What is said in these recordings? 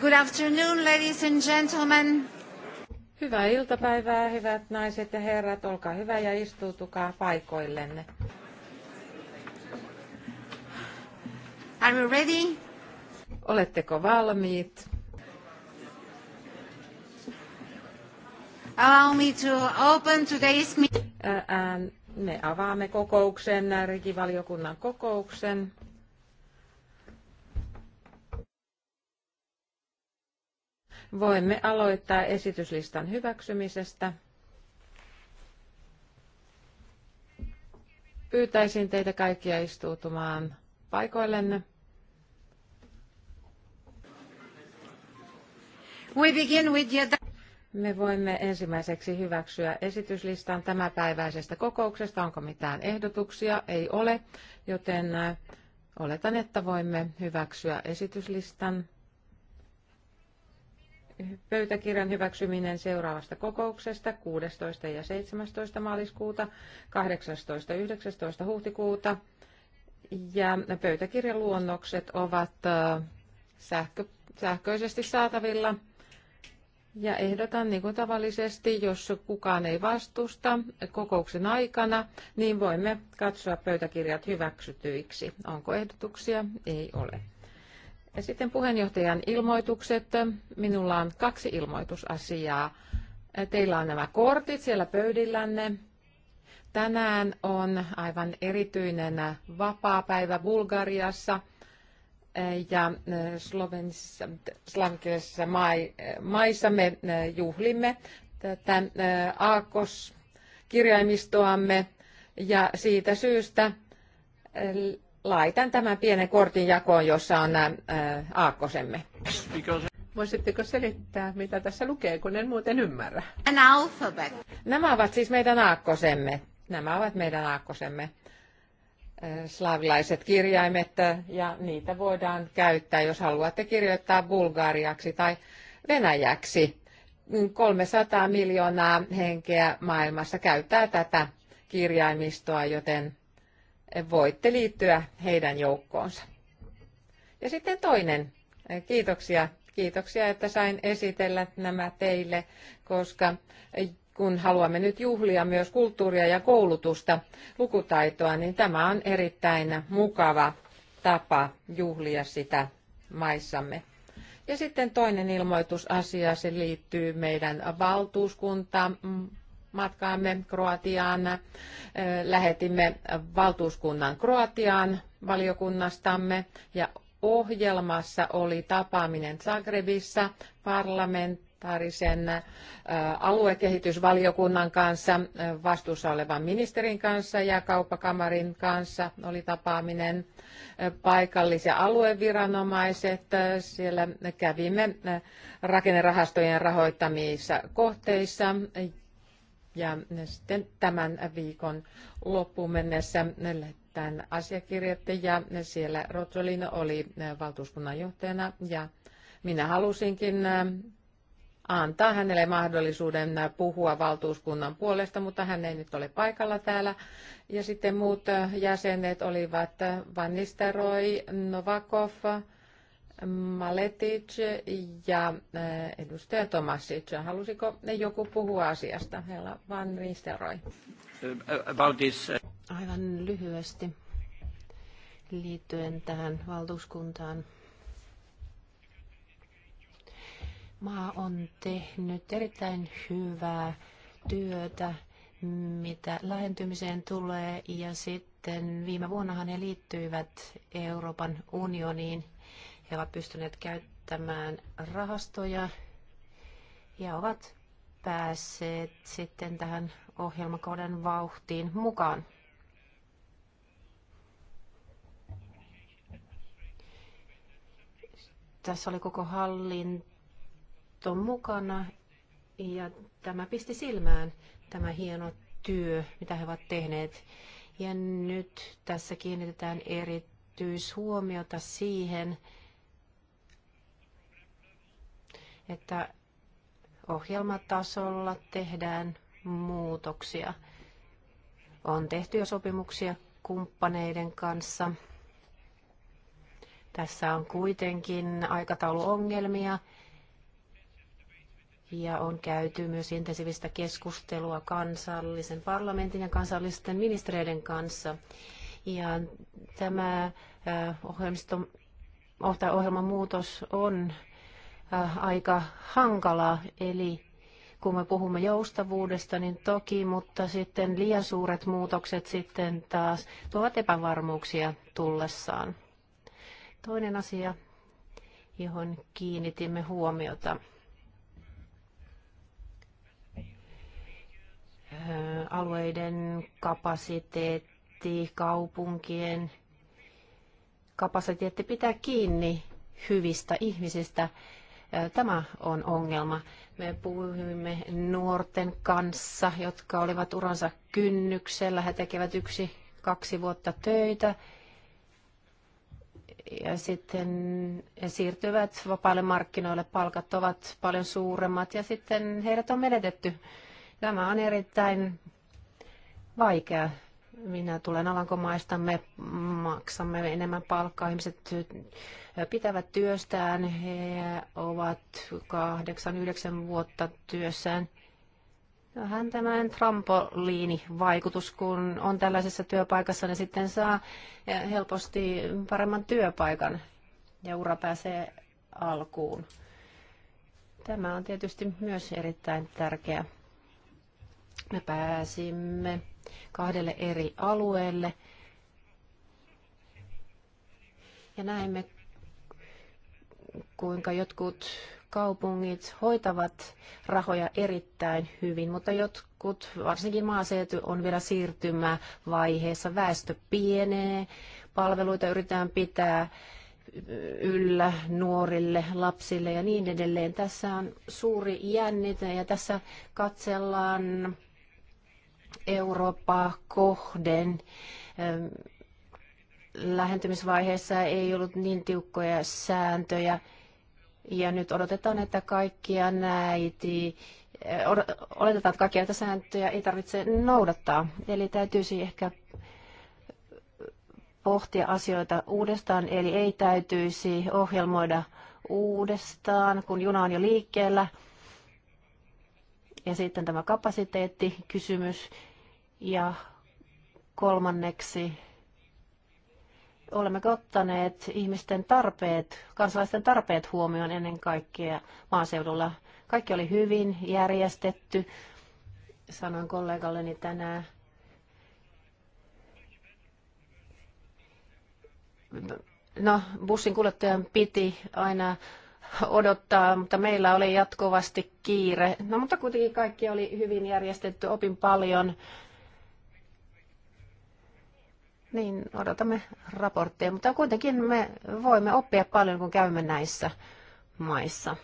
Good afternoon, ladies and gentlemen. Hyvää iltapäivää, hyvät naiset ja herrat. Olkaa hyvä ja istuutukaa paikoillenne. Are you ready? Oletteko valmiit? Allow me to open today's meeting me avaamme kokouksen, rikivaliokunnan kokouksen. Voimme aloittaa esityslistan hyväksymisestä. Pyytäisin teitä kaikkia istuutumaan paikoillenne. We begin with the... Me voimme ensimmäiseksi hyväksyä esityslistan tämäpäiväisestä kokouksesta. Onko mitään ehdotuksia? Ei ole, joten äh, oletan, että voimme hyväksyä esityslistan. Pöytäkirjan hyväksyminen seuraavasta kokouksesta 16. ja 17. maaliskuuta, 18. ja 19. huhtikuuta. Ja pöytäkirjan luonnokset ovat äh, sähkö, sähköisesti saatavilla – ja ehdotan niin kuin tavallisesti, jos kukaan ei vastusta kokouksen aikana, niin voimme katsoa pöytäkirjat hyväksytyiksi. Onko ehdotuksia? Ei ole. Ja sitten puheenjohtajan ilmoitukset. Minulla on kaksi ilmoitusasiaa. Teillä on nämä kortit siellä pöydillänne. Tänään on aivan erityinen vapaa päivä Bulgariassa – ja e, Slovenissa, slavikielisissä maissa me e, juhlimme tätä e, aakos kirjaimistoamme ja siitä syystä laitan tämän pienen kortin jakoon, jossa on nämä aakkosemme. Voisitteko selittää, mitä tässä lukee, kun en muuten ymmärrä? An alphabet. Nämä ovat siis meidän aakkosemme. Nämä ovat meidän aakkosemme slaavilaiset kirjaimet ja niitä voidaan käyttää, jos haluatte kirjoittaa bulgariaksi tai venäjäksi. 300 mm, miljoonaa henkeä maailmassa käyttää tätä kirjaimistoa, joten voitte liittyä heidän joukkoonsa. Ja sitten toinen. Kiitoksia. Kiitoksia, että sain esitellä nämä teille, koska kun haluamme nyt juhlia myös kulttuuria ja koulutusta, lukutaitoa, niin tämä on erittäin mukava tapa juhlia sitä maissamme. Ja sitten toinen ilmoitusasia, se liittyy meidän valtuuskuntaan matkaamme Kroatiaan. Lähetimme valtuuskunnan Kroatiaan valiokunnastamme ja ohjelmassa oli tapaaminen Zagrebissa parlamentti parlamentaarisen aluekehitysvaliokunnan kanssa, vastuussa olevan ministerin kanssa ja kauppakamarin kanssa oli tapaaminen. Paikallis- ja alueviranomaiset, siellä kävimme rakennerahastojen rahoittamissa kohteissa ja sitten tämän viikon loppuun mennessä tämän asiakirjat ja siellä Rotsolin oli valtuuskunnan johtajana ja minä halusinkin antaa hänelle mahdollisuuden puhua valtuuskunnan puolesta, mutta hän ei nyt ole paikalla täällä. Ja sitten muut jäsenet olivat Van Nisteroi, Novakov, Maletic ja eh, edustaja Tomasic. Halusiko ne joku puhua asiasta? Heillä Van Nisteroi. Eh, Aivan lyhyesti liittyen tähän valtuuskuntaan. Maa on tehnyt erittäin hyvää työtä, mitä lähentymiseen tulee, ja sitten viime vuonnahan he liittyivät Euroopan unioniin. He ovat pystyneet käyttämään rahastoja ja ovat päässeet sitten tähän ohjelmakauden vauhtiin mukaan. Tässä oli koko hallinto on mukana ja tämä pisti silmään tämä hieno työ, mitä he ovat tehneet. Ja nyt tässä kiinnitetään erityishuomiota siihen, että ohjelmatasolla tehdään muutoksia. On tehty jo sopimuksia kumppaneiden kanssa. Tässä on kuitenkin aikatauluongelmia ja on käyty myös intensiivistä keskustelua kansallisen parlamentin ja kansallisten ministereiden kanssa. Ja tämä ohjelmisto, ohjelman muutos on aika hankala, eli kun me puhumme joustavuudesta, niin toki, mutta sitten liian suuret muutokset sitten taas tuovat epävarmuuksia tullessaan. Toinen asia, johon kiinnitimme huomiota alueiden kapasiteetti, kaupunkien kapasiteetti pitää kiinni hyvistä ihmisistä. Tämä on ongelma. Me puhuimme nuorten kanssa, jotka olivat uransa kynnyksellä. He tekevät yksi, kaksi vuotta töitä ja sitten he siirtyvät vapaille markkinoille. Palkat ovat paljon suuremmat ja sitten heidät on menetetty. Tämä on erittäin vaikea. Minä tulen me maksamme enemmän palkkaa. Ihmiset pitävät työstään, he ovat kahdeksan, yhdeksän vuotta työssään. Vähän tämmöinen trampoliinivaikutus, kun on tällaisessa työpaikassa, niin sitten saa helposti paremman työpaikan ja ura pääsee alkuun. Tämä on tietysti myös erittäin tärkeä. Me pääsimme kahdelle eri alueelle. Ja näemme, kuinka jotkut kaupungit hoitavat rahoja erittäin hyvin, mutta jotkut, varsinkin maaseutu, on vielä siirtymävaiheessa. Väestö pienee, palveluita yritetään pitää yllä nuorille, lapsille ja niin edelleen. Tässä on suuri jännite ja tässä katsellaan Eurooppaa kohden lähentymisvaiheessa ei ollut niin tiukkoja sääntöjä. Ja nyt odotetaan, että kaikkia näitä, eh, oletetaan, että kaikkia näitä sääntöjä ei tarvitse noudattaa. Eli täytyisi ehkä pohtia asioita uudestaan, eli ei täytyisi ohjelmoida uudestaan, kun juna on jo liikkeellä. Ja sitten tämä kapasiteettikysymys, ja kolmanneksi, olemme ottaneet ihmisten tarpeet, kansalaisten tarpeet huomioon ennen kaikkea maaseudulla. Kaikki oli hyvin järjestetty, sanoin kollegalleni tänään. No, bussin kuljettajan piti aina odottaa, mutta meillä oli jatkuvasti kiire. No, mutta kuitenkin kaikki oli hyvin järjestetty, opin paljon niin odotamme raportteja, mutta kuitenkin me voimme oppia paljon, kun käymme näissä maissa.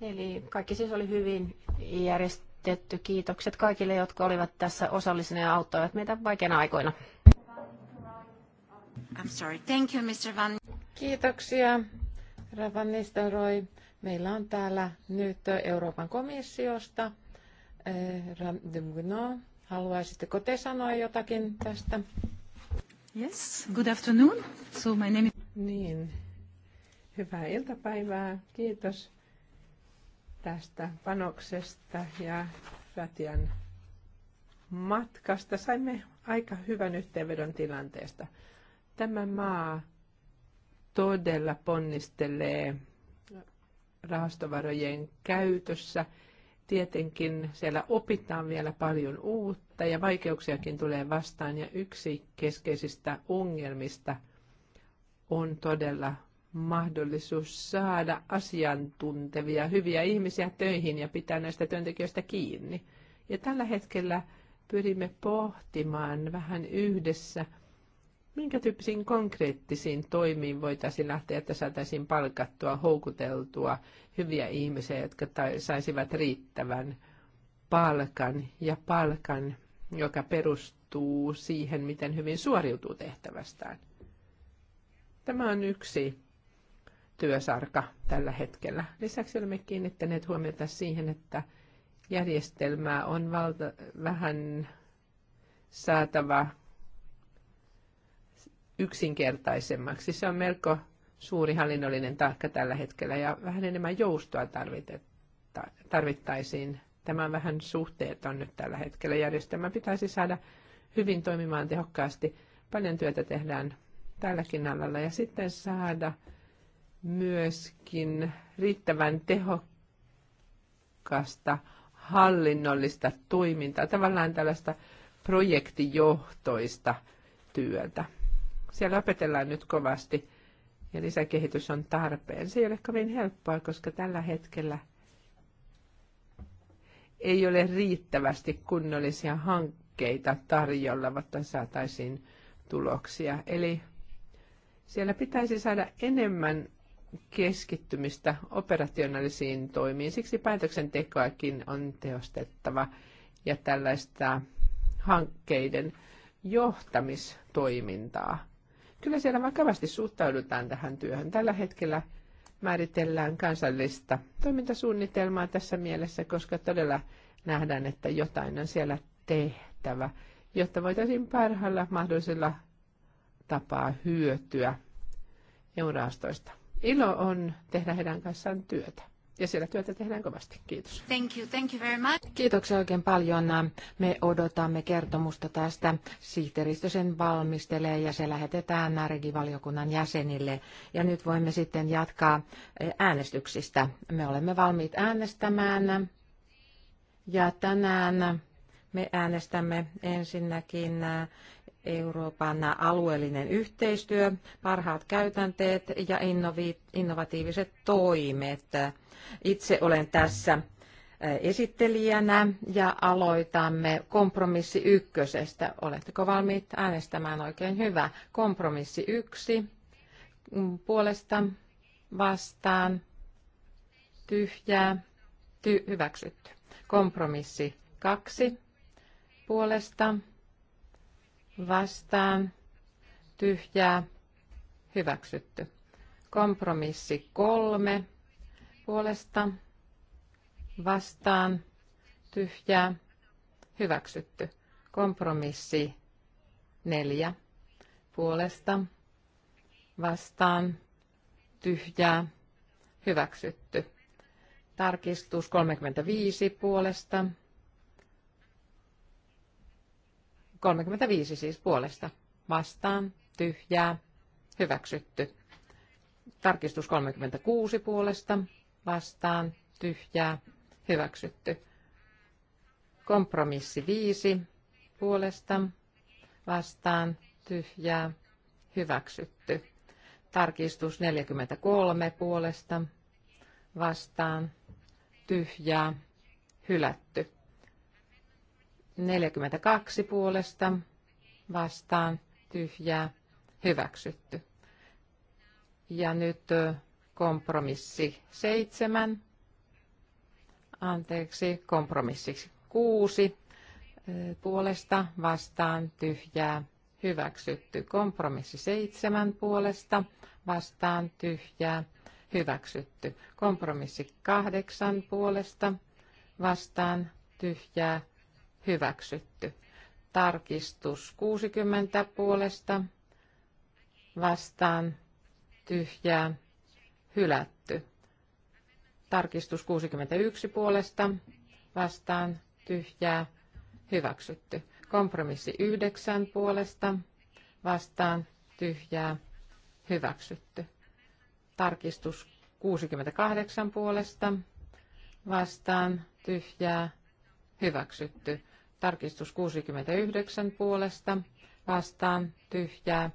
Eli kaikki siis oli hyvin järjestetty. Kiitokset kaikille, jotka olivat tässä osallisina ja auttoivat meitä vaikeina aikoina. I'm sorry. Thank you, Mr. Van. Kiitoksia, Ravan Van Nistelrooy. Meillä on täällä nyt Euroopan komissiosta eh, Ram de Mounon Haluaisitteko te sanoa jotakin tästä? Yes, good afternoon. So my name is... Niin, hyvää iltapäivää. Kiitos tästä panoksesta ja Ratian matkasta. Saimme aika hyvän yhteenvedon tilanteesta. Tämä maa todella ponnistelee rahastovarojen käytössä – Tietenkin siellä opitaan vielä paljon uutta ja vaikeuksiakin tulee vastaan ja yksi keskeisistä ongelmista on todella mahdollisuus saada asiantuntevia, hyviä ihmisiä töihin ja pitää näistä työntekijöistä kiinni. Ja tällä hetkellä pyrimme pohtimaan vähän yhdessä – Minkä tyyppisiin konkreettisiin toimiin voitaisiin lähteä, että saataisiin palkattua, houkuteltua hyviä ihmisiä, jotka saisivat riittävän palkan ja palkan, joka perustuu siihen, miten hyvin suoriutuu tehtävästään? Tämä on yksi työsarka tällä hetkellä. Lisäksi olemme kiinnittäneet huomiota siihen, että järjestelmää on valta, vähän saatava yksinkertaisemmaksi. Se on melko suuri hallinnollinen taakka tällä hetkellä ja vähän enemmän joustoa tarvittaisiin. Tämä on vähän suhteeton nyt tällä hetkellä. Järjestelmä pitäisi saada hyvin toimimaan tehokkaasti. Paljon työtä tehdään tälläkin alalla ja sitten saada myöskin riittävän tehokasta hallinnollista toimintaa, tavallaan tällaista projektijohtoista työtä. Siellä opetellaan nyt kovasti ja lisäkehitys on tarpeen. Se ei ole kovin helppoa, koska tällä hetkellä ei ole riittävästi kunnollisia hankkeita tarjolla, mutta saataisiin tuloksia. Eli siellä pitäisi saada enemmän keskittymistä operationaalisiin toimiin. Siksi päätöksentekoakin on tehostettava ja tällaista hankkeiden johtamistoimintaa. Kyllä siellä vakavasti suhtaudutaan tähän työhön. Tällä hetkellä määritellään kansallista toimintasuunnitelmaa tässä mielessä, koska todella nähdään, että jotain on siellä tehtävä, jotta voitaisiin parhaalla mahdollisella tapaa hyötyä euroastoista. Ilo on tehdä heidän kanssaan työtä ja siellä työtä tehdään kovasti. Kiitos. Thank you, thank you very much. Kiitoksia oikein paljon. Me odotamme kertomusta tästä. Sihteeristö sen valmistelee ja se lähetetään regivaliokunnan jäsenille. Ja nyt voimme sitten jatkaa eh, äänestyksistä. Me olemme valmiit äänestämään. Ja tänään me äänestämme ensinnäkin eh, Euroopan alueellinen yhteistyö, parhaat käytänteet ja innovatiiviset toimet. Itse olen tässä esittelijänä ja aloitamme kompromissi ykkösestä. Oletteko valmiit äänestämään oikein hyvä? Kompromissi yksi puolesta vastaan tyhjää ty- hyväksytty. Kompromissi kaksi puolesta vastaan, tyhjää, hyväksytty. Kompromissi kolme, puolesta, vastaan, tyhjää, hyväksytty. Kompromissi neljä, puolesta, vastaan, tyhjää, hyväksytty. Tarkistus 35 puolesta, 35 siis puolesta. Vastaan. Tyhjää. Hyväksytty. Tarkistus 36 puolesta. Vastaan. Tyhjää. Hyväksytty. Kompromissi 5 puolesta. Vastaan. Tyhjää. Hyväksytty. Tarkistus 43 puolesta. Vastaan. Tyhjää. Hylätty 42 puolesta vastaan tyhjää hyväksytty. Ja nyt kompromissi 7, anteeksi, kompromissiksi 6 puolesta vastaan tyhjää hyväksytty. Kompromissi 7 puolesta vastaan tyhjää hyväksytty. Kompromissi 8 puolesta vastaan tyhjää hyväksytty. Tarkistus 60 puolesta vastaan tyhjää hylätty. Tarkistus 61 puolesta vastaan tyhjää hyväksytty. Kompromissi 9 puolesta vastaan tyhjää hyväksytty. Tarkistus 68 puolesta vastaan tyhjää hyväksytty. Tarkistus 69 puolesta vastaan tyhjää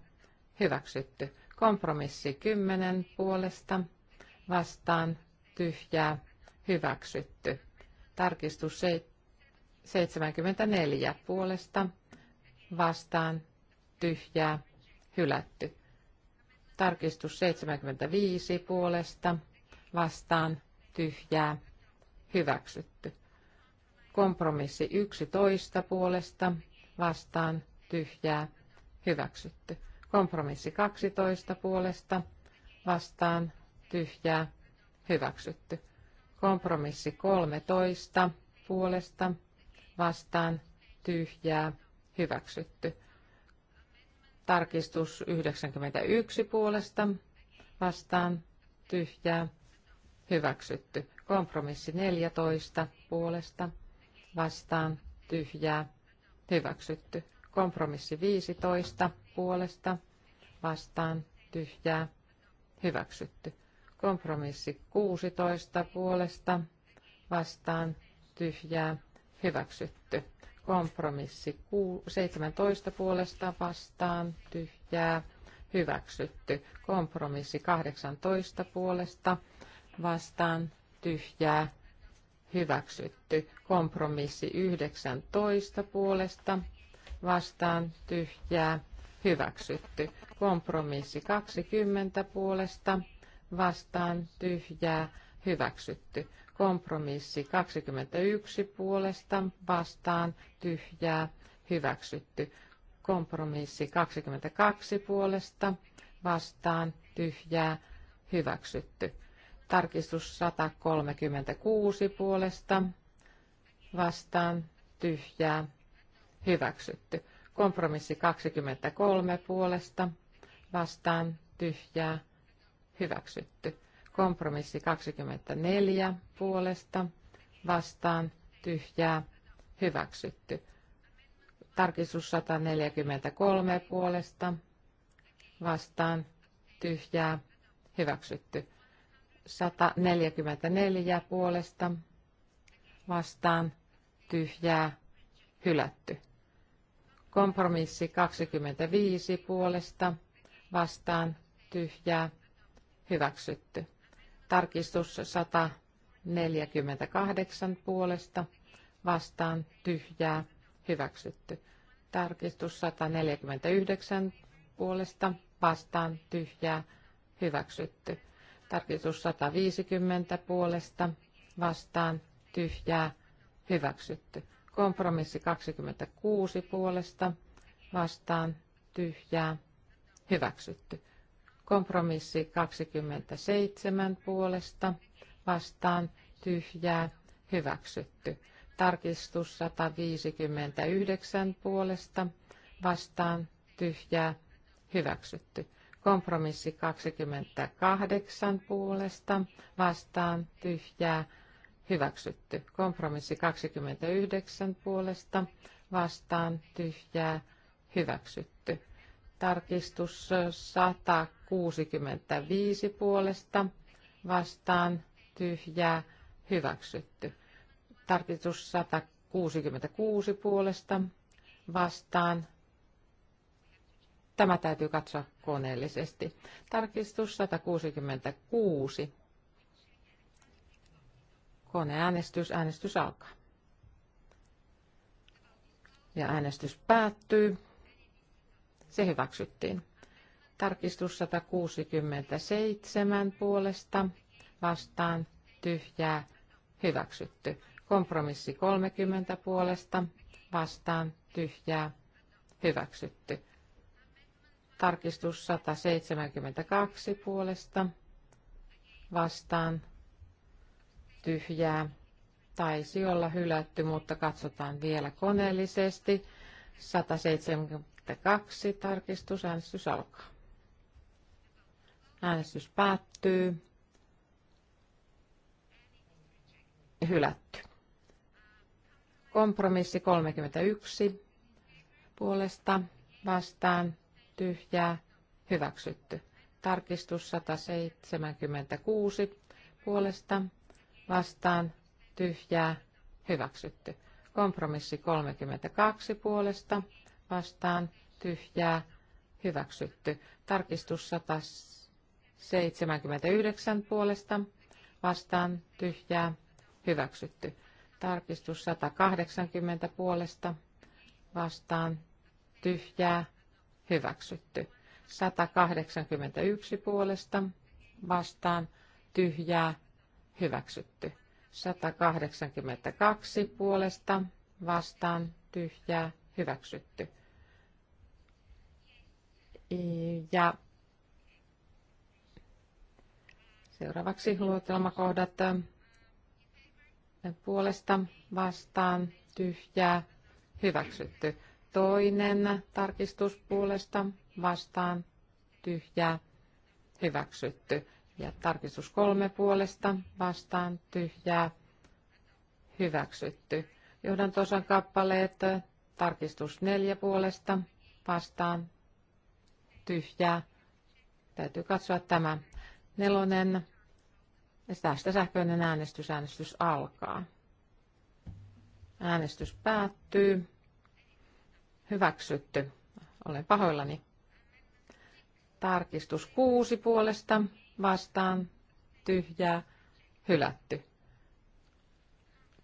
hyväksytty. Kompromissi 10 puolesta vastaan tyhjää hyväksytty. Tarkistus 74 puolesta vastaan tyhjää hylätty. Tarkistus 75 puolesta vastaan tyhjää hyväksytty. Kompromissi 11 puolesta vastaan tyhjää hyväksytty. Kompromissi 12 puolesta vastaan tyhjää hyväksytty. Kompromissi 13 puolesta vastaan tyhjää hyväksytty. Tarkistus 91 puolesta vastaan tyhjää hyväksytty. Kompromissi 14 puolesta vastaan tyhjää hyväksytty. Kompromissi 15 puolesta vastaan tyhjää hyväksytty. Kompromissi 16 puolesta vastaan tyhjää hyväksytty. Kompromissi 17 puolesta vastaan tyhjää hyväksytty. Kompromissi 18 puolesta vastaan tyhjää hyväksytty. Kompromissi 19 puolesta vastaan tyhjää hyväksytty. Kompromissi 20 puolesta vastaan tyhjää hyväksytty. Kompromissi 21 puolesta vastaan tyhjää hyväksytty. Kompromissi 22 puolesta vastaan tyhjää hyväksytty. Tarkistus 136 puolesta vastaan tyhjää hyväksytty. Kompromissi 23 puolesta vastaan tyhjää hyväksytty. Kompromissi 24 puolesta vastaan tyhjää hyväksytty. Tarkistus 143 puolesta vastaan tyhjää hyväksytty. 144 puolesta vastaan tyhjää hylätty. Kompromissi 25 puolesta vastaan tyhjää hyväksytty. Tarkistus 148 puolesta vastaan tyhjää hyväksytty. Tarkistus 149 puolesta vastaan tyhjää hyväksytty. Tarkistus 150 puolesta vastaan tyhjää hyväksytty. Kompromissi 26 puolesta vastaan tyhjää hyväksytty. Kompromissi 27 puolesta vastaan tyhjää hyväksytty. Tarkistus 159 puolesta vastaan tyhjää hyväksytty. Kompromissi 28 puolesta vastaan tyhjää hyväksytty. Kompromissi 29 puolesta vastaan tyhjää hyväksytty. Tarkistus 165 puolesta vastaan tyhjää hyväksytty. Tarkistus 166 puolesta vastaan Tämä täytyy katsoa koneellisesti. Tarkistus 166. Koneäänestys, äänestys alkaa. Ja äänestys päättyy. Se hyväksyttiin. Tarkistus 167 puolesta vastaan tyhjää hyväksytty. Kompromissi 30 puolesta vastaan tyhjää hyväksytty. Tarkistus 172 puolesta vastaan tyhjää. Taisi olla hylätty, mutta katsotaan vielä koneellisesti. 172 äänestys alkaa. Äänestys päättyy. Hylätty. Kompromissi 31 puolesta vastaan tyhjää, hyväksytty. Tarkistus 176 puolesta vastaan tyhjää, hyväksytty. Kompromissi 32 puolesta vastaan tyhjää, hyväksytty. Tarkistus 179 puolesta vastaan tyhjää, hyväksytty. Tarkistus 180 puolesta vastaan tyhjää, hyväksytty. 181 puolesta vastaan tyhjää hyväksytty. 182 puolesta vastaan tyhjää hyväksytty. Ja seuraavaksi luotelmakohdat puolesta vastaan tyhjää hyväksytty toinen tarkistus puolesta vastaan tyhjä hyväksytty. Ja tarkistus kolme puolesta vastaan tyhjää hyväksytty. Johdantosan kappaleet tarkistus neljä puolesta vastaan tyhjää. Täytyy katsoa tämä nelonen. Ja tästä sähköinen äänestys. Äänestys alkaa. Äänestys päättyy. Hyväksytty. Olen pahoillani. Tarkistus kuusi puolesta vastaan tyhjää hylätty.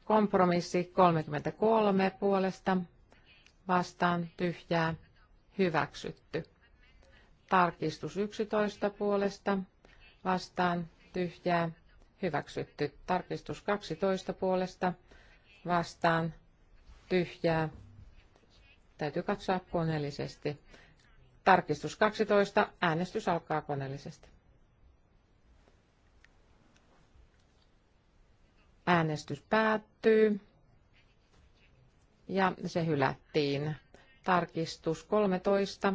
Kompromissi 33 puolesta vastaan tyhjää hyväksytty. Tarkistus 11 puolesta vastaan tyhjää hyväksytty. Tarkistus 12 puolesta vastaan tyhjää Täytyy katsoa koneellisesti. Tarkistus 12. Äänestys alkaa koneellisesti. Äänestys päättyy ja se hylättiin. Tarkistus 13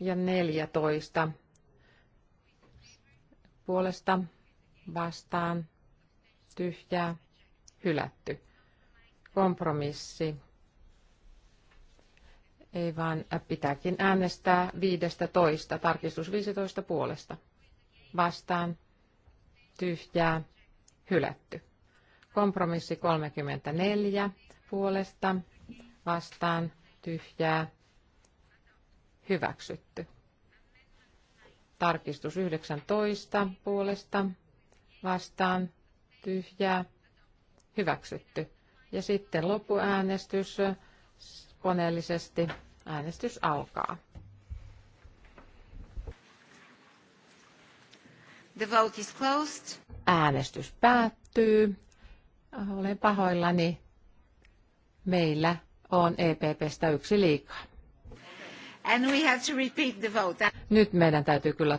ja 14 puolesta vastaan tyhjää hylätty. Kompromissi ei vaan äh, pitääkin äänestää 15, tarkistus 15 puolesta. Vastaan, tyhjää, hylätty. Kompromissi 34 puolesta, vastaan, tyhjää, hyväksytty. Tarkistus 19 puolesta, vastaan, tyhjää, hyväksytty. Ja sitten loppuäänestys koneellisesti. Äänestys alkaa. The vote is closed. Äänestys päättyy. Olen pahoillani. Meillä on EPPstä yksi liikaa. And we have to repeat the vote. Nyt meidän täytyy kyllä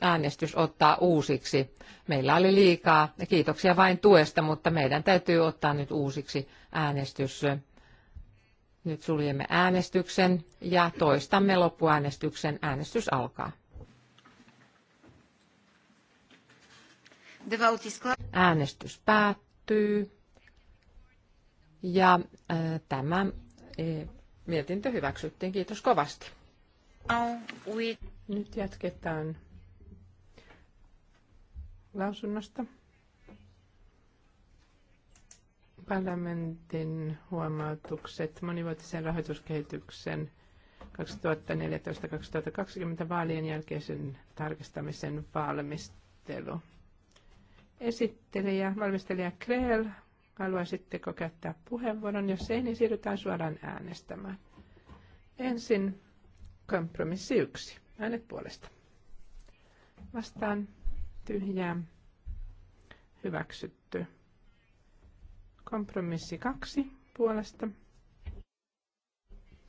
äänestys ottaa uusiksi. Meillä oli liikaa. Kiitoksia vain tuesta, mutta meidän täytyy ottaa nyt uusiksi äänestys. Nyt suljemme äänestyksen ja toistamme loppuäänestyksen. Äänestys alkaa. Äänestys päättyy ja äh, tämä äh, mietintö hyväksyttiin. Kiitos kovasti. Nyt jatketaan lausunnosta. parlamentin huomautukset monivuotisen rahoituskehityksen 2014-2020 vaalien jälkeisen tarkistamisen valmistelu. Esittelijä, valmistelija Kreel, haluaisitteko käyttää puheenvuoron? Jos ei, niin siirrytään suoraan äänestämään. Ensin kompromissi yksi. Äänet puolesta. Vastaan tyhjää. Hyväksyt Kompromissi kaksi puolesta.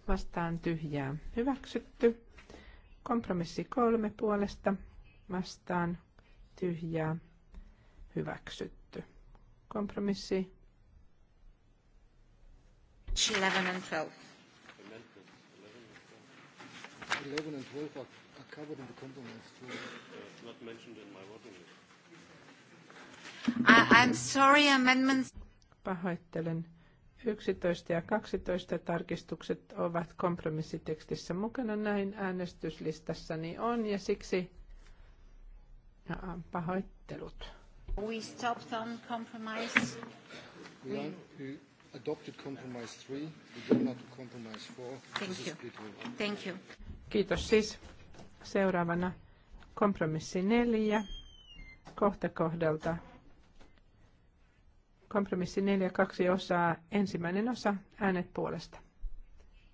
Vastaan tyhjää. Hyväksytty. Kompromissi kolme puolesta. Vastaan tyhjää. Hyväksytty. Kompromissi 11 and 12. 11 and 12 are, are covered in the compromise too. Uh, not mentioned in my voting list. I, I'm sorry, amendments. Pahoittelen. 11 ja 12 tarkistukset ovat kompromissitekstissä mukana näin äänestyslistassani on ja siksi pahoittelut. We stopped on compromise. We, we adopted compromise three. We go not compromise four. Thank you. Thank you. Kiitos siis. Seuraavana kompromissi neljä kohta kohdalta Kompromissi 4.2 osaa ensimmäinen osa äänet puolesta.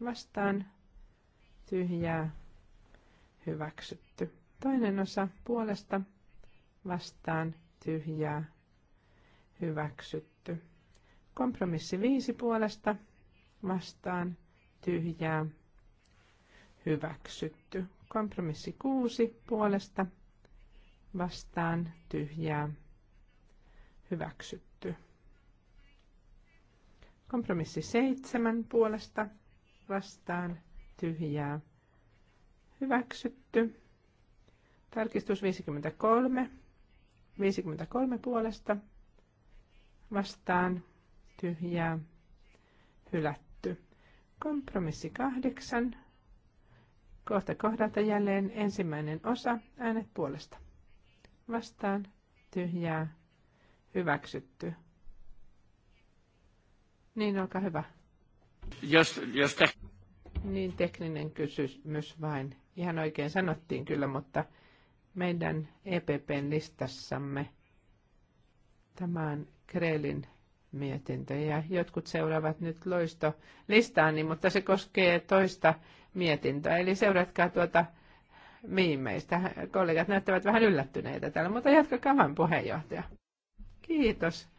Vastaan tyhjää hyväksytty. Toinen osa puolesta vastaan tyhjää hyväksytty. Kompromissi 5 puolesta vastaan tyhjää hyväksytty. Kompromissi 6 puolesta vastaan tyhjää hyväksytty Kompromissi seitsemän puolesta vastaan tyhjää. Hyväksytty. Tarkistus 53. 53 puolesta vastaan tyhjää. Hylätty. Kompromissi kahdeksan. Kohta kohdalta jälleen ensimmäinen osa. Äänet puolesta. Vastaan tyhjää. Hyväksytty. Niin, olkaa hyvä. Jos, jos te... Niin, tekninen kysymys vain. Ihan oikein sanottiin kyllä, mutta meidän EPPn listassamme tämä on Kreelin mietintö. Ja jotkut seuraavat nyt loisto listaani, mutta se koskee toista mietintöä. Eli seuratkaa tuota miimeistä. Kollegat näyttävät vähän yllättyneitä täällä, mutta jatkakaa vain puheenjohtaja. Kiitos.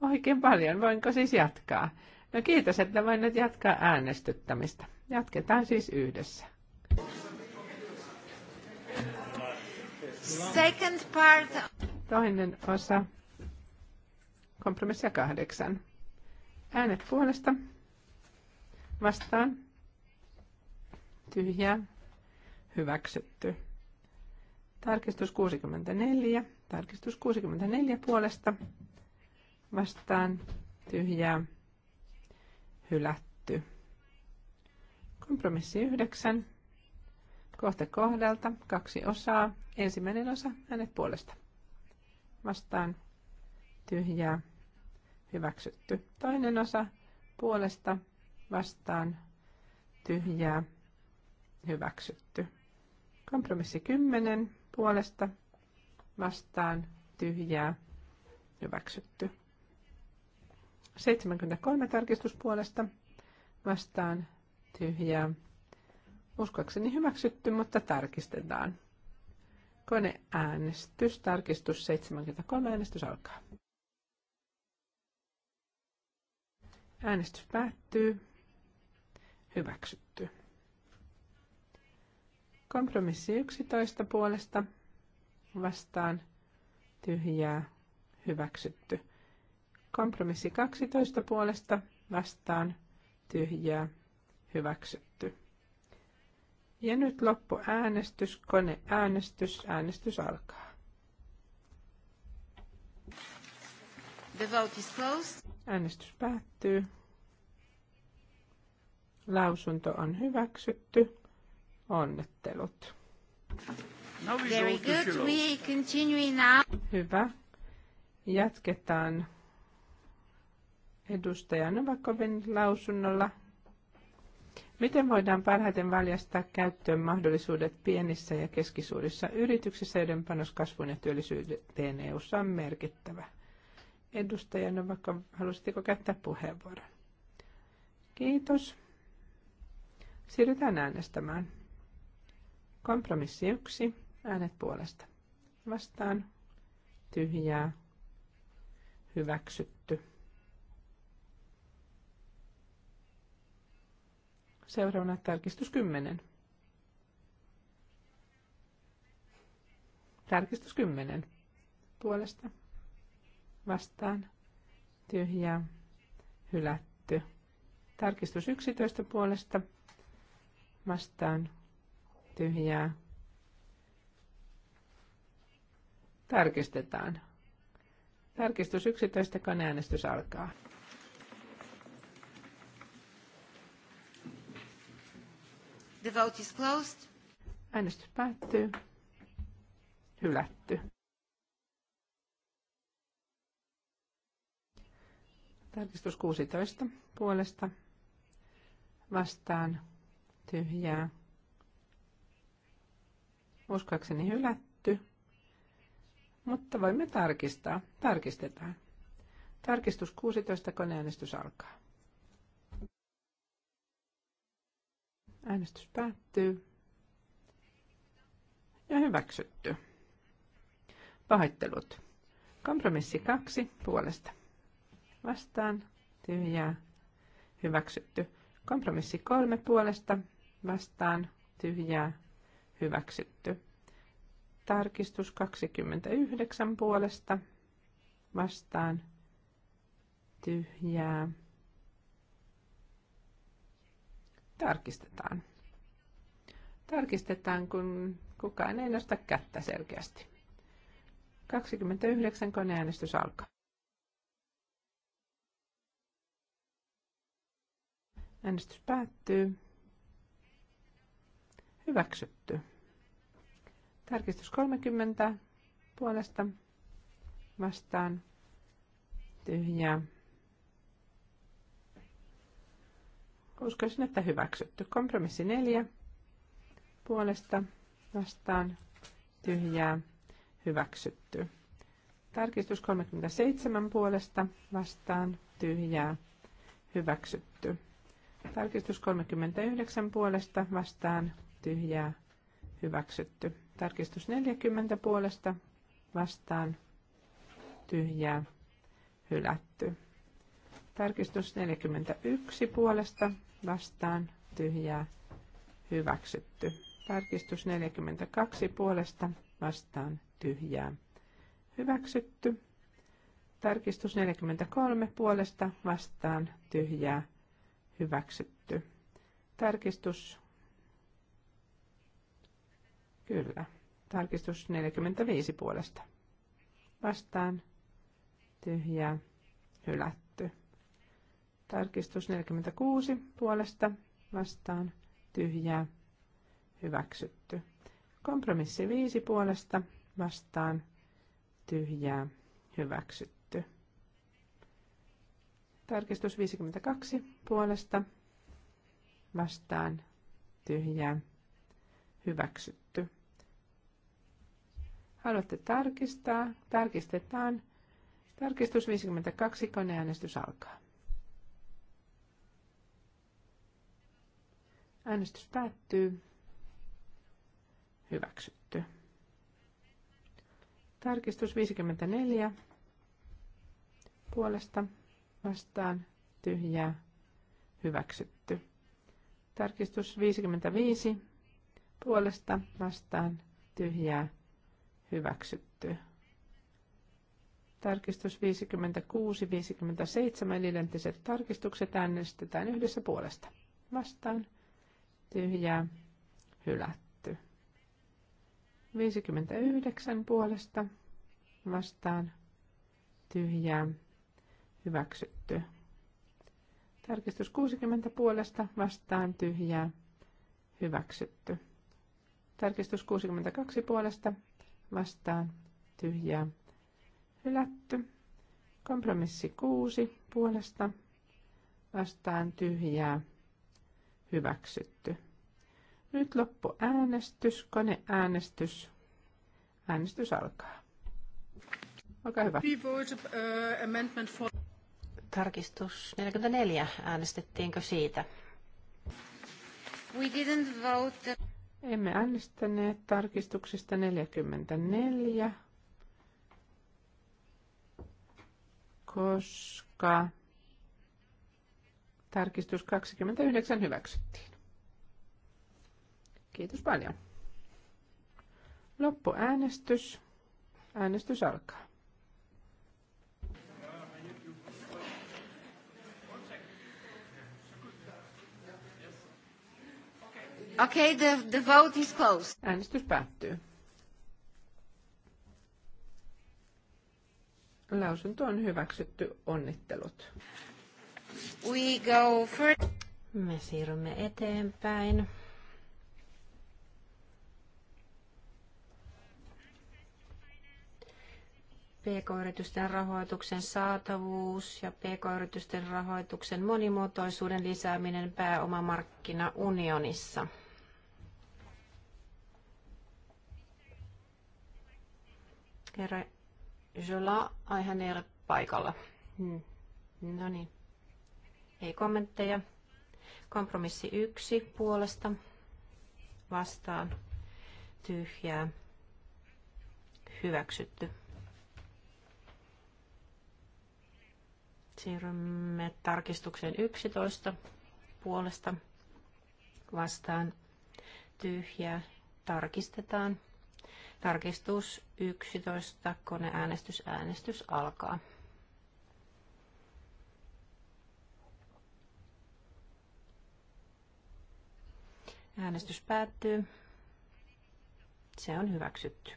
Oikein paljon. Voinko siis jatkaa? No kiitos, että voin nyt jatkaa äänestyttämistä. Jatketaan siis yhdessä. Second part. Toinen osa. Kompromissia kahdeksan. Äänet puolesta. Vastaan. Tyhjää. Hyväksytty. Tarkistus 64. Tarkistus 64 puolesta vastaan tyhjää hylätty. Kompromissi 9. Kohta kohdalta kaksi osaa. Ensimmäinen osa hänet puolesta. Vastaan tyhjää hyväksytty. Toinen osa puolesta vastaan tyhjää hyväksytty. Kompromissi 10 puolesta vastaan tyhjää hyväksytty. 73 tarkistuspuolesta vastaan tyhjää. Uskoakseni hyväksytty, mutta tarkistetaan. Koneäänestys, tarkistus 73, äänestys alkaa. Äänestys päättyy. Hyväksytty. Kompromissi 11 puolesta vastaan tyhjää hyväksytty. Kompromissi 12 puolesta vastaan tyhjää hyväksytty. Ja nyt loppuäänestys, koneäänestys, äänestys alkaa. The vote is closed. Äänestys päättyy. Lausunto on hyväksytty. Onnettelut. Very good. We continue now. Hyvä. Jatketaan edustaja Novakovin lausunnolla. Miten voidaan parhaiten valjastaa käyttöön mahdollisuudet pienissä ja keskisuurissa yrityksissä, joiden panos ja työllisyyteen eu on merkittävä? Edustaja Novakka, halusitteko käyttää puheenvuoron? Kiitos. Siirrytään äänestämään. Kompromissi 1. Äänet puolesta. Vastaan. Tyhjää. Hyväksytty. Seuraavana tarkistus 10. Tarkistus 10. Puolesta. Vastaan. Tyhjää. Hylätty. Tarkistus 11 puolesta. Vastaan. Tyhjää. Tarkistetaan. Tarkistus 11, Kaneäänestys alkaa. The vote is closed. Äänestys päättyy. Hylätty. Tarkistus 16 puolesta. Vastaan tyhjää. Uskoakseni hylätty. Mutta voimme tarkistaa. Tarkistetaan. Tarkistus 16, koneäänestys alkaa. Äänestys päättyy. Ja hyväksytty. Pahoittelut. Kompromissi kaksi puolesta. Vastaan. Tyhjää. Hyväksytty. Kompromissi kolme puolesta. Vastaan. Tyhjää. Hyväksytty. Tarkistus 29 puolesta. Vastaan. Tyhjää. Tarkistetaan. Tarkistetaan, kun kukaan ei nosta kättä selkeästi. 29 koneäänestys alkaa. Äänestys päättyy. Hyväksytty. Tarkistus 30 puolesta vastaan tyhjää Uskoisin, että hyväksytty. Kompromissi neljä puolesta vastaan tyhjää hyväksytty. Tarkistus 37 puolesta vastaan tyhjää hyväksytty. Tarkistus 39 puolesta vastaan tyhjää hyväksytty. Tarkistus 40 puolesta vastaan tyhjää hylätty. Tarkistus 41 puolesta vastaan tyhjää hyväksytty. Tarkistus 42 puolesta vastaan tyhjää hyväksytty. Tarkistus 43 puolesta vastaan tyhjää hyväksytty. Tarkistus Kyllä. Tarkistus 45 puolesta. Vastaan tyhjää hylätty. Tarkistus 46 puolesta vastaan tyhjää hyväksytty. Kompromissi 5 puolesta vastaan tyhjää hyväksytty. Tarkistus 52 puolesta vastaan tyhjää hyväksytty. Haluatte tarkistaa? Tarkistetaan. Tarkistus 52, koneäänestys alkaa. Äänestys päättyy. Hyväksytty. Tarkistus 54. Puolesta vastaan tyhjää. Hyväksytty. Tarkistus 55. Puolesta vastaan tyhjää. Hyväksytty. Tarkistus 56, 57, eli identtiset tarkistukset äänestetään yhdessä puolesta. Vastaan tyhjää, hylätty. 59 puolesta vastaan tyhjää, hyväksytty. Tarkistus 60 puolesta vastaan tyhjää, hyväksytty. Tarkistus 62 puolesta vastaan tyhjää, hylätty. Kompromissi 6 puolesta vastaan tyhjää, hyväksytty. Nyt loppu äänestys, koneäänestys. Äänestys alkaa. Olkaa hyvä. Uh, Tarkistus 44. Äänestettiinkö siitä? We didn't vote. Emme äänestäneet tarkistuksesta 44, koska Tarkistus 29 hyväksyttiin. Kiitos paljon. Loppuäänestys. Äänestys alkaa. Okay, the, the vote is closed. Äänestys päättyy. Lausunto on hyväksytty. Onnittelut. We go for... Me siirrymme eteenpäin. PK-yritysten rahoituksen saatavuus ja PK-yritysten rahoituksen monimuotoisuuden lisääminen pääomamarkkinaunionissa. Herra Jola, aihan ei ole paikalla. Hmm. No niin. Ei kommentteja. Kompromissi yksi puolesta vastaan tyhjää hyväksytty. Siirrymme tarkistukseen 11 puolesta vastaan tyhjää tarkistetaan. Tarkistus 11, koneäänestys, äänestys alkaa. Äänestys päättyy. Se on hyväksytty.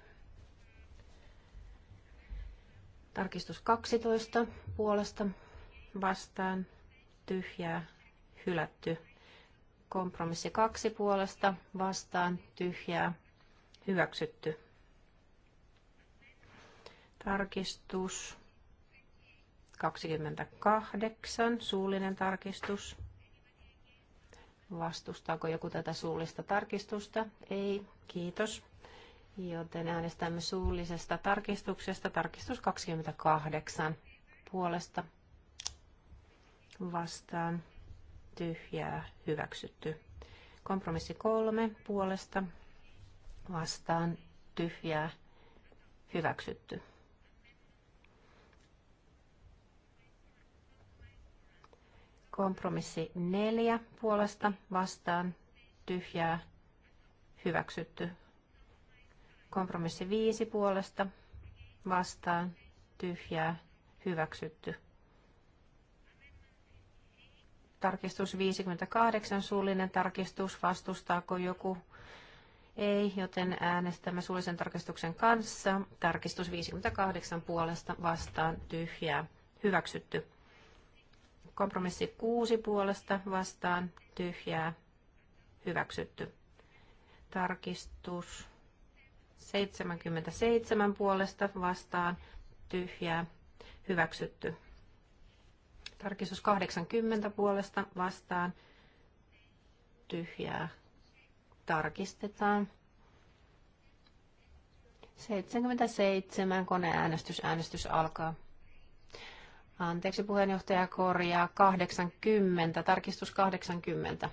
Tarkistus 12 puolesta vastaan tyhjää hylätty. Kompromissi 2 puolesta vastaan tyhjää hyväksytty. Tarkistus 28, suullinen tarkistus. Vastustaako joku tätä suullista tarkistusta? Ei. Kiitos. Joten äänestämme suullisesta tarkistuksesta. Tarkistus 28 puolesta vastaan tyhjää hyväksytty. Kompromissi 3 puolesta vastaan tyhjää hyväksytty. Kompromissi neljä puolesta vastaan tyhjää hyväksytty. Kompromissi viisi puolesta vastaan tyhjää hyväksytty. Tarkistus 58, suullinen tarkistus, vastustaako joku? Ei, joten äänestämme suullisen tarkistuksen kanssa. Tarkistus 58 puolesta vastaan tyhjää hyväksytty. Kompromissi kuusi puolesta vastaan tyhjää hyväksytty. Tarkistus 77 puolesta vastaan tyhjää hyväksytty. Tarkistus 80 puolesta vastaan tyhjää tarkistetaan. 77 koneäänestys. Äänestys alkaa. Anteeksi, puheenjohtaja korjaa 80, tarkistus 80.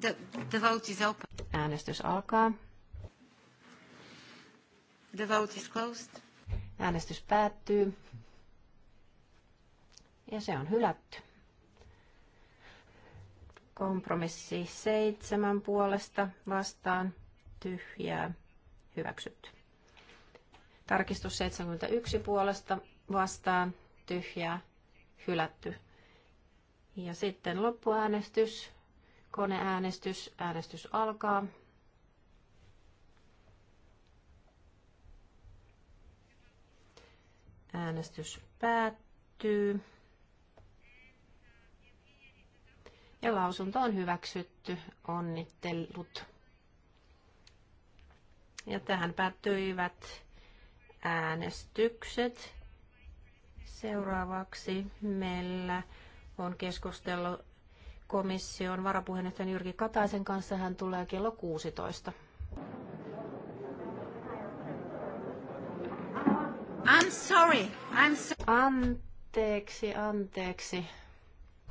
The, the vote is open. Äänestys alkaa. The vote is closed. Äänestys päättyy. Ja se on hylätty. Kompromissi seitsemän puolesta vastaan tyhjää hyväksytty. Tarkistus 71 puolesta vastaan tyhjää hylätty. Ja sitten loppuäänestys, koneäänestys, äänestys alkaa. Äänestys päättyy. Ja lausunto on hyväksytty. Onnittelut. Ja tähän päättyivät äänestykset. Seuraavaksi meillä on keskustelu komission varapuheenjohtajan Jyrki Kataisen kanssa. Hän tulee kello 16. I'm sorry. I'm so- anteeksi, anteeksi.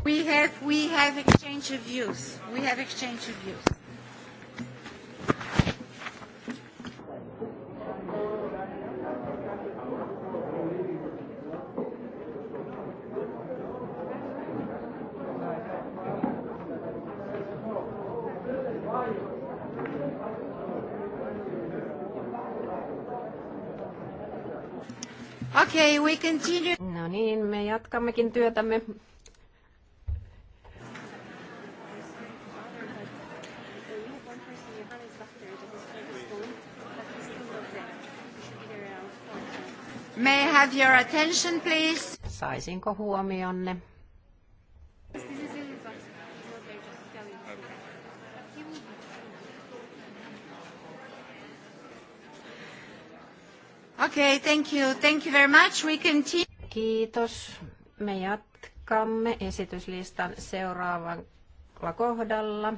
We have, we have exchange of views. We have exchange of views. Okay, we continue. No niin, me jatkammekin työtämme. May I have your attention, please? Saisinko huomionne? Okay, thank you. Thank you very much. We continue. Kiitos. Me jatkamme esityslistan seuraavalla kohdalla.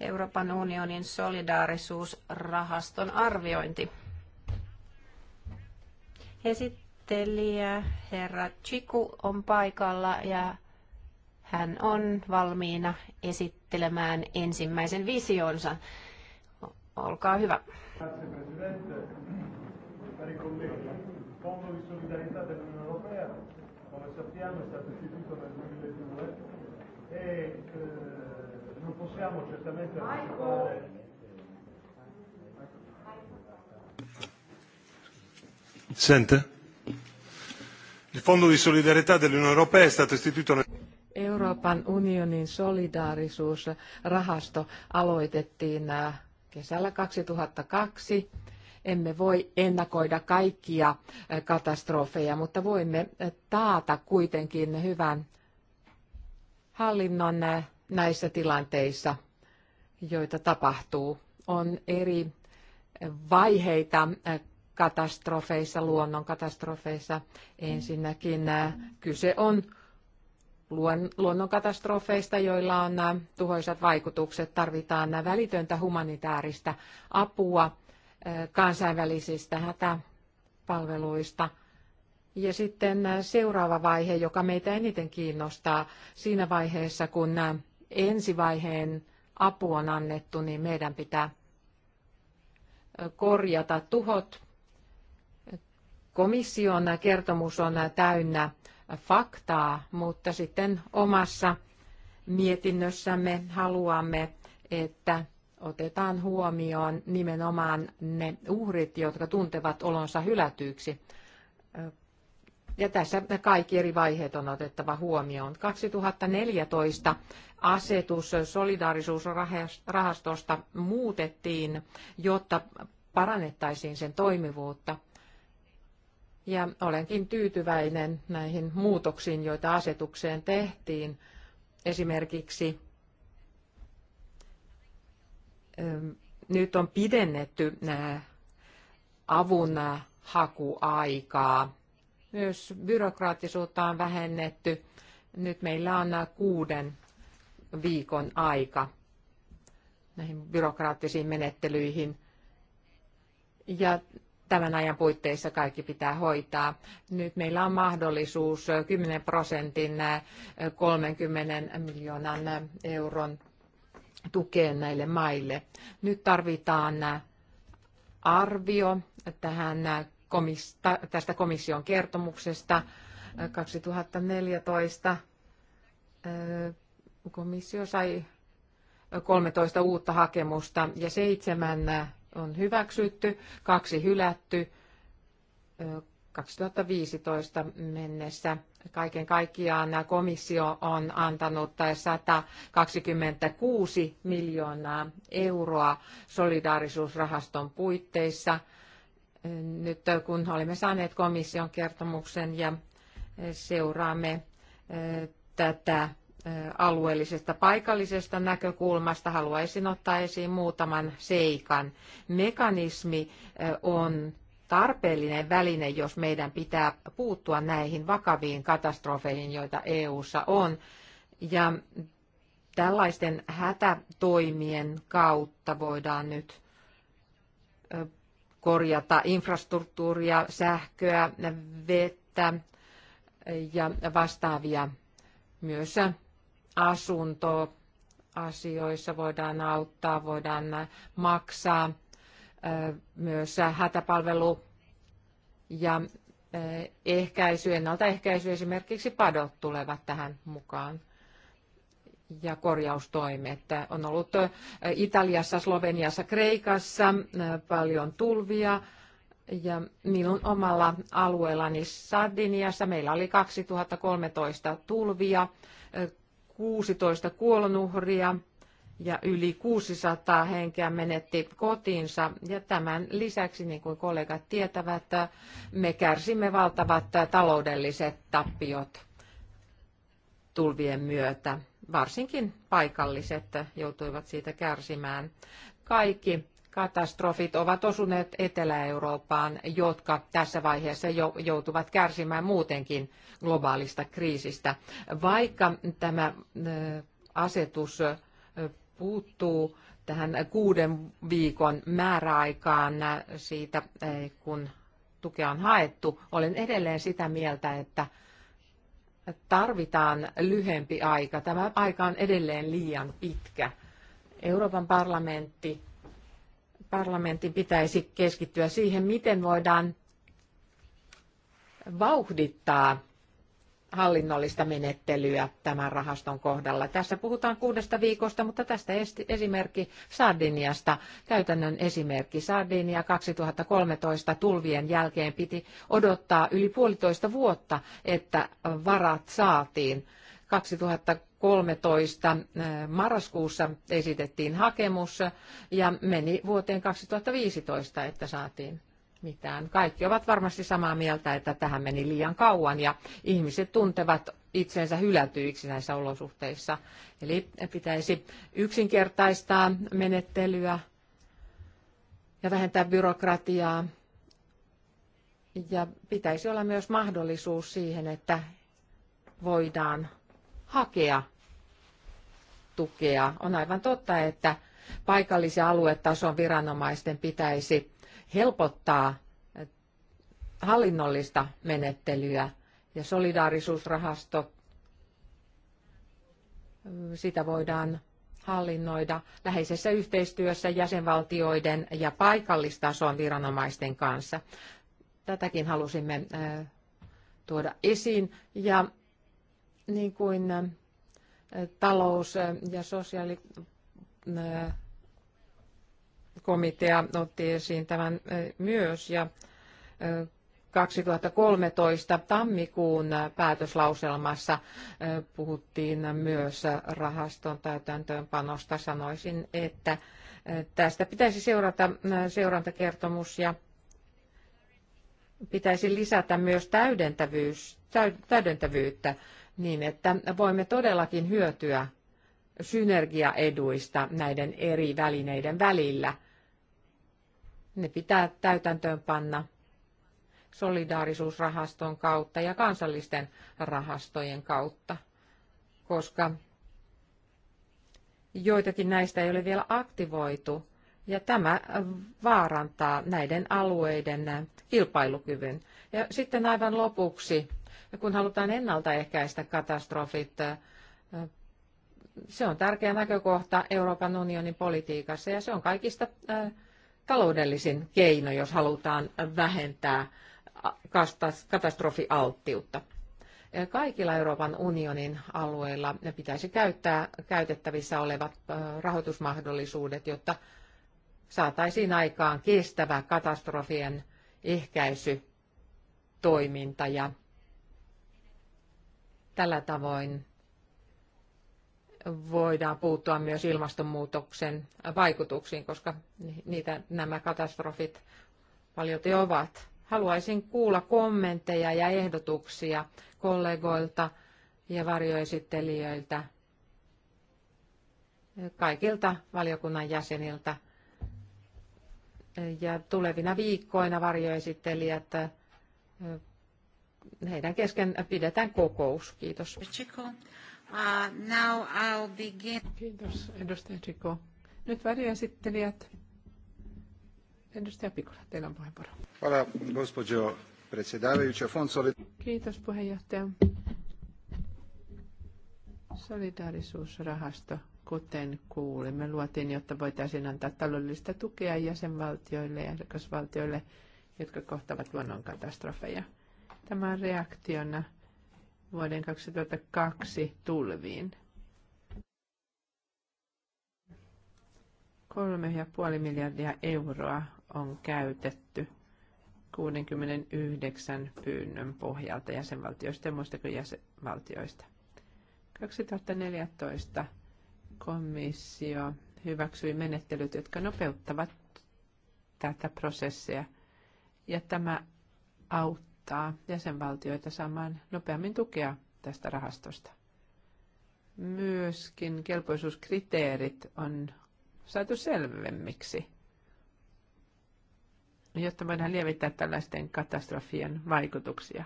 Euroopan unionin solidaarisuusrahaston arviointi. Esittelijä herra Chiku on paikalla ja hän on valmiina esittelemään ensimmäisen visionsa. Olkaa hyvä cari colleghi, il Fondo di solidarietà dell'Unione Europea, come sappiamo, è stato istituito nel 2002 e eh, non possiamo certamente anticipare. Sente? Il Fondo di solidarietà dell'Unione Europea è stato istituito nel Euroopan unionin solidaarisuusrahasto aloitettiin eh, kesällä 2002 emme voi ennakoida kaikkia eh, katastrofeja, mutta voimme eh, taata kuitenkin hyvän hallinnon eh, näissä tilanteissa, joita tapahtuu. On eri vaiheita katastrofeissa, luonnonkatastrofeissa. Ensinnäkin kyse on luonnonkatastrofeista, joilla on tuhoisat vaikutukset. Tarvitaan välitöntä humanitaarista apua kansainvälisistä hätäpalveluista. Ja sitten seuraava vaihe, joka meitä eniten kiinnostaa siinä vaiheessa, kun ensivaiheen apu on annettu, niin meidän pitää korjata tuhot. Komission kertomus on täynnä faktaa, mutta sitten omassa mietinnössämme haluamme, että otetaan huomioon nimenomaan ne uhrit, jotka tuntevat olonsa hylätyiksi. Ja tässä kaikki eri vaiheet on otettava huomioon. 2014 asetus solidaarisuusrahastosta muutettiin, jotta parannettaisiin sen toimivuutta. Ja olenkin tyytyväinen näihin muutoksiin, joita asetukseen tehtiin. Esimerkiksi nyt on pidennetty avun hakuaikaa. Myös byrokraattisuutta on vähennetty. Nyt meillä on kuuden viikon aika näihin byrokraattisiin menettelyihin. Ja tämän ajan puitteissa kaikki pitää hoitaa. Nyt meillä on mahdollisuus 10 prosentin 30 miljoonan euron tukeen näille maille. Nyt tarvitaan arvio tähän tästä komission kertomuksesta 2014. Komissio sai 13 uutta hakemusta ja seitsemän on hyväksytty, kaksi hylätty 2015 mennessä. Kaiken kaikkiaan komissio on antanut 126 miljoonaa euroa solidaarisuusrahaston puitteissa. Nyt kun olemme saaneet komission kertomuksen ja seuraamme eh, tätä eh, alueellisesta paikallisesta näkökulmasta haluaisin ottaa esiin muutaman seikan. Mekanismi eh, on tarpeellinen väline, jos meidän pitää puuttua näihin vakaviin katastrofeihin, joita EU:ssa on. Ja tällaisten hätätoimien kautta voidaan nyt korjata infrastruktuuria, sähköä, vettä ja vastaavia myös asuntoasioissa voidaan auttaa, voidaan maksaa myös hätäpalvelu ja ehkäisy, ennaltaehkäisy, esimerkiksi padot tulevat tähän mukaan ja korjaustoimet. On ollut Italiassa, Sloveniassa, Kreikassa paljon tulvia ja minun omalla alueellani Sardiniassa meillä oli 2013 tulvia, 16 kuolonuhria, ja yli 600 henkeä menetti kotinsa. Ja tämän lisäksi, niin kuin kollegat tietävät, me kärsimme valtavat taloudelliset tappiot tulvien myötä. Varsinkin paikalliset joutuivat siitä kärsimään. Kaikki katastrofit ovat osuneet Etelä-Eurooppaan, jotka tässä vaiheessa jo joutuvat kärsimään muutenkin globaalista kriisistä. Vaikka tämä asetus puuttuu tähän kuuden viikon määräaikaan siitä, eh, kun tukea on haettu. Olen edelleen sitä mieltä, että tarvitaan lyhempi aika. Tämä aika on edelleen liian pitkä. Euroopan parlamentti, parlamentin pitäisi keskittyä siihen, miten voidaan vauhdittaa hallinnollista menettelyä tämän rahaston kohdalla. Tässä puhutaan kuudesta viikosta, mutta tästä esimerkki Sardiniasta. Käytännön esimerkki Sardinia 2013 tulvien jälkeen piti odottaa yli puolitoista vuotta, että varat saatiin. 2013 eh, marraskuussa esitettiin hakemus ja meni vuoteen 2015, että saatiin mitään. Kaikki ovat varmasti samaa mieltä, että tähän meni liian kauan ja ihmiset tuntevat itsensä hylätyiksi näissä olosuhteissa. Eli pitäisi yksinkertaistaa menettelyä ja vähentää byrokratiaa. Ja pitäisi olla myös mahdollisuus siihen, että voidaan hakea tukea. On aivan totta, että paikallisen aluetason viranomaisten pitäisi helpottaa eh, hallinnollista menettelyä ja solidaarisuusrahasto, sitä voidaan hallinnoida läheisessä yhteistyössä jäsenvaltioiden ja paikallistason viranomaisten kanssa. Tätäkin halusimme eh, tuoda esiin. Ja niin kuin eh, talous- ja sosiaali komitea otti esiin tämän myös ja 2013 tammikuun päätöslauselmassa puhuttiin myös rahaston täytäntöönpanosta. Sanoisin, että tästä pitäisi seurata seurantakertomus ja pitäisi lisätä myös täydentävyys, täydentävyyttä niin, että voimme todellakin hyötyä synergiaeduista näiden eri välineiden välillä – ne pitää täytäntöön panna solidaarisuusrahaston kautta ja kansallisten rahastojen kautta, koska joitakin näistä ei ole vielä aktivoitu, ja tämä vaarantaa näiden alueiden kilpailukyvyn. Ja sitten aivan lopuksi, kun halutaan ennaltaehkäistä katastrofit, se on tärkeä näkökohta Euroopan unionin politiikassa, ja se on kaikista äh, taloudellisin keino, jos halutaan vähentää katastrofialttiutta. Kaikilla Euroopan unionin alueilla pitäisi käyttää käytettävissä olevat rahoitusmahdollisuudet, jotta saataisiin aikaan kestävä katastrofien ehkäisy toiminta ja tällä tavoin voidaan puuttua myös ilmastonmuutoksen vaikutuksiin, koska niitä nämä katastrofit paljon ovat. Haluaisin kuulla kommentteja ja ehdotuksia kollegoilta ja varjoesittelijöiltä, kaikilta valiokunnan jäseniltä. Ja tulevina viikkoina varjoesittelijät, heidän kesken pidetään kokous. Kiitos. Uh, now I'll begin. Kiitos, edustaja Riko. Nyt varjoesittelijät. Edustaja Pikula, teillä on puheenvuoro. Hvala, gospođo predsjedavajuća. Fond solid... Kiitos, puheenjohtaja. Solidaarisuusrahasto, kuten kuulimme, luotiin, jotta voitaisiin antaa taloudellista tukea jäsenvaltioille ja ehdokasvaltioille, jotka kohtavat luonnonkatastrofeja. Tämä on reaktiona – vuoden 2002 tulviin. 3,5 miljardia euroa on käytetty 69 pyynnön pohjalta jäsenvaltioista ja muista kuin jäsenvaltioista. 2014 komissio hyväksyi menettelyt, jotka nopeuttavat tätä prosessia, ja tämä auttaa auttaa jäsenvaltioita saamaan nopeammin tukea tästä rahastosta. Myöskin kelpoisuuskriteerit on saatu selvemmiksi, jotta voidaan lievittää tällaisten katastrofien vaikutuksia.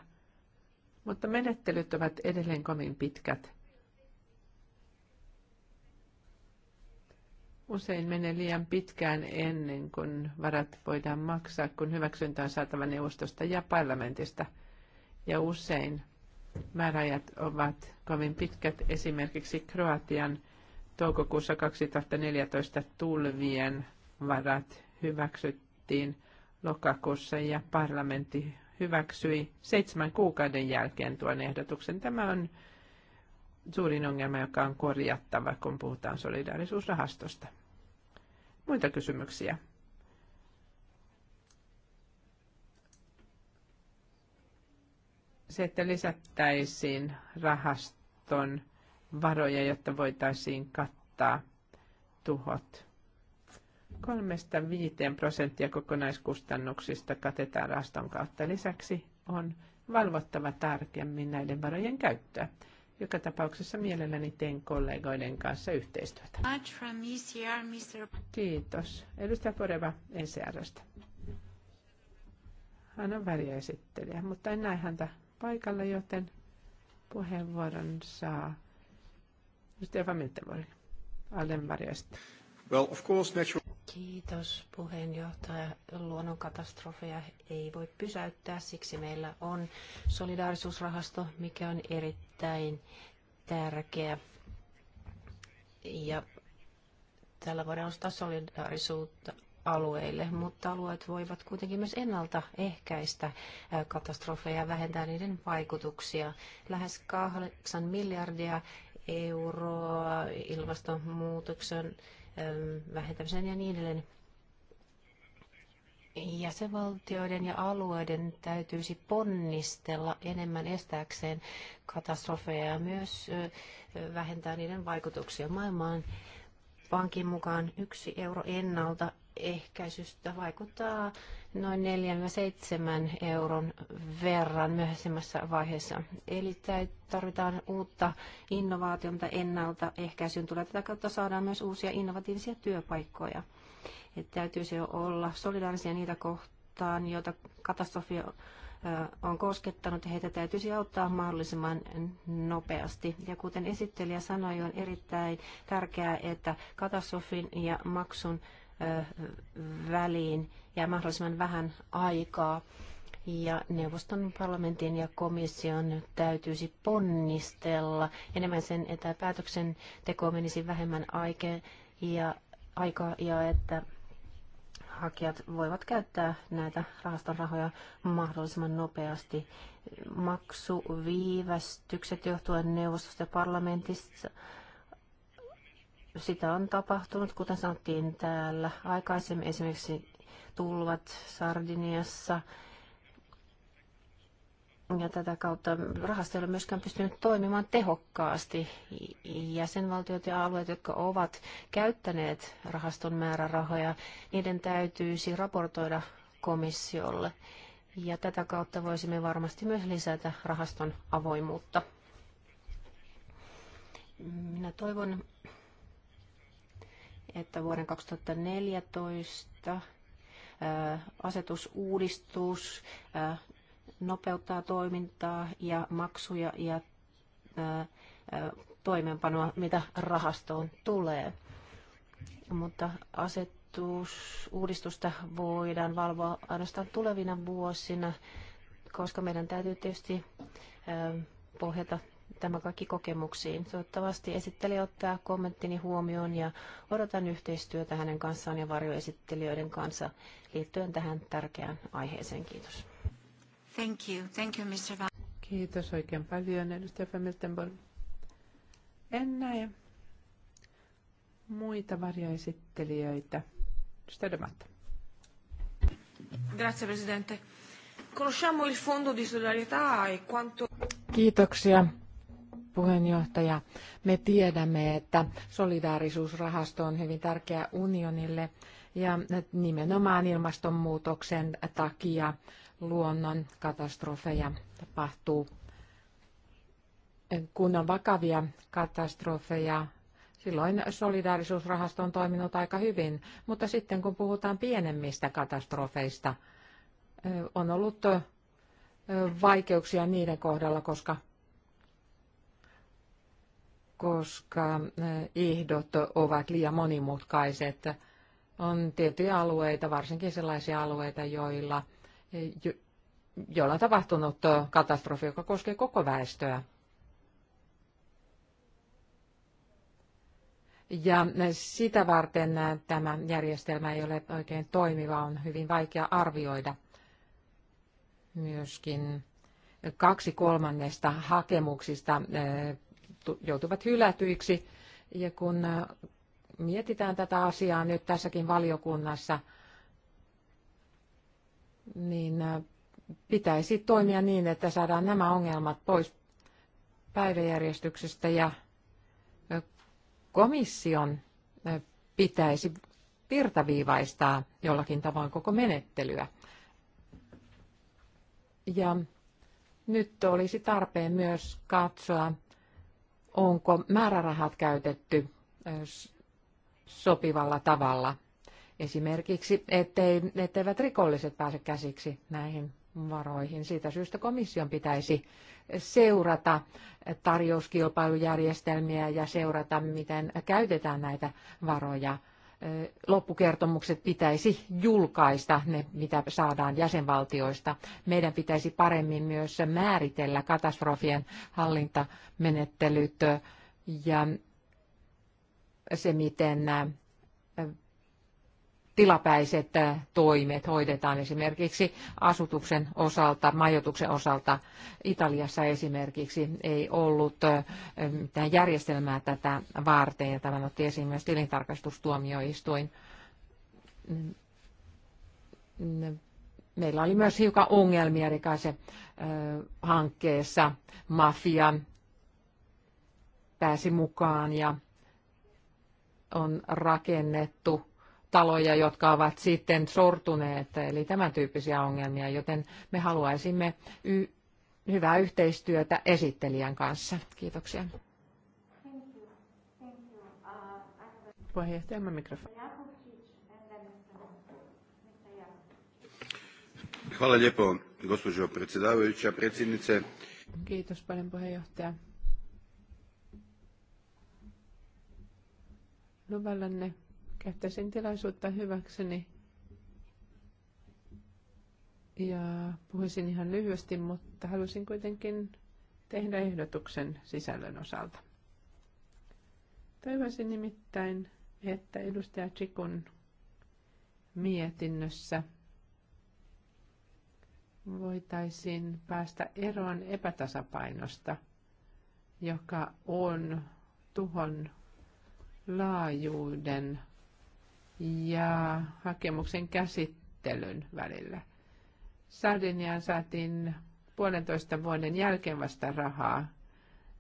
Mutta menettelyt ovat edelleen kovin pitkät – usein menee liian pitkään ennen kuin varat voidaan maksaa, kun hyväksyntä on saatava neuvostosta ja parlamentista. Ja usein määräajat ovat kovin pitkät. Esimerkiksi Kroatian toukokuussa 2014 tulvien varat hyväksyttiin lokakuussa ja parlamentti hyväksyi seitsemän kuukauden jälkeen tuon ehdotuksen. Tämä on suurin ongelma, joka on korjattava, kun puhutaan solidaarisuusrahastosta. Muita kysymyksiä? Se, että lisättäisiin rahaston varoja, jotta voitaisiin kattaa tuhot. 3-5 prosenttia kokonaiskustannuksista katetaan rahaston kautta. Lisäksi on valvottava tarkemmin näiden varojen käyttöä. Joka tapauksessa mielelläni teen kollegoiden kanssa yhteistyötä. Kiitos. Edustaja Poreva ECRstä. Hän on väriesittelijä, mutta en näe häntä paikalla, joten puheenvuoron saa Stefan Miltenborg, Alden väliesittelijä. Well, of course, natural... Kiitos puheenjohtaja. Luonnonkatastrofeja ei voi pysäyttää, siksi meillä on solidaarisuusrahasto, mikä on erittäin tärkeä. Ja tällä voidaan ostaa solidaarisuutta alueille, mutta alueet voivat kuitenkin myös ennaltaehkäistä katastrofeja ja vähentää niiden vaikutuksia. Lähes 8 miljardia euroa ilmastonmuutoksen Ähm, vähentämiseen ja niin edelleen. Jäsenvaltioiden ja alueiden täytyisi ponnistella enemmän estääkseen katastrofeja ja myös vähentää niiden vaikutuksia maailmaan. Pankin mukaan yksi euro ennalta ehkäisystä vaikuttaa noin 4-7 euron verran myöhäisemmässä vaiheessa. Eli tarvitaan uutta innovaatiota ehkäisyyn Tulee tätä kautta saadaan myös uusia innovatiivisia työpaikkoja. Et täytyy se olla solidaarisia niitä kohtaan, joita katastrofi on koskettanut ja heitä täytyisi auttaa mahdollisimman nopeasti. Ja kuten esittelijä sanoi, on erittäin tärkeää, että katastrofin ja maksun väliin ja mahdollisimman vähän aikaa. Ja neuvoston, parlamentin ja komission täytyisi ponnistella enemmän sen, että päätöksenteko menisi vähemmän aikaa ja aikaa ja että hakijat voivat käyttää näitä rahaston rahoja mahdollisimman nopeasti. Maksuviivästykset johtuen neuvostosta ja parlamentista sitä on tapahtunut, kuten sanottiin täällä aikaisemmin, esimerkiksi tulvat Sardiniassa. Ja tätä kautta rahasto ei ole myöskään pystynyt toimimaan tehokkaasti. Jäsenvaltiot ja alueet, jotka ovat käyttäneet rahaston määrärahoja, niiden täytyisi raportoida komissiolle. Ja tätä kautta voisimme varmasti myös lisätä rahaston avoimuutta. Minä toivon, että vuoden 2014 asetusuudistus nopeuttaa toimintaa ja maksuja ja toimeenpanoa, mitä rahastoon tulee. Mutta asetusuudistusta voidaan valvoa ainoastaan tulevina vuosina, koska meidän täytyy tietysti pohjata tämä kaikki kokemuksiin. Toivottavasti esitteli ottaa kommenttini huomioon ja odotan yhteistyötä hänen kanssaan ja varjoesittelijöiden kanssa liittyen tähän tärkeään aiheeseen. Kiitos. Thank you. Thank you, Mr. Van. Kiitos oikein paljon, edustaja Van En näe muita varjoesittelijöitä. Edustaja Grazie, Presidente. Conosciamo il fondo di solidarietà e quanto... Kiitoksia puheenjohtaja, me tiedämme, että solidaarisuusrahasto on hyvin tärkeä unionille ja nimenomaan ilmastonmuutoksen takia luonnon katastrofeja tapahtuu. Kun on vakavia katastrofeja, silloin solidaarisuusrahasto on toiminut aika hyvin, mutta sitten kun puhutaan pienemmistä katastrofeista, on ollut vaikeuksia niiden kohdalla, koska koska eh, ehdot ovat liian monimutkaiset. On tiettyjä alueita, varsinkin sellaisia alueita, joilla, eh, jo, joilla on tapahtunut katastrofi, joka koskee koko väestöä. Ja eh, sitä varten tämä järjestelmä ei ole oikein toimiva, on hyvin vaikea arvioida myöskin kaksi kolmannesta hakemuksista joutuvat hylätyiksi. Ja kun äh, mietitään tätä asiaa nyt tässäkin valiokunnassa, niin äh, pitäisi toimia niin, että saadaan nämä ongelmat pois päiväjärjestyksestä ja äh, komission pitäisi virtaviivaistaa jollakin tavoin koko menettelyä. Ja nyt olisi tarpeen myös katsoa onko määrärahat käytetty sopivalla tavalla. Esimerkiksi, ettei, etteivät rikolliset pääse käsiksi näihin varoihin. Siitä syystä komission pitäisi seurata tarjouskilpailujärjestelmiä ja seurata, miten käytetään näitä varoja loppukertomukset pitäisi julkaista, ne mitä saadaan jäsenvaltioista. Meidän pitäisi paremmin myös määritellä katastrofien hallintamenettelyt ja se, miten tilapäiset toimet hoidetaan esimerkiksi asutuksen osalta, majoituksen osalta. Italiassa esimerkiksi ei ollut mitään järjestelmää tätä varten ja tämän otti esiin myös tilintarkastustuomioistuin. Meillä oli myös hiukan ongelmia erikaisen hankkeessa. Mafia pääsi mukaan ja on rakennettu taloja, jotka ovat sitten sortuneet, eli tämän tyyppisiä ongelmia, joten me haluaisimme y- hyvää yhteistyötä esittelijän kanssa. Kiitoksia. Puheenjohtaja, mikrofoni. Hvala lijepo, gospođo predsjedavajuća, predsjednice. Kiitos paljon puheenjohtaja. Luvallanne käyttäisin tilaisuutta hyväkseni ja puhuisin ihan lyhyesti, mutta halusin kuitenkin tehdä ehdotuksen sisällön osalta. Toivoisin nimittäin, että edustaja Chikun mietinnössä voitaisiin päästä eroon epätasapainosta, joka on tuhon laajuuden ja hakemuksen käsittelyn välillä. Sardiniaan saatiin puolentoista vuoden jälkeen vasta rahaa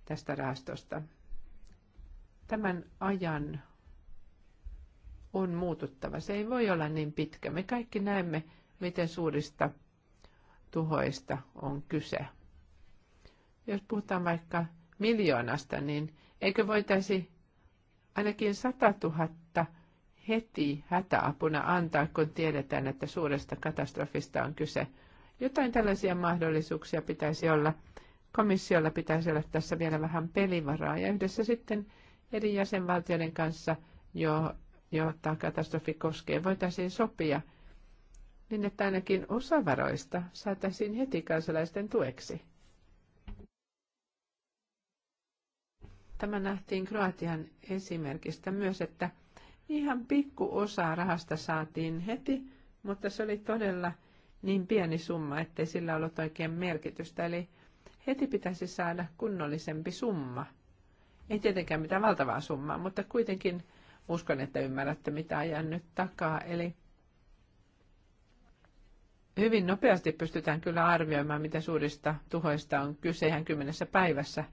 tästä rahastosta. Tämän ajan on muututtava. Se ei voi olla niin pitkä. Me kaikki näemme, miten suurista tuhoista on kyse. Jos puhutaan vaikka miljoonasta, niin eikö voitaisi ainakin 100 000 heti hätäapuna antaa, kun tiedetään, että suuresta katastrofista on kyse. Jotain tällaisia mahdollisuuksia pitäisi olla. Komissiolla pitäisi olla tässä vielä vähän pelivaraa ja yhdessä sitten eri jäsenvaltioiden kanssa, jo, jota katastrofi koskee, voitaisiin sopia niin, että ainakin osa varoista saataisiin heti kansalaisten tueksi. Tämä nähtiin Kroatian esimerkistä myös, että Ihan pikku osa rahasta saatiin heti, mutta se oli todella niin pieni summa, ettei sillä ollut oikein merkitystä. Eli heti pitäisi saada kunnollisempi summa. Ei tietenkään mitään valtavaa summaa, mutta kuitenkin uskon, että ymmärrätte, mitä ajan nyt takaa. Eli hyvin nopeasti pystytään kyllä arvioimaan, mitä suurista tuhoista on kyse ihan kymmenessä päivässä –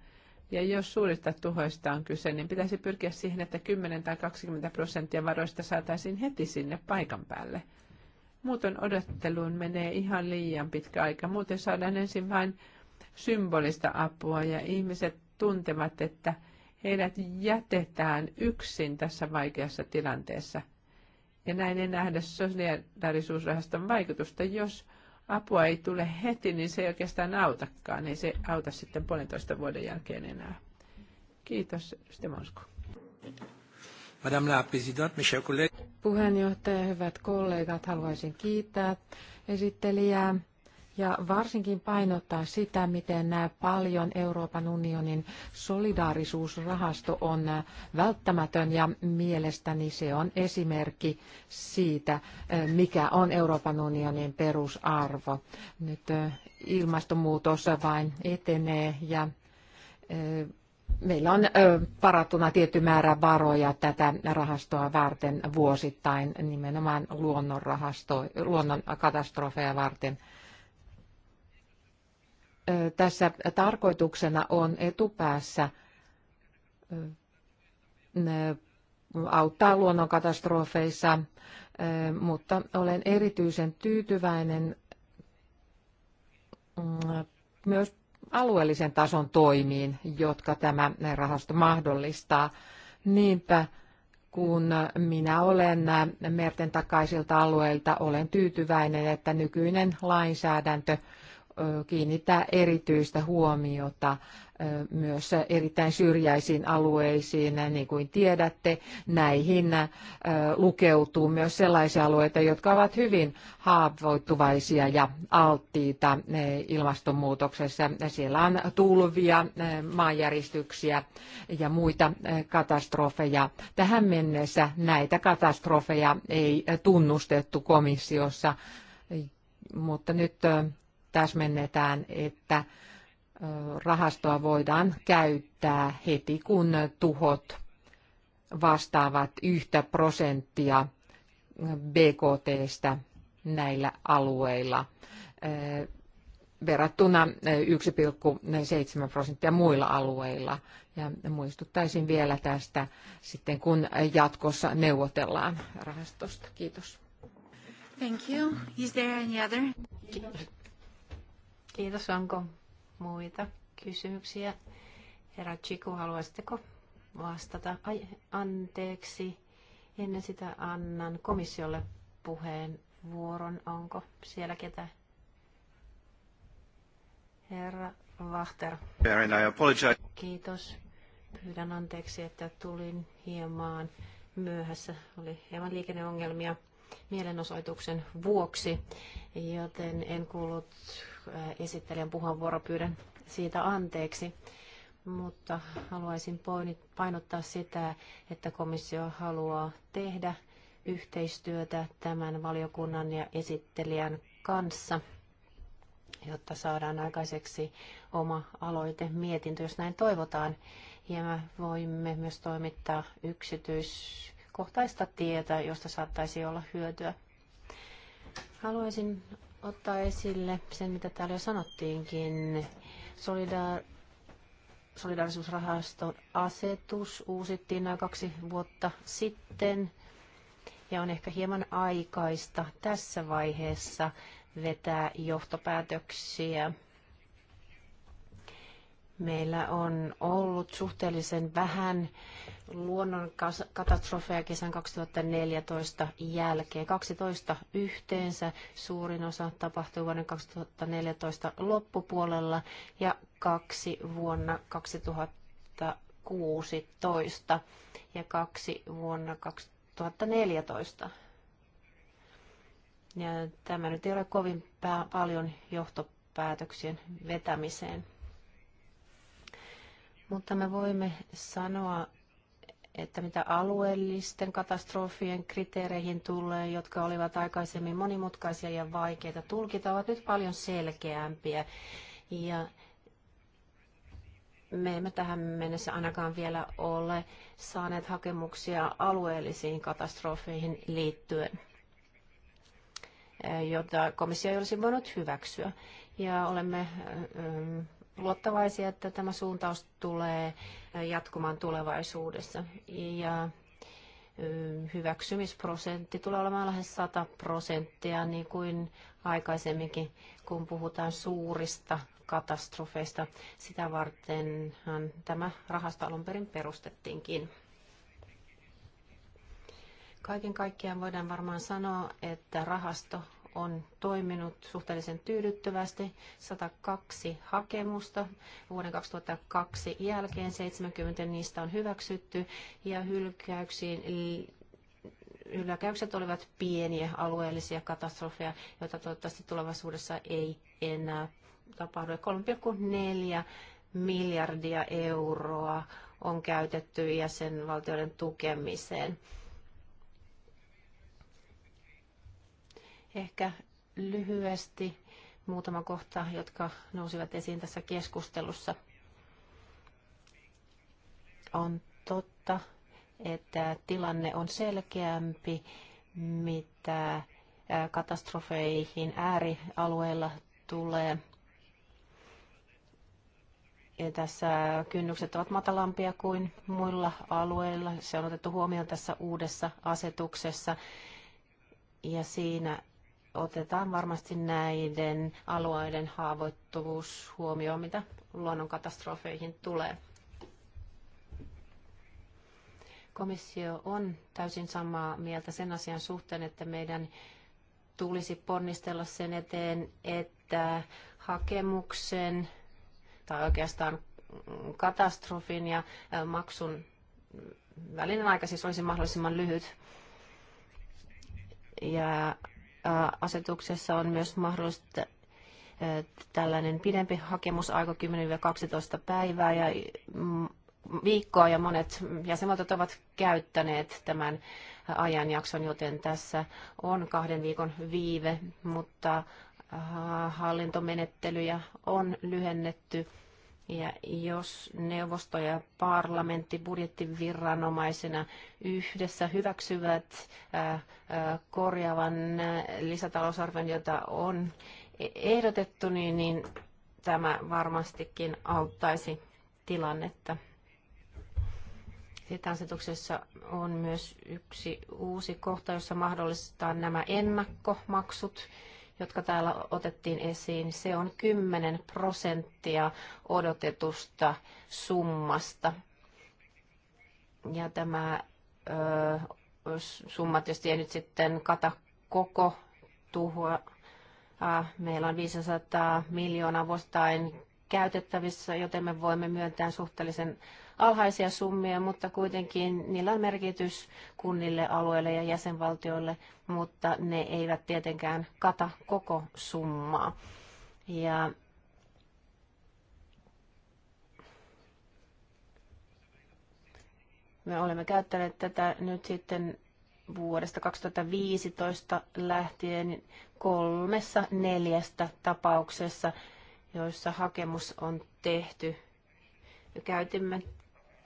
ja jos suurista tuhoista on kyse, niin pitäisi pyrkiä siihen, että 10 tai 20 prosenttia varoista saataisiin heti sinne paikan päälle. Muuten odotteluun menee ihan liian pitkä aika. Muuten saadaan ensin vain symbolista apua ja ihmiset tuntevat, että heidät jätetään yksin tässä vaikeassa tilanteessa. Ja näin ei nähdä solidarisuusrahaston vaikutusta, jos apua ei tule heti, niin se ei oikeastaan autakaan. Ei se auta sitten puolentoista vuoden jälkeen enää. Kiitos, Stemansko. Madame la Présidente, mes chers collègues. Puheenjohtaja, hyvät kollegat, haluaisin kiittää esittelijää ja varsinkin painottaa sitä, miten paljon Euroopan unionin solidaarisuusrahasto on äh, välttämätön ja mielestäni se on esimerkki siitä, äh, mikä on Euroopan unionin perusarvo. Nyt äh, ilmastonmuutos vain etenee ja meillä on parattuna tietty määrä varoja tätä rahastoa varten vuosittain, nimenomaan luonnon katastrofeja varten tässä tarkoituksena on etupäässä auttaa luonnonkatastrofeissa, mutta olen erityisen tyytyväinen mm, myös alueellisen tason toimiin, jotka tämä rahasto mahdollistaa. Niinpä kun minä olen merten takaisilta alueilta, olen tyytyväinen, että nykyinen lainsäädäntö – kiinnittää erityistä huomiota myös erittäin syrjäisiin alueisiin, niin kuin tiedätte. Näihin lukeutuu myös sellaisia alueita, jotka ovat hyvin haavoittuvaisia ja alttiita e, ilmastonmuutoksessa. Siellä on tulvia, e, maanjäristyksiä ja muita e, katastrofeja. Tähän mennessä näitä katastrofeja ei tunnustettu komissiossa, mutta nyt täsmennetään, että rahastoa voidaan käyttää heti, kun tuhot vastaavat yhtä prosenttia BKTstä näillä alueilla verrattuna 1,7 prosenttia muilla alueilla. Ja muistuttaisin vielä tästä sitten, kun jatkossa neuvotellaan rahastosta. Kiitos. Thank you. Is there any other? Kiitos. Kiitos. Onko muita kysymyksiä? Herra Chiku, haluaisitteko vastata? Ai, anteeksi. Ennen sitä annan komissiolle puheenvuoron. Onko siellä ketä? Herra Vahter. Kiitos. Pyydän anteeksi, että tulin hieman myöhässä. Oli hieman liikenneongelmia mielenosoituksen vuoksi, joten en kuullut äh, esittelijän puheenvuoro, pyydän siitä anteeksi. Mutta haluaisin painottaa sitä, että komissio haluaa tehdä yhteistyötä tämän valiokunnan ja esittelijän kanssa, jotta saadaan aikaiseksi oma aloite mietintö, jos näin toivotaan. Ja me voimme myös toimittaa yksityis ajankohtaista tietä, josta saattaisi olla hyötyä. Haluaisin ottaa esille sen, mitä täällä jo sanottiinkin. Solidar- solidarisuusrahaston asetus uusittiin noin kaksi vuotta sitten ja on ehkä hieman aikaista tässä vaiheessa vetää johtopäätöksiä. Meillä on ollut suhteellisen vähän luonnon katastrofeja kesän 2014 jälkeen. 12 yhteensä suurin osa tapahtui vuoden 2014 loppupuolella ja kaksi vuonna 2016 ja kaksi vuonna 2014. Ja tämä nyt ei ole kovin paljon johtopäätöksien vetämiseen. Mutta me voimme sanoa, että mitä alueellisten katastrofien kriteereihin tulee, jotka olivat aikaisemmin monimutkaisia ja vaikeita tulkita, ovat nyt paljon selkeämpiä. Ja me emme tähän mennessä ainakaan vielä ole saaneet hakemuksia alueellisiin katastrofeihin liittyen, jota komissio ei olisi voinut hyväksyä. Ja olemme luottavaisia, että tämä suuntaus tulee jatkumaan tulevaisuudessa. Ja hyväksymisprosentti tulee olemaan lähes 100 prosenttia, niin kuin aikaisemminkin, kun puhutaan suurista katastrofeista. Sitä vartenhan tämä rahasto alun perin perustettiinkin. Kaiken kaikkiaan voidaan varmaan sanoa, että rahasto on toiminut suhteellisen tyydyttävästi. 102 hakemusta vuoden 2002 jälkeen, 70 niistä on hyväksytty ja hylkäyksiin Ylläkäykset olivat pieniä alueellisia katastrofeja, joita toivottavasti tulevaisuudessa ei enää tapahdu. 3,4 miljardia euroa on käytetty jäsenvaltioiden tukemiseen. Ehkä lyhyesti muutama kohta, jotka nousivat esiin tässä keskustelussa. On totta, että tilanne on selkeämpi, mitä katastrofeihin äärialueilla tulee. Ja tässä kynnykset ovat matalampia kuin muilla alueilla. Se on otettu huomioon tässä uudessa asetuksessa. Ja siinä otetaan varmasti näiden alueiden haavoittuvuus huomioon, mitä luonnonkatastrofeihin tulee. Komissio on täysin samaa mieltä sen asian suhteen, että meidän tulisi ponnistella sen eteen, että hakemuksen tai oikeastaan katastrofin ja maksun välinen aika siis olisi mahdollisimman lyhyt. Ja asetuksessa on myös mahdollista äh, tällainen pidempi hakemusaika 10-12 päivää ja mm, viikkoa ja monet jäsenvaltiot ovat käyttäneet tämän ajanjakson, joten tässä on kahden viikon viive, mutta äh, hallintomenettelyjä on lyhennetty ja jos neuvosto ja parlamentti budjettiviranomaisena yhdessä hyväksyvät korjaavan lisätalousarvion, jota on ehdotettu, niin, niin tämä varmastikin auttaisi tilannetta. Sitten asetuksessa on myös yksi uusi kohta, jossa mahdollistetaan nämä ennakkomaksut jotka täällä otettiin esiin, niin se on 10 prosenttia odotetusta summasta. Ja tämä ö, summa tietysti ei nyt sitten kata koko tuhoa. Meillä on 500 miljoonaa vuosittain käytettävissä, joten me voimme myöntää suhteellisen alhaisia summia, mutta kuitenkin niillä on merkitys kunnille, alueille ja jäsenvaltioille, mutta ne eivät tietenkään kata koko summaa. Ja me olemme käyttäneet tätä nyt sitten vuodesta 2015 lähtien kolmessa neljästä tapauksessa, joissa hakemus on tehty. Käytimme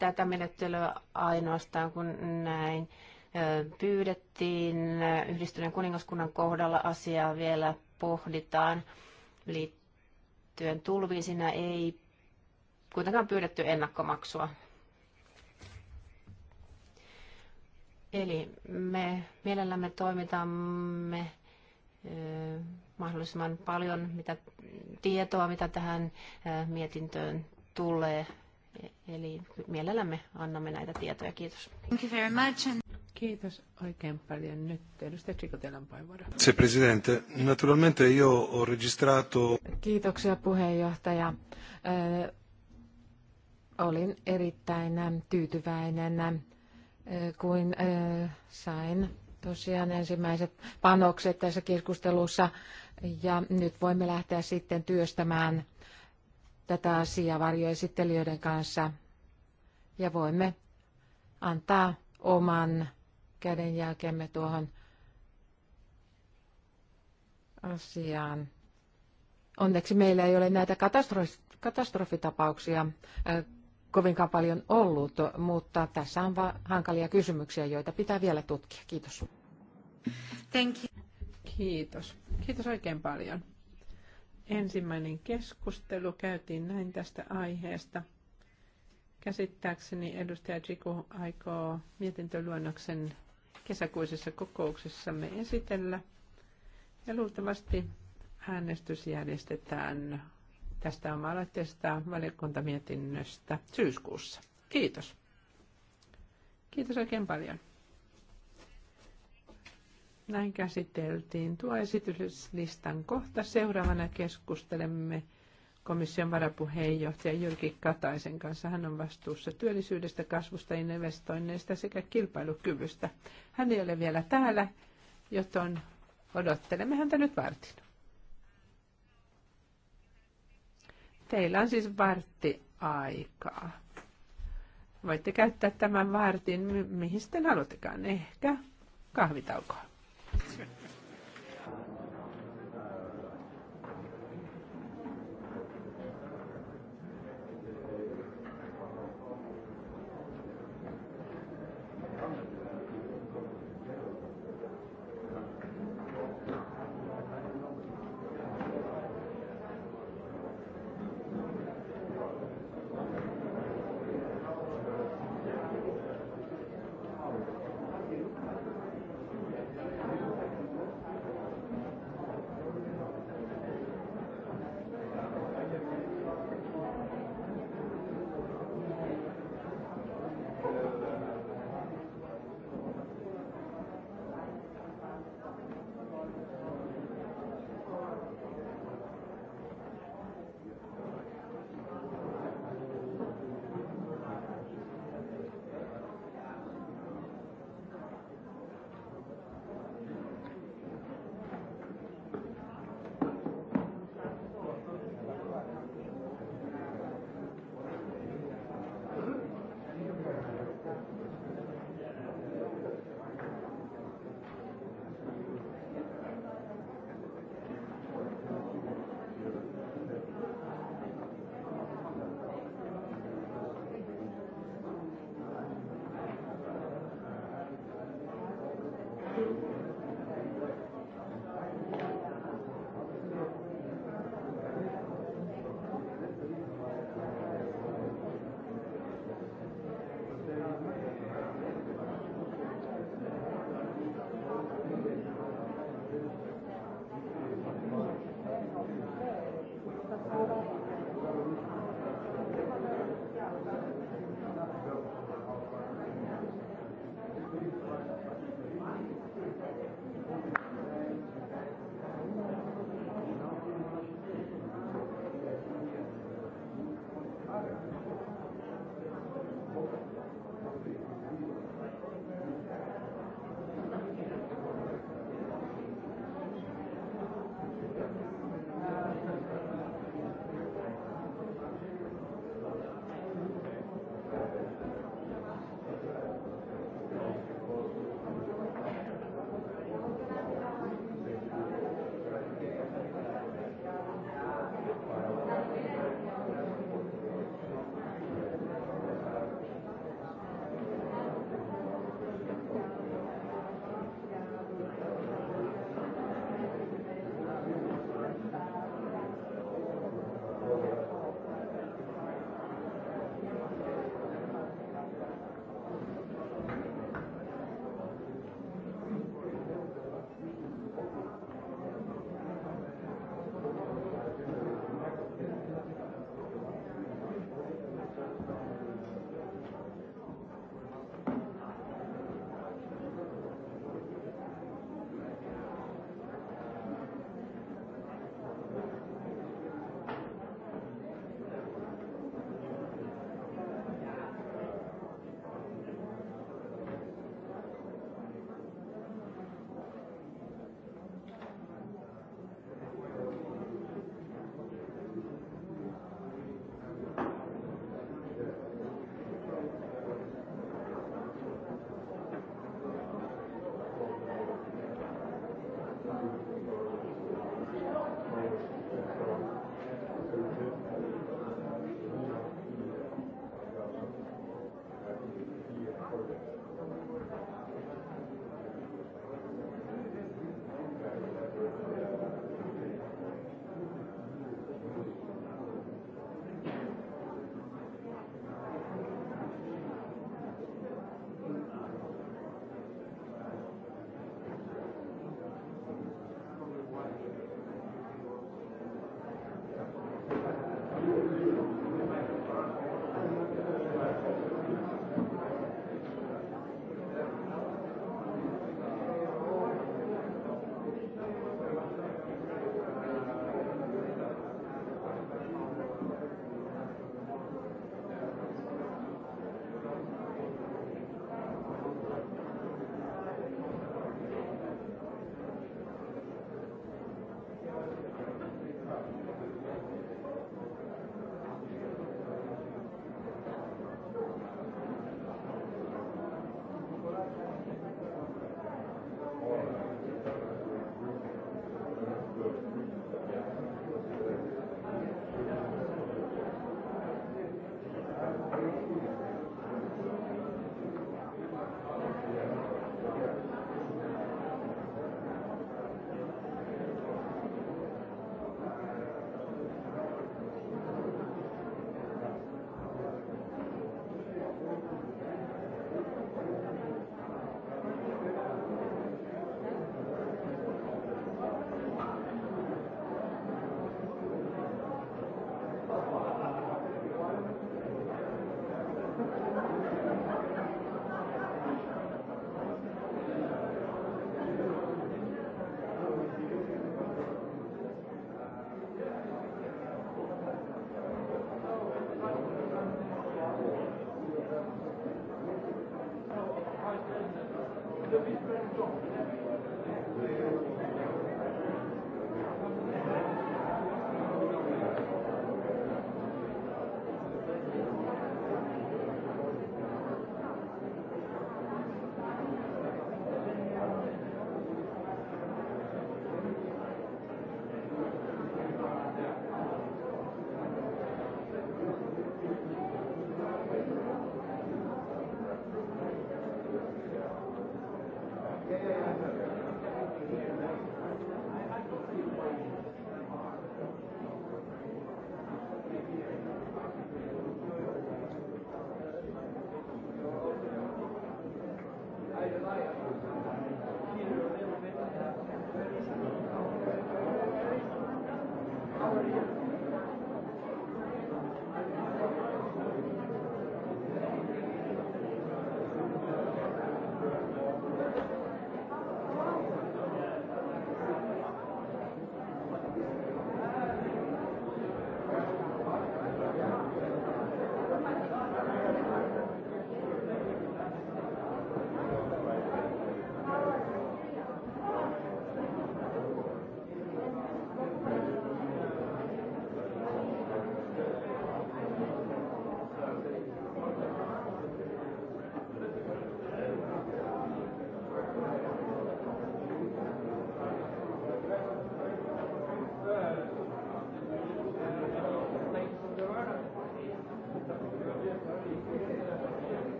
tätä menettelyä ainoastaan, kun näin pyydettiin. Yhdistyneen kuningaskunnan kohdalla asiaa vielä pohditaan liittyen tulviin. Siinä ei kuitenkaan pyydetty ennakkomaksua. Eli me mielellämme toimitamme mahdollisimman paljon mitä tietoa, mitä tähän mietintöön tulee E- eli mielellämme annamme näitä tietoja. Kiitos. Thank you very much. Kiitos oikein paljon. Nyt edustaja Chico, teillä on puheenvuoro. Se presidente, naturalmente io ho registrato... Kiitoksia puheenjohtaja. Ö, olin erittäin tyytyväinen, kuin ö, sain tosiaan ensimmäiset panokset tässä keskustelussa. Ja nyt voimme lähteä sitten työstämään tätä asiaa varjoesittelijöiden kanssa ja voimme antaa oman kädenjälkemme tuohon asiaan. Onneksi meillä ei ole näitä katastrofitapauksia äh, kovinkaan paljon ollut, mutta tässä on hankalia kysymyksiä, joita pitää vielä tutkia. Kiitos. Thank you. Kiitos. Kiitos oikein paljon. Ensimmäinen keskustelu käytiin näin tästä aiheesta. Käsittääkseni edustaja Jiku aikoo mietintöluonnoksen kesäkuisessa kokouksessamme esitellä. Ja luultavasti äänestys järjestetään tästä oma-aloitteesta valiokuntamietinnöstä syyskuussa. Kiitos. Kiitos oikein paljon. Näin käsiteltiin tuo esityslistan kohta. Seuraavana keskustelemme komission varapuheenjohtaja Jyrki Kataisen kanssa. Hän on vastuussa työllisyydestä, kasvusta, investoinneista sekä kilpailukyvystä. Hän ei ole vielä täällä, joten odottelemme häntä nyt vartin. Teillä on siis vartti aikaa. Voitte käyttää tämän vartin, mihin sitten aloitetaan. Ehkä kahvitaukoa.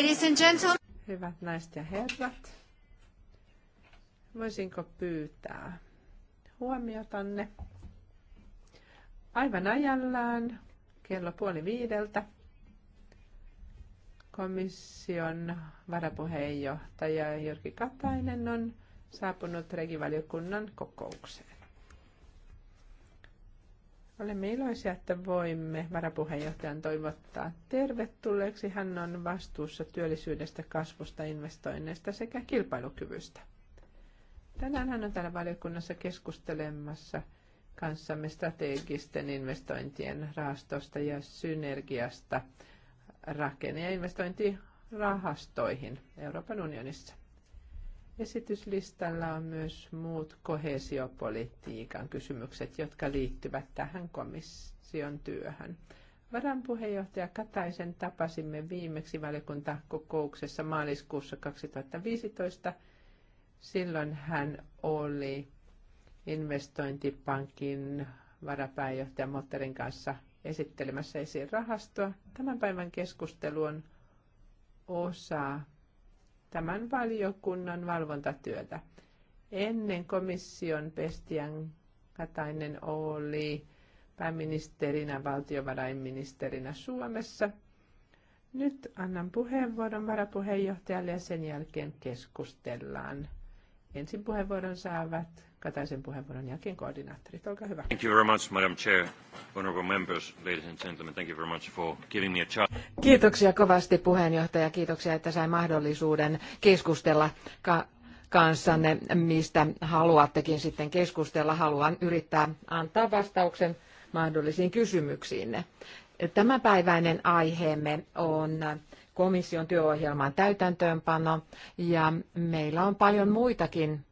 Ladies and gentlemen. Hyvät naiset ja herrat, voisinko pyytää huomiotanne aivan ajallaan kello puoli viideltä komission varapuheenjohtaja Jyrki Katainen on saapunut regivaliokunnan kokoukseen. Olemme iloisia, että voimme varapuheenjohtajan toivottaa tervetulleeksi. Hän on vastuussa työllisyydestä, kasvusta, investoinneista sekä kilpailukyvystä. Tänään hän on täällä valiokunnassa keskustelemassa kanssamme strategisten investointien rahastosta ja synergiasta rakenne- ja investointirahastoihin Euroopan unionissa. Esityslistalla on myös muut kohesiopolitiikan kysymykset, jotka liittyvät tähän komission työhön. Varanpuheenjohtaja Kataisen tapasimme viimeksi valiokuntakokouksessa maaliskuussa 2015. Silloin hän oli investointipankin varapääjohtaja Motterin kanssa esittelemässä esiin rahastoa. Tämän päivän keskustelu on osa tämän valiokunnan valvontatyötä. Ennen komission pestiän Katainen oli pääministerinä, valtiovarainministerinä Suomessa. Nyt annan puheenvuoron varapuheenjohtajalle ja sen jälkeen keskustellaan. Ensin puheenvuoron saavat Kataisen puheenvuoron jälkeen koordinaattorit. Olkaa hyvä. Thank you very much, Madam Chair, honorable members, ladies and gentlemen. Thank you very much for giving me a chance. Kiitoksia kovasti puheenjohtaja. Kiitoksia, että sain mahdollisuuden keskustella ka- kanssanne, mistä haluattekin sitten keskustella. Haluan yrittää antaa vastauksen mahdollisiin kysymyksiinne. Tämänpäiväinen aiheemme on komission työohjelman täytäntöönpano ja meillä on paljon muitakin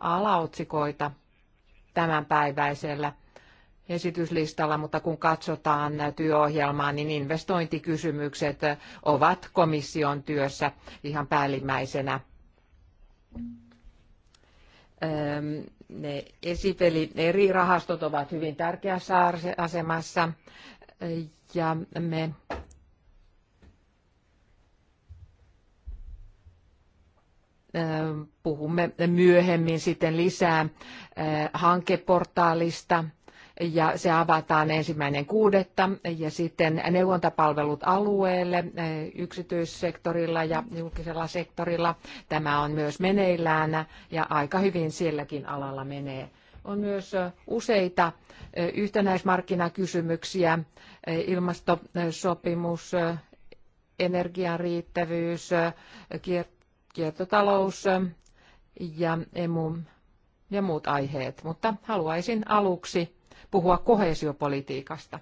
alaotsikoita tämänpäiväisellä esityslistalla, mutta kun katsotaan työohjelmaa, niin investointikysymykset ovat komission työssä ihan päällimmäisenä. Ne esipeli eri rahastot ovat hyvin tärkeässä asemassa ja me Puhumme myöhemmin sitten lisää hankeportaalista ja se avataan ensimmäinen kuudetta ja sitten neuvontapalvelut alueelle yksityissektorilla ja julkisella sektorilla. Tämä on myös meneillään ja aika hyvin silläkin alalla menee. On myös useita yhtenäismarkkinakysymyksiä, ilmastosopimus, energian riittävyys, kiertotalous, kiertotalous ja emu ja muut aiheet, mutta haluaisin aluksi puhua kohesiopolitiikasta.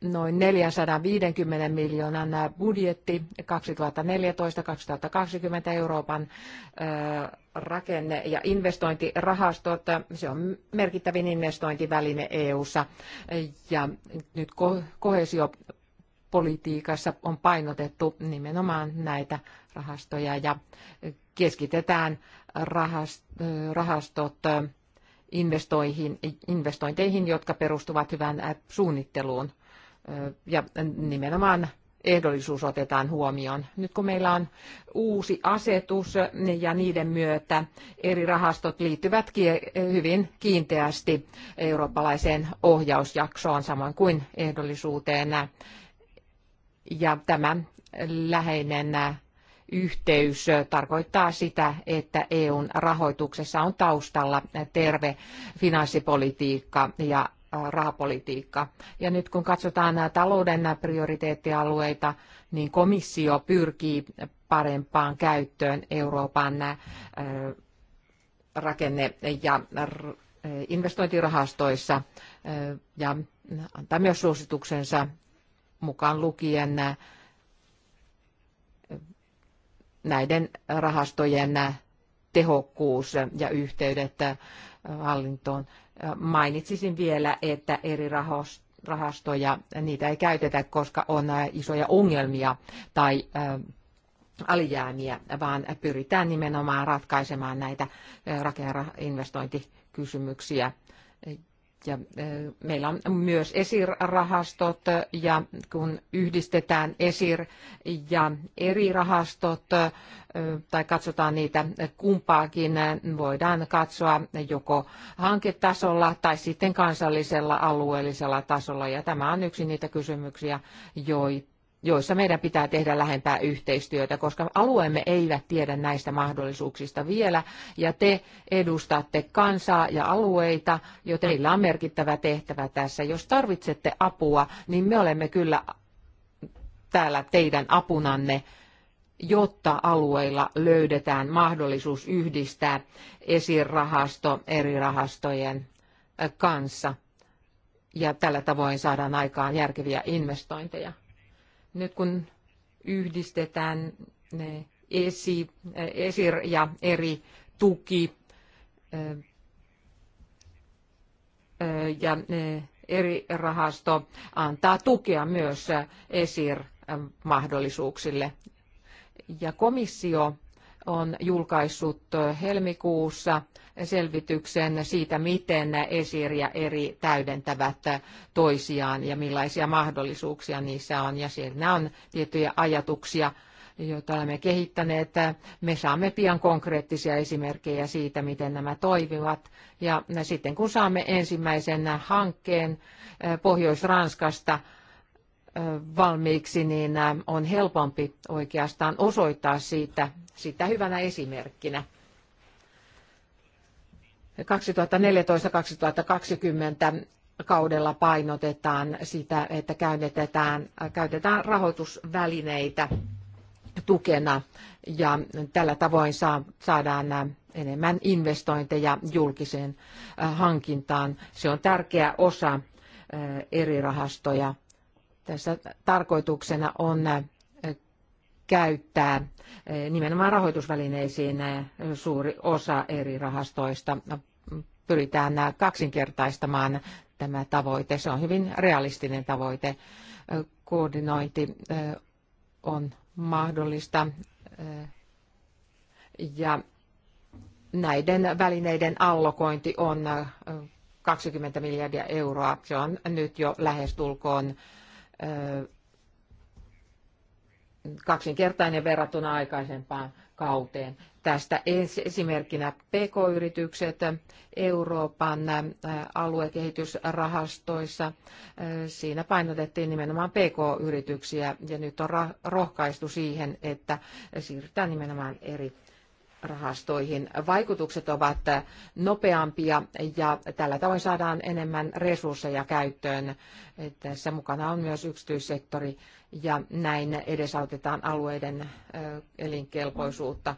Noin 450 miljoonan budjetti 2014-2020 Euroopan rakenne- ja investointirahastot. Se on merkittävin investointiväline EU:ssa ja nyt kohesiopolitiikka politiikassa on painotettu nimenomaan näitä rahastoja ja keskitetään rahastot investointeihin, jotka perustuvat hyvään suunnitteluun. Ja nimenomaan ehdollisuus otetaan huomioon. Nyt kun meillä on uusi asetus ja niiden myötä eri rahastot liittyvät hyvin kiinteästi eurooppalaiseen ohjausjaksoon, samoin kuin ehdollisuuteen. Ja tämä läheinen yhteys tarkoittaa sitä, että EUn rahoituksessa on taustalla terve finanssipolitiikka ja rahapolitiikka. Ja nyt kun katsotaan nämä talouden prioriteettialueita, niin komissio pyrkii parempaan käyttöön Euroopan rakenne- ja investointirahastoissa ja antaa myös suosituksensa mukaan lukien näiden rahastojen tehokkuus ja yhteydet hallintoon. Mainitsisin vielä, että eri rahastoja, niitä ei käytetä, koska on isoja ongelmia tai alijäämiä, vaan pyritään nimenomaan ratkaisemaan näitä rakennusinvestointikysymyksiä ja e, meillä on myös esirahastot ja kun yhdistetään esir ja eri rahastot e, tai katsotaan niitä kumpaakin, e, voidaan katsoa joko hanketasolla tai sitten kansallisella alueellisella tasolla. Ja tämä on yksi niitä kysymyksiä, joita joissa meidän pitää tehdä lähempää yhteistyötä, koska alueemme eivät tiedä näistä mahdollisuuksista vielä, ja te edustatte kansaa ja alueita, joten teillä on merkittävä tehtävä tässä. Jos tarvitsette apua, niin me olemme kyllä täällä teidän apunanne, jotta alueilla löydetään mahdollisuus yhdistää esirahasto eri rahastojen kanssa. Ja tällä tavoin saadaan aikaan järkeviä investointeja. Nyt kun yhdistetään ne esi, ESIR ja eri tuki ja eri rahasto antaa tukea myös ESIR-mahdollisuuksille. Ja komissio on julkaissut helmikuussa selvityksen siitä, miten ESIR ja eri täydentävät toisiaan ja millaisia mahdollisuuksia niissä on. Ja siinä on tiettyjä ajatuksia, joita olemme kehittäneet. Me saamme pian konkreettisia esimerkkejä siitä, miten nämä toimivat. Ja sitten kun saamme ensimmäisen hankkeen eh, Pohjois-Ranskasta, eh, valmiiksi, niin eh, on helpompi oikeastaan osoittaa siitä, sitä hyvänä esimerkkinä. 2014-2020 kaudella painotetaan sitä, että käytetään, käytetään rahoitusvälineitä tukena ja tällä tavoin saa, saadaan enemmän investointeja julkiseen äh, hankintaan. Se on tärkeä osa äh, eri rahastoja. Tässä tarkoituksena on äh, käyttää eh, nimenomaan rahoitusvälineisiin eh, suuri osa eri rahastoista. No, pyritään eh, kaksinkertaistamaan tämä tavoite. Se on hyvin realistinen tavoite. Koordinointi on mahdollista ja näiden välineiden allokointi on 20 miljardia euroa. Se on nyt jo lähestulkoon kaksinkertainen verrattuna aikaisempaan kauteen. Tästä esimerkkinä PK-yritykset Euroopan aluekehitysrahastoissa. Siinä painotettiin nimenomaan PK-yrityksiä ja nyt on rohkaistu siihen, että siirrytään nimenomaan eri rahastoihin. Vaikutukset ovat nopeampia ja tällä tavoin saadaan enemmän resursseja käyttöön. Tässä mukana on myös yksityissektori ja näin edesautetaan alueiden elinkelpoisuutta.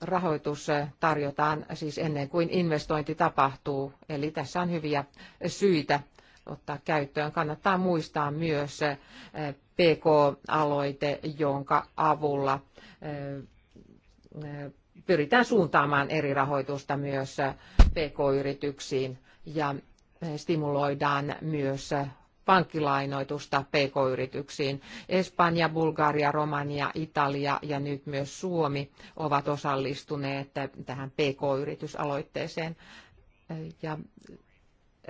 Rahoitus tarjotaan siis ennen kuin investointi tapahtuu, eli tässä on hyviä syitä ottaa käyttöön. Kannattaa muistaa myös PK-aloite, jonka avulla pyritään suuntaamaan eri rahoitusta myös PK-yrityksiin ja stimuloidaan myös pankkilainoitusta pk-yrityksiin. Espanja, Bulgaria, Romania, Italia ja nyt myös Suomi ovat osallistuneet tähän pk-yritysaloitteeseen. Ja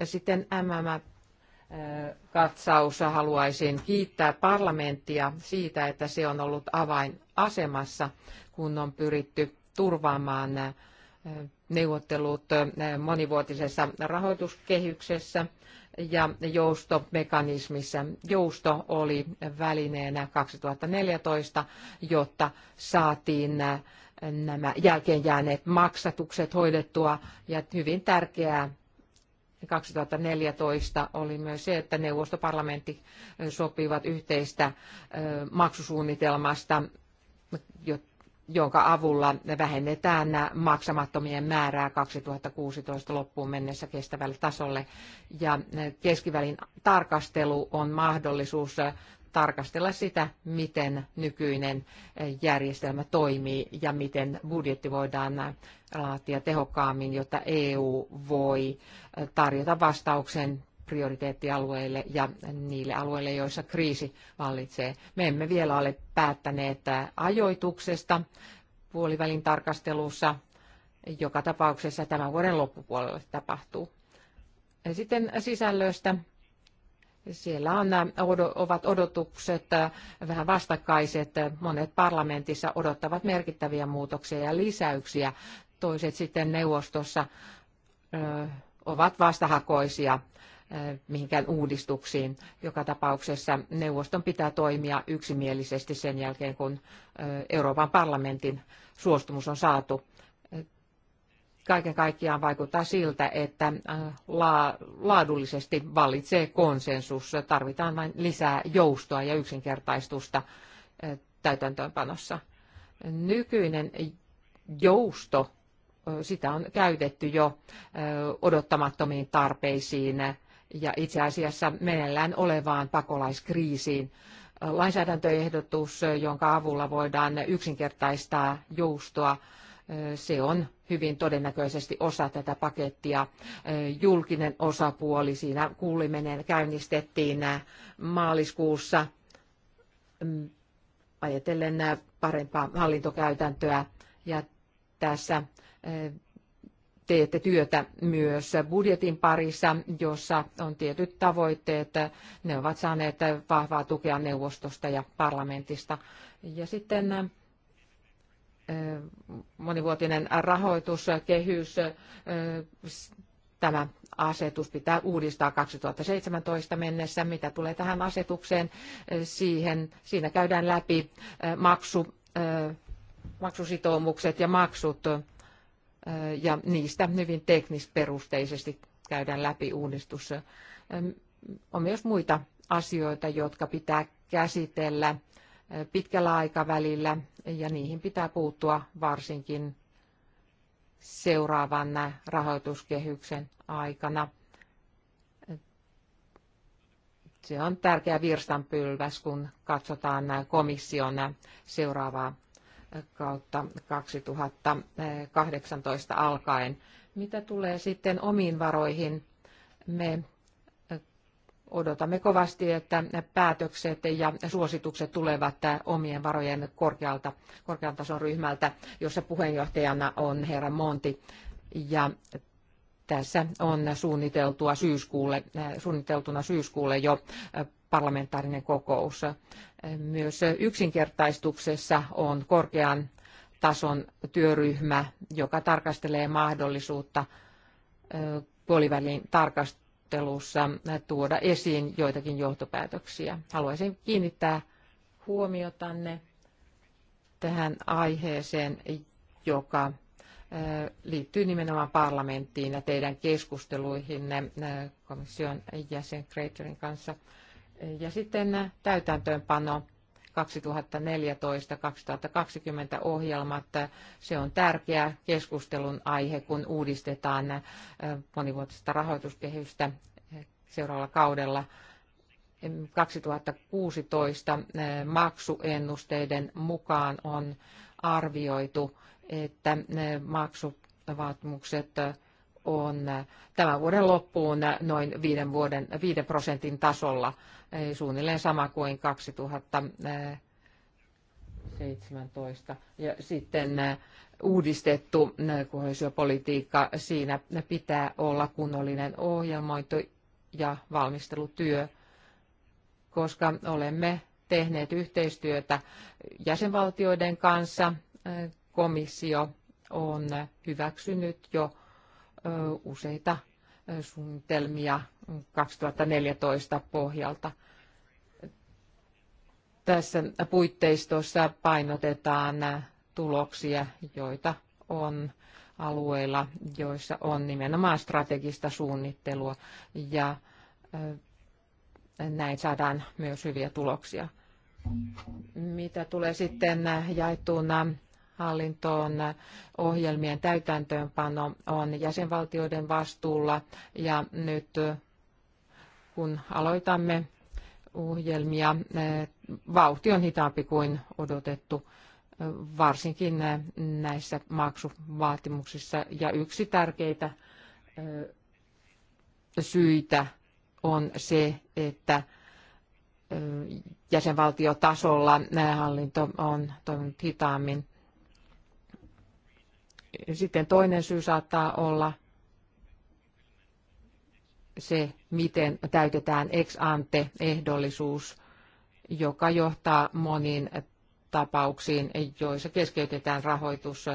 sitten MMF katsaus. Haluaisin kiittää parlamenttia siitä, että se on ollut avainasemassa, kun on pyritty turvaamaan neuvottelut monivuotisessa rahoituskehyksessä ja joustomekanismissa. Jousto oli välineenä 2014, jotta saatiin nämä jälkeenjääneet maksatukset hoidettua ja hyvin tärkeää 2014 oli myös se, että neuvostoparlamentti sopivat yhteistä maksusuunnitelmasta, jonka avulla vähennetään maksamattomien määrää 2016 loppuun mennessä kestävälle tasolle. Ja keskivälin tarkastelu on mahdollisuus tarkastella sitä, miten nykyinen järjestelmä toimii ja miten budjetti voidaan laatia tehokkaammin, jotta EU voi tarjota vastauksen prioriteettialueille ja niille alueille, joissa kriisi vallitsee. Me emme vielä ole päättäneet ajoituksesta puolivälin tarkastelussa. Joka tapauksessa tämän vuoden loppupuolella tapahtuu. Sitten sisällöstä. Siellä on, ovat odotukset vähän vastakkaiset. Monet parlamentissa odottavat merkittäviä muutoksia ja lisäyksiä. Toiset sitten neuvostossa ovat vastahakoisia mihinkään uudistuksiin. Joka tapauksessa neuvoston pitää toimia yksimielisesti sen jälkeen, kun Euroopan parlamentin suostumus on saatu. Kaiken kaikkiaan vaikuttaa siltä, että laadullisesti vallitsee konsensus. Tarvitaan vain lisää joustoa ja yksinkertaistusta täytäntöönpanossa. Nykyinen jousto sitä on käytetty jo odottamattomiin tarpeisiin ja itse asiassa meneillään olevaan pakolaiskriisiin. Lainsäädäntöehdotus, jonka avulla voidaan yksinkertaistaa joustoa, se on hyvin todennäköisesti osa tätä pakettia. Julkinen osapuoli, siinä kuuliminen käynnistettiin maaliskuussa mm, ajatellen parempaa hallintokäytäntöä ja tässä eh, teette työtä myös budjetin parissa, jossa on tietyt tavoitteet. Ne ovat saaneet vahvaa tukea neuvostosta ja parlamentista. Ja sitten monivuotinen rahoituskehys, tämä asetus pitää uudistaa 2017 mennessä. Mitä tulee tähän asetukseen, siihen, siinä käydään läpi maksu, maksusitoumukset ja maksut ja niistä hyvin teknisperusteisesti käydään läpi uudistus. On myös muita asioita, jotka pitää käsitellä pitkällä aikavälillä ja niihin pitää puuttua varsinkin seuraavan rahoituskehyksen aikana. Se on tärkeä virstanpylväs, kun katsotaan komission seuraavaa kautta 2018 alkaen. Mitä tulee sitten omiin varoihin, me odotamme kovasti, että päätökset ja suositukset tulevat omien varojen korkealta, korkean tason ryhmältä, jossa puheenjohtajana on herra Monti. Ja tässä on suunniteltua syyskuulle, suunniteltuna syyskuulle jo parlamentaarinen kokous. Myös yksinkertaistuksessa on korkean tason työryhmä, joka tarkastelee mahdollisuutta puolivälin tarkastelussa tuoda esiin joitakin johtopäätöksiä. Haluaisin kiinnittää huomiotanne tähän aiheeseen, joka liittyy nimenomaan parlamenttiin ja teidän keskusteluihinne komission jäsen Kreiterin kanssa – ja sitten täytäntöönpano 2014-2020 ohjelmat. Se on tärkeä keskustelun aihe, kun uudistetaan äh, monivuotista rahoituskehystä äh, seuraavalla kaudella. 2016 äh, maksuennusteiden mukaan on arvioitu, että maksuvaatimukset on äh, tämän vuoden loppuun äh, noin 5, vuoden, 5 prosentin tasolla, suunnilleen sama kuin 2017. Ja sitten äh, uudistettu kohesiopolitiikka, siinä pitää olla kunnollinen ohjelmointi ja valmistelutyö, koska olemme tehneet yhteistyötä jäsenvaltioiden kanssa. Komissio on hyväksynyt jo useita suunnitelmia 2014 pohjalta. Tässä puitteistossa painotetaan tuloksia, joita on alueilla, joissa on nimenomaan strategista suunnittelua ja näin saadaan myös hyviä tuloksia. Mitä tulee sitten jaettuun hallintoon ohjelmien täytäntöönpano on jäsenvaltioiden vastuulla ja nyt eh, kun aloitamme ohjelmia, eh, vauhti on hitaampi kuin odotettu, eh, varsinkin näissä maksuvaatimuksissa. Ja yksi tärkeitä syitä on se, että jäsenvaltiotasolla hallinto on toiminut hitaammin. Sitten toinen syy saattaa olla se, miten täytetään ex ante ehdollisuus, joka johtaa moniin tapauksiin, joissa keskeytetään rahoitus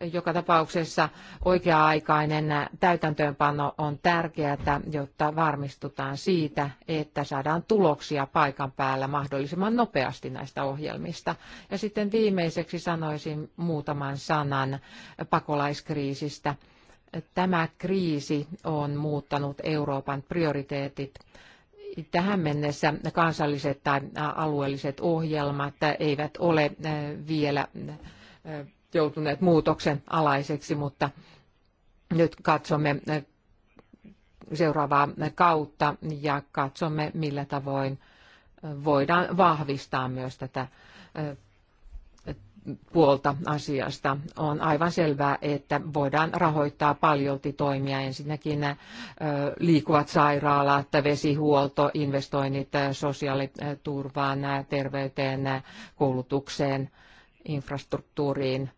joka tapauksessa oikea-aikainen täytäntöönpano on tärkeää, jotta varmistutaan siitä, että saadaan tuloksia paikan päällä mahdollisimman nopeasti näistä ohjelmista. Ja sitten viimeiseksi sanoisin muutaman sanan pakolaiskriisistä. Tämä kriisi on muuttanut Euroopan prioriteetit tähän mennessä kansalliset tai alueelliset ohjelmat eivät ole eh, vielä eh, joutuneet muutoksen alaiseksi, mutta nyt katsomme eh, seuraavaa kautta ja katsomme, millä tavoin eh, voidaan vahvistaa myös tätä eh, puolta asiasta. On aivan selvää, että voidaan rahoittaa paljolti toimia. Ensinnäkin liikuvat sairaalat, vesihuolto, investoinnit sosiaaliturvaan, terveyteen, koulutukseen, infrastruktuuriin,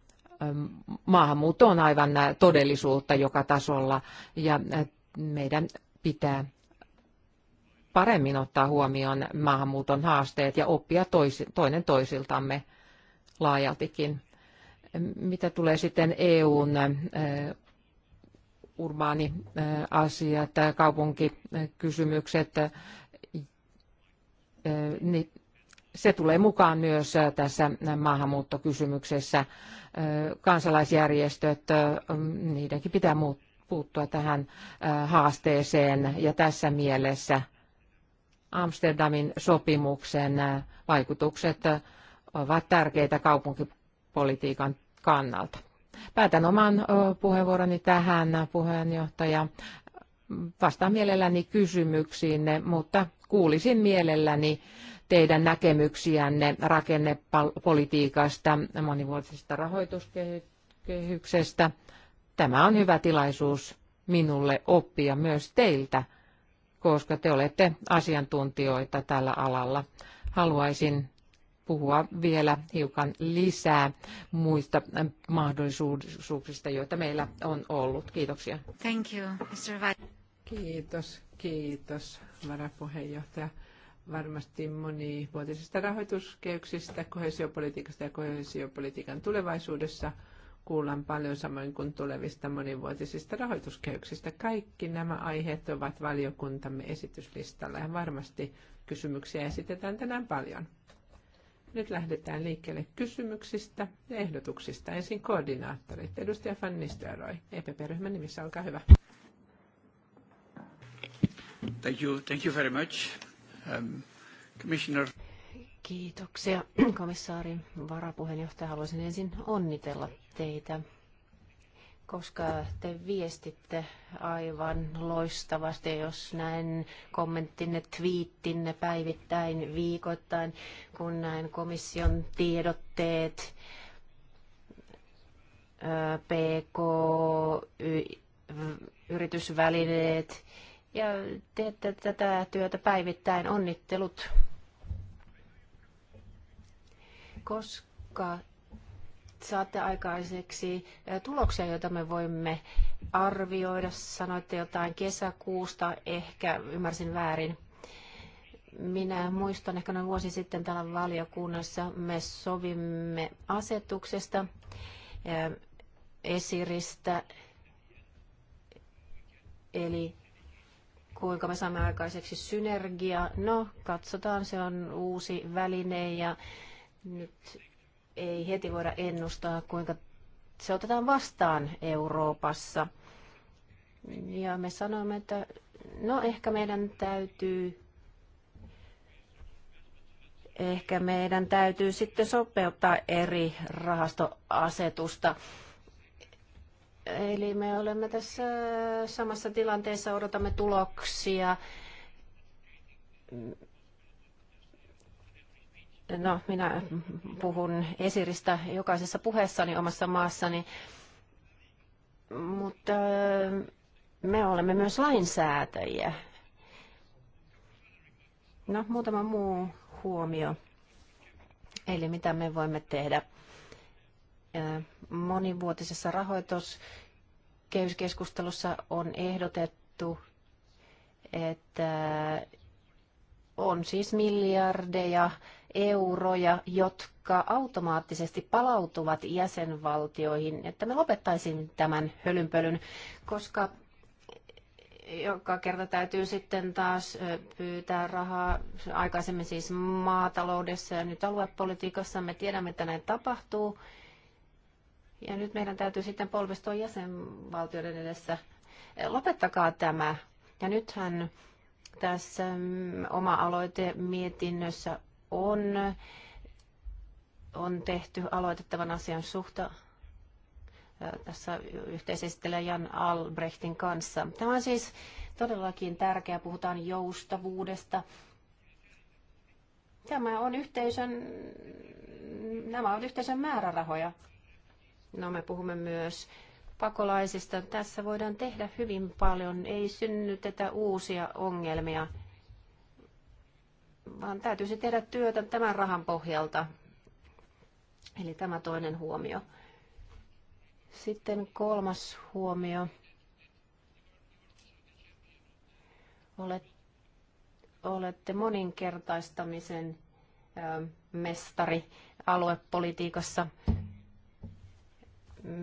maahanmuutto on aivan todellisuutta joka tasolla ja meidän pitää paremmin ottaa huomioon maahanmuuton haasteet ja oppia toinen toisiltamme laajaltikin. Mitä tulee sitten EUn urbaani asiat, kaupunkikysymykset, niin se tulee mukaan myös tässä maahanmuuttokysymyksessä kansalaisjärjestöt, niidenkin pitää puuttua tähän haasteeseen. Ja tässä mielessä Amsterdamin sopimuksen vaikutukset ovat tärkeitä kaupunkipolitiikan kannalta. Päätän oman puheenvuoroni tähän, puheenjohtaja. Vastaan mielelläni kysymyksiinne, mutta kuulisin mielelläni teidän näkemyksiänne rakennepolitiikasta, monivuotisesta rahoituskehyksestä. Tämä on hyvä tilaisuus minulle oppia myös teiltä, koska te olette asiantuntijoita tällä alalla. Haluaisin puhua vielä hiukan lisää muista mahdollisuuksista, joita meillä on ollut. Kiitoksia. Thank you, Mr. Kiitos, kiitos varapuheenjohtaja varmasti monivuotisista rahoituskeyksistä, kohesiopolitiikasta ja kohesiopolitiikan tulevaisuudessa kuullaan paljon samoin kuin tulevista monivuotisista rahoituskehyksistä. Kaikki nämä aiheet ovat valiokuntamme esityslistalla ja varmasti kysymyksiä esitetään tänään paljon. Nyt lähdetään liikkeelle kysymyksistä ja ehdotuksista. Ensin koordinaattorit. Edustaja Van Nistelrooy, EPP-ryhmän nimissä, olkaa hyvä. Thank you, thank you very much. Um, commissioner. Kiitoksia komissaari varapuheenjohtaja. Haluaisin ensin onnitella teitä, koska te viestitte aivan loistavasti, jos näen kommenttinne, twiittinne päivittäin, viikoittain, kun näen komission tiedotteet, PK, yritysvälineet ja teette tätä työtä päivittäin. Onnittelut. Koska saatte aikaiseksi tuloksia, joita me voimme arvioida. Sanoitte jotain kesäkuusta, ehkä ymmärsin väärin. Minä muistan ehkä noin vuosi sitten täällä valiokunnassa me sovimme asetuksesta, esiristä, eli kuinka me saamme aikaiseksi synergia. No, katsotaan, se on uusi väline ja nyt ei heti voida ennustaa, kuinka se otetaan vastaan Euroopassa. Ja me sanomme, että no ehkä meidän täytyy ehkä meidän täytyy sitten sopeuttaa eri rahastoasetusta Eli me olemme tässä samassa tilanteessa, odotamme tuloksia. No, minä puhun esiristä jokaisessa puheessani omassa maassani, mutta me olemme myös lainsäätäjiä. No, muutama muu huomio. Eli mitä me voimme tehdä? monivuotisessa rahoituskehyskeskustelussa on ehdotettu, että on siis miljardeja euroja, jotka automaattisesti palautuvat jäsenvaltioihin, että me lopettaisin tämän hölynpölyn, koska joka kerta täytyy sitten taas pyytää rahaa aikaisemmin siis maataloudessa ja nyt aluepolitiikassa. Me tiedämme, että näin tapahtuu. Ja nyt meidän täytyy sitten polvistua jäsenvaltioiden edessä. Lopettakaa tämä. Ja nythän tässä mm, oma aloite mietinnössä on, on tehty aloitettavan asian suhta tässä yhteisestilä Jan Albrechtin kanssa. Tämä on siis todellakin tärkeä Puhutaan joustavuudesta. Tämä on yhteisön, nämä ovat yhteisön määrärahoja. No me puhumme myös pakolaisista. Tässä voidaan tehdä hyvin paljon, ei synnytetä uusia ongelmia, vaan täytyisi tehdä työtä tämän rahan pohjalta. Eli tämä toinen huomio. Sitten kolmas huomio. Olet, olette moninkertaistamisen mestari aluepolitiikassa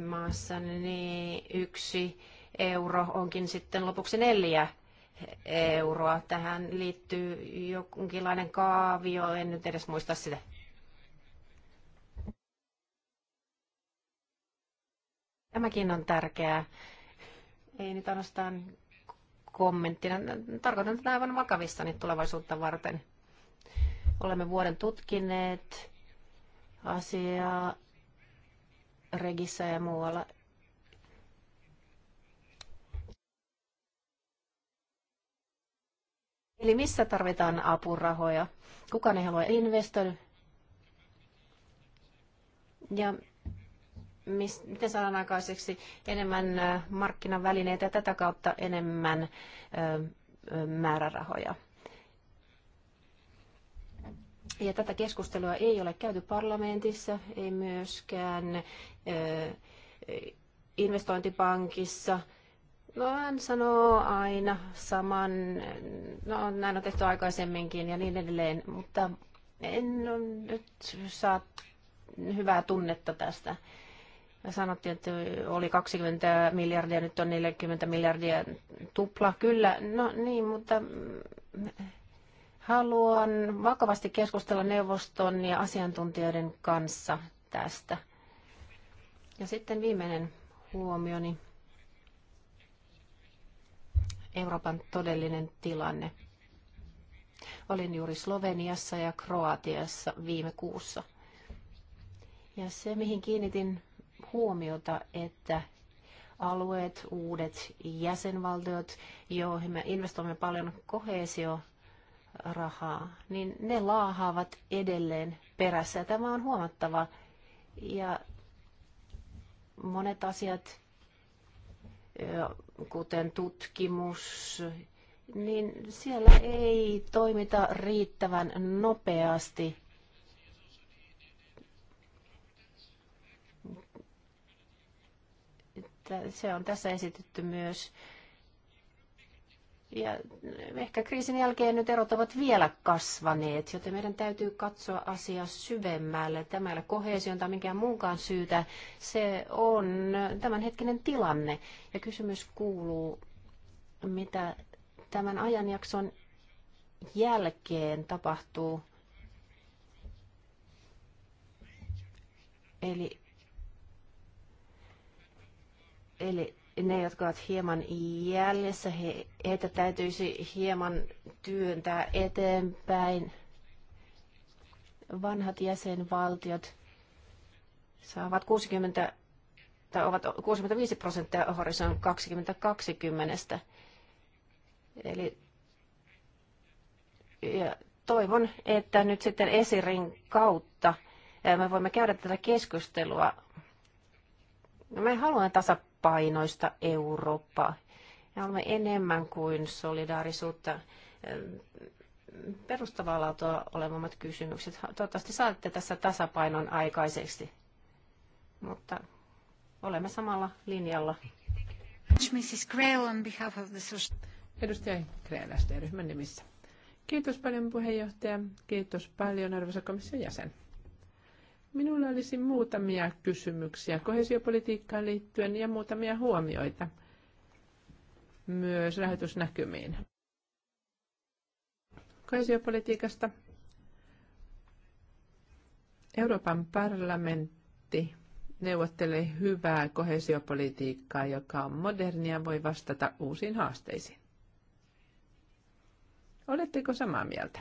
maassa, niin yksi euro onkin sitten lopuksi neljä euroa. Tähän liittyy jonkinlainen kaavio, en nyt edes muista sitä. Tämäkin on tärkeää. Ei nyt ainoastaan kommenttina. Tarkoitan tätä aivan vakavissani tulevaisuutta varten. Olemme vuoden tutkineet asiaa Regissä ja muualla. Eli missä tarvitaan apurahoja? Kukaan ei halua investoida. Ja mis, miten saadaan aikaiseksi enemmän äh, markkinavälineitä ja tätä kautta enemmän ö, äh, äh, määrärahoja? Ja tätä keskustelua ei ole käyty parlamentissa, ei myöskään investointipankissa. No hän sanoo aina saman, no näin on tehty aikaisemminkin ja niin edelleen, mutta en ole nyt saa hyvää tunnetta tästä. Sanottiin, että oli 20 miljardia, nyt on 40 miljardia tupla. Kyllä, no niin, mutta Haluan vakavasti keskustella neuvoston ja asiantuntijoiden kanssa tästä. Ja sitten viimeinen huomioni. Euroopan todellinen tilanne. Olin juuri Sloveniassa ja Kroatiassa viime kuussa. Ja se, mihin kiinnitin huomiota, että alueet, uudet jäsenvaltiot, joihin me investoimme paljon kohesio rahaa, niin ne laahaavat edelleen perässä. Ja tämä on huomattava. Ja monet asiat, kuten tutkimus, niin siellä ei toimita riittävän nopeasti. Se on tässä esitetty myös ja ehkä kriisin jälkeen nyt erot ovat vielä kasvaneet, joten meidän täytyy katsoa asiaa syvemmälle. Tämä ei ole kohesion tai minkään muunkaan syytä. Se on tämänhetkinen tilanne. Ja kysymys kuuluu, mitä tämän ajanjakson jälkeen tapahtuu. Eli, eli ne, jotka ovat hieman jäljessä, he, heitä täytyisi hieman työntää eteenpäin. Vanhat jäsenvaltiot saavat 60 tai ovat 65 prosenttia Horizon 2020. Eli ja toivon, että nyt sitten Esirin kautta me voimme käydä tätä keskustelua. Me haluamme tasapainoa painoista Eurooppaa. Ja olemme enemmän kuin solidaarisuutta perustavaa laatua olevammat kysymykset. Toivottavasti saatte tässä tasapainon aikaiseksi, mutta olemme samalla linjalla. Mrs. Grail on behalf of the Edustaja Grail, ryhmän nimissä. Kiitos paljon puheenjohtaja. Kiitos paljon arvoisa komission jäsen. Minulla olisi muutamia kysymyksiä kohesiopolitiikkaan liittyen ja muutamia huomioita myös rahoitusnäkymiin. Kohesiopolitiikasta Euroopan parlamentti neuvottelee hyvää kohesiopolitiikkaa, joka on modernia voi vastata uusiin haasteisiin. Oletteko samaa mieltä?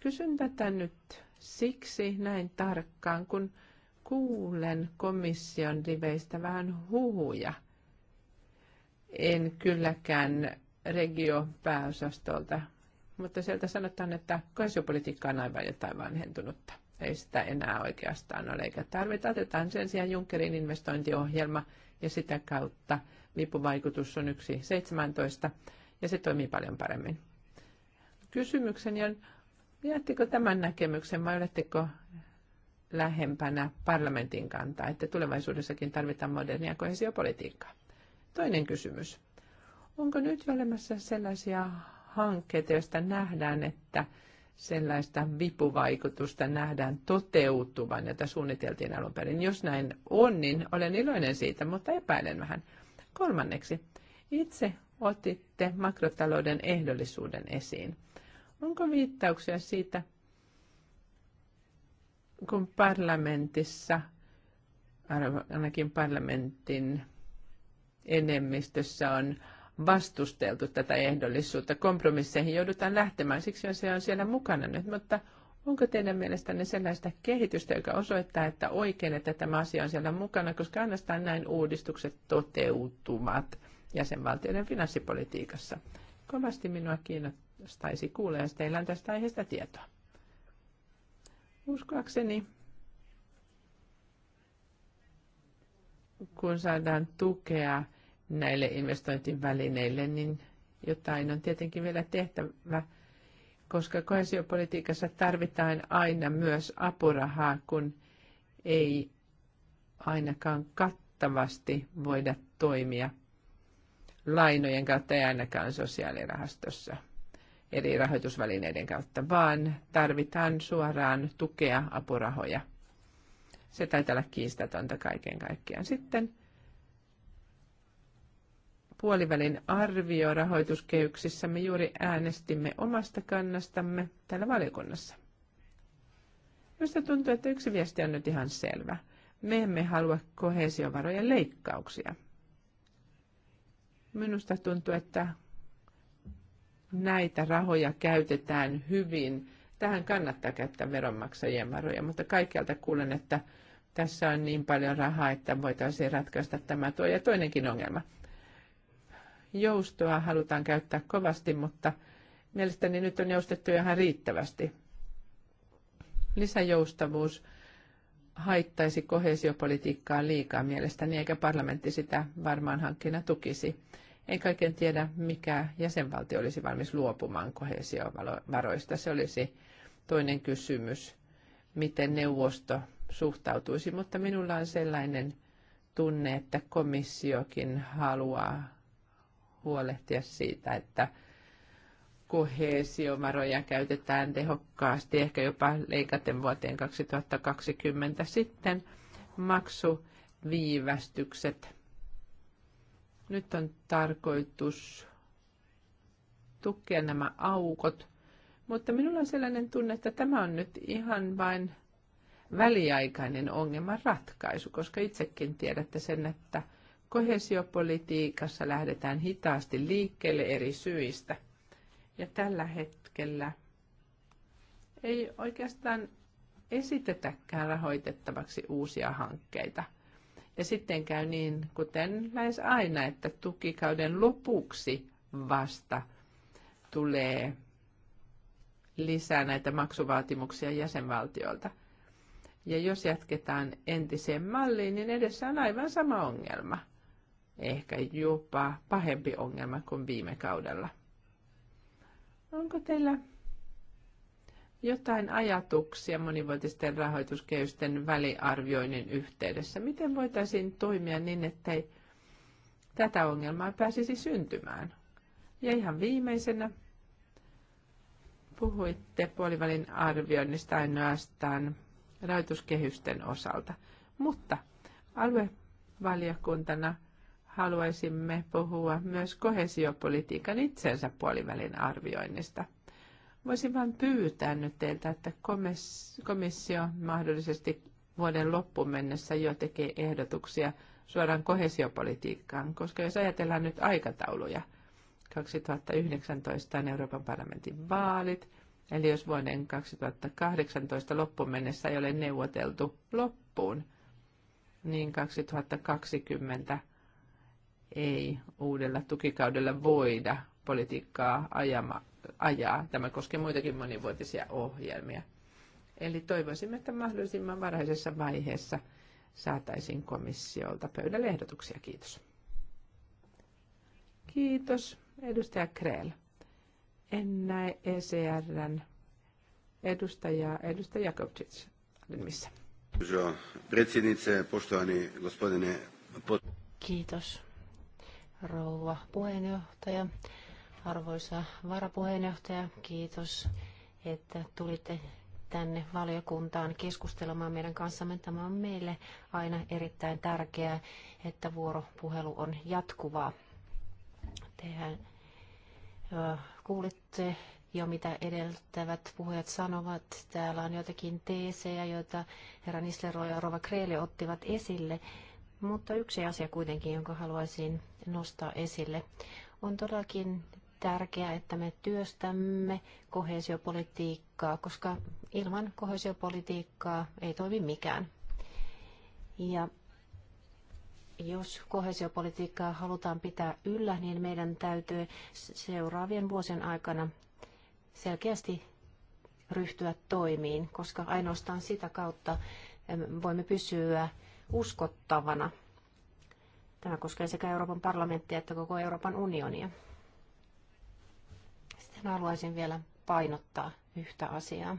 Kysyn tätä nyt Siksi näin tarkkaan, kun kuulen komission riveistä vähän huhuja. En kylläkään regiopääosastolta, mutta sieltä sanotaan, että kansiopolitiikka on aivan jotain vanhentunutta. Ei sitä enää oikeastaan ole, eikä tarvita. Otetaan sen sijaan Junckerin investointiohjelma ja sitä kautta vipuvaikutus on yksi 17 ja se toimii paljon paremmin. Kysymykseni on, Jättekö tämän näkemyksen vai oletteko lähempänä parlamentin kantaa, että tulevaisuudessakin tarvitaan modernia kohesiopolitiikkaa? Toinen kysymys. Onko nyt olemassa sellaisia hankkeita, joista nähdään, että sellaista vipuvaikutusta nähdään toteutuvan, jota suunniteltiin alun perin. Jos näin on, niin olen iloinen siitä, mutta epäilen vähän. Kolmanneksi, itse otitte makrotalouden ehdollisuuden esiin. Onko viittauksia siitä, kun parlamentissa, ainakin parlamentin enemmistössä on vastusteltu tätä ehdollisuutta. Kompromisseihin joudutaan lähtemään, siksi se on siellä mukana nyt, mutta onko teidän mielestänne sellaista kehitystä, joka osoittaa, että oikein, että tämä asia on siellä mukana, koska ainoastaan näin uudistukset toteutuvat jäsenvaltioiden finanssipolitiikassa? Kovasti minua kiinnostaa taisi kuulla, jos teillä on tästä aiheesta tietoa. Uskoakseni, kun saadaan tukea näille investointivälineille, niin jotain on tietenkin vielä tehtävä, koska kohesiopolitiikassa tarvitaan aina myös apurahaa, kun ei ainakaan kattavasti voida toimia lainojen kautta ja ainakaan sosiaalirahastossa eri rahoitusvälineiden kautta, vaan tarvitaan suoraan tukea, apurahoja. Se taitaa olla kiistatonta kaiken kaikkiaan. Sitten puolivälin arvio rahoituskehyksissä me juuri äänestimme omasta kannastamme täällä valiokunnassa. Minusta tuntuu, että yksi viesti on nyt ihan selvä. Me emme halua kohesiovarojen leikkauksia. Minusta tuntuu, että näitä rahoja käytetään hyvin. Tähän kannattaa käyttää veronmaksajien varoja, mutta kaikkialta kuulen, että tässä on niin paljon rahaa, että voitaisiin ratkaista tämä tuo ja toinenkin ongelma. Joustoa halutaan käyttää kovasti, mutta mielestäni nyt on joustettu ihan riittävästi. Lisäjoustavuus haittaisi kohesiopolitiikkaa liikaa mielestäni, eikä parlamentti sitä varmaan hankkina tukisi. Ei kaiken tiedä, mikä jäsenvaltio olisi valmis luopumaan kohesiovaroista. Se olisi toinen kysymys, miten neuvosto suhtautuisi, mutta minulla on sellainen tunne, että komissiokin haluaa huolehtia siitä, että kohesiovaroja käytetään tehokkaasti, ehkä jopa leikaten vuoteen 2020 sitten maksuviivästykset nyt on tarkoitus tukea nämä aukot, mutta minulla on sellainen tunne, että tämä on nyt ihan vain väliaikainen ongelman ratkaisu, koska itsekin tiedätte sen, että kohesiopolitiikassa lähdetään hitaasti liikkeelle eri syistä. Ja tällä hetkellä ei oikeastaan esitetäkään rahoitettavaksi uusia hankkeita – ja sitten käy niin, kuten lähes aina, että tukikauden lopuksi vasta tulee lisää näitä maksuvaatimuksia jäsenvaltiolta. Ja jos jatketaan entiseen malliin, niin edessä on aivan sama ongelma. Ehkä jopa pahempi ongelma kuin viime kaudella. Onko teillä jotain ajatuksia monivuotisten rahoituskehysten väliarvioinnin yhteydessä? Miten voitaisiin toimia niin, ettei tätä ongelmaa pääsisi syntymään? Ja ihan viimeisenä puhuitte puolivälin arvioinnista ainoastaan rahoituskehysten osalta, mutta aluevaliokuntana haluaisimme puhua myös kohesiopolitiikan itsensä puolivälin arvioinnista – Voisin vain pyytää nyt teiltä, että komissio mahdollisesti vuoden loppuun mennessä jo tekee ehdotuksia suoraan kohesiopolitiikkaan, koska jos ajatellaan nyt aikatauluja, 2019 on Euroopan parlamentin vaalit, eli jos vuoden 2018 loppuun mennessä ei ole neuvoteltu loppuun, niin 2020 ei uudella tukikaudella voida politiikkaa ajama, ajaa. Tämä koskee muitakin monivuotisia ohjelmia. Eli toivoisimme, että mahdollisimman varhaisessa vaiheessa saataisiin komissiolta pöydälle ehdotuksia. Kiitos. Kiitos, edustaja Krell. En näe ECRn edustajaa, edustaja Jakovčić. Missä? Kiitos, rouva puheenjohtaja. Arvoisa varapuheenjohtaja, kiitos, että tulitte tänne valiokuntaan keskustelemaan meidän kanssamme. Tämä on meille aina erittäin tärkeää, että vuoropuhelu on jatkuvaa. Tehän kuulitte jo mitä edeltävät puhujat sanovat. Täällä on jotakin teesejä, joita herra Nislero ja Rova Kreeli ottivat esille. Mutta yksi asia kuitenkin, jonka haluaisin nostaa esille, on todellakin tärkeää, että me työstämme kohesiopolitiikkaa, koska ilman kohesiopolitiikkaa ei toimi mikään. Ja jos kohesiopolitiikkaa halutaan pitää yllä, niin meidän täytyy seuraavien vuosien aikana selkeästi ryhtyä toimiin, koska ainoastaan sitä kautta voimme pysyä uskottavana. Tämä koskee sekä Euroopan parlamenttia että koko Euroopan unionia. Sitten haluaisin vielä painottaa yhtä asiaa.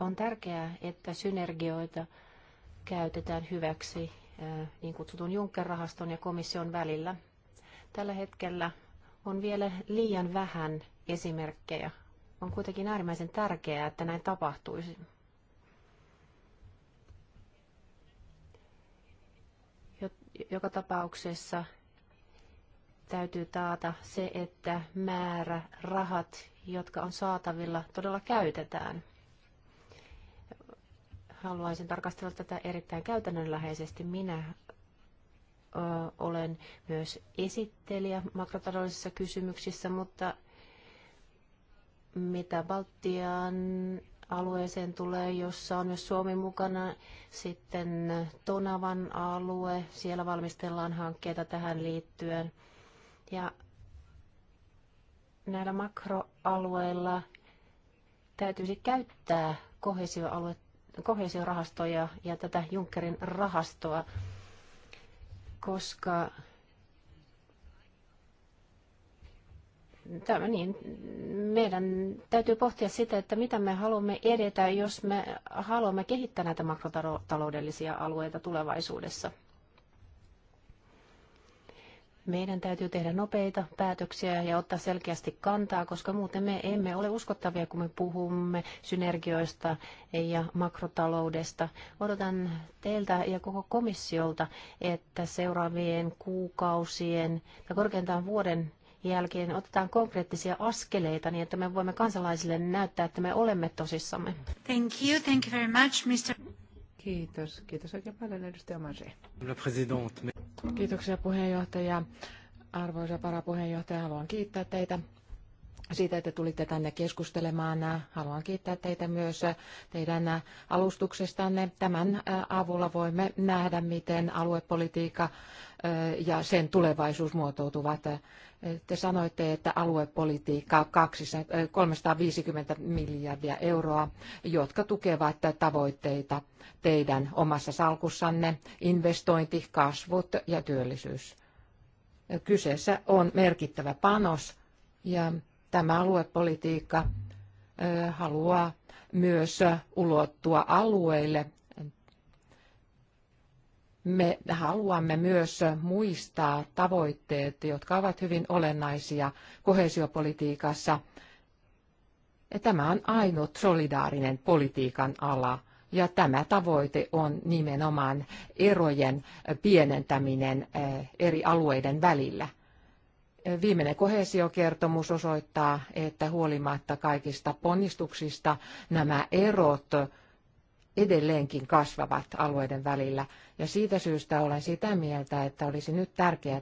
On tärkeää, että synergioita käytetään hyväksi niin kutsutun Juncker-rahaston ja komission välillä. Tällä hetkellä on vielä liian vähän esimerkkejä. On kuitenkin äärimmäisen tärkeää, että näin tapahtuisi. Joka tapauksessa täytyy taata se, että määrä rahat, jotka on saatavilla, todella käytetään. Haluaisin tarkastella tätä erittäin käytännönläheisesti. Minä olen myös esittelijä makrotaloudellisissa kysymyksissä, mutta mitä Baltian alueeseen tulee, jossa on myös Suomi mukana, sitten Tonavan alue, siellä valmistellaan hankkeita tähän liittyen. Ja näillä makroalueilla täytyisi käyttää kohesiorahastoja ja tätä Junckerin rahastoa, koska tämä niin, meidän täytyy pohtia sitä, että mitä me haluamme edetä, jos me haluamme kehittää näitä makrotaloudellisia alueita tulevaisuudessa. Meidän täytyy tehdä nopeita päätöksiä ja ottaa selkeästi kantaa, koska muuten me emme ole uskottavia, kun me puhumme synergioista ja makrotaloudesta. Odotan teiltä ja koko komissiolta, että seuraavien kuukausien tai korkeintaan vuoden jälkeen otetaan konkreettisia askeleita niin, että me voimme kansalaisille näyttää, että me olemme tosissamme. Thank you, thank you very much, Mr. Kiitos. Kiitos oikein paljon edustaja Marse. Kiitoksia puheenjohtaja. Arvoisa varapuheenjohtaja, haluan kiittää teitä siitä, että tulitte tänne keskustelemaan. Haluan kiittää teitä myös teidän alustuksestanne. Tämän avulla voimme nähdä, miten aluepolitiikka ja sen tulevaisuus muotoutuvat te sanoitte, että aluepolitiikkaa 350 miljardia euroa, jotka tukevat tavoitteita teidän omassa salkussanne, investointi, kasvut ja työllisyys. Kyseessä on merkittävä panos ja tämä aluepolitiikka haluaa myös ulottua alueille, me haluamme myös muistaa tavoitteet, jotka ovat hyvin olennaisia kohesiopolitiikassa. Tämä on ainut solidaarinen politiikan ala, ja tämä tavoite on nimenomaan erojen pienentäminen eh, eri alueiden välillä. Eh, viimeinen kohesiokertomus osoittaa, että huolimatta kaikista ponnistuksista nämä erot edelleenkin kasvavat alueiden välillä. Ja siitä syystä olen sitä mieltä, että olisi nyt tärkeää,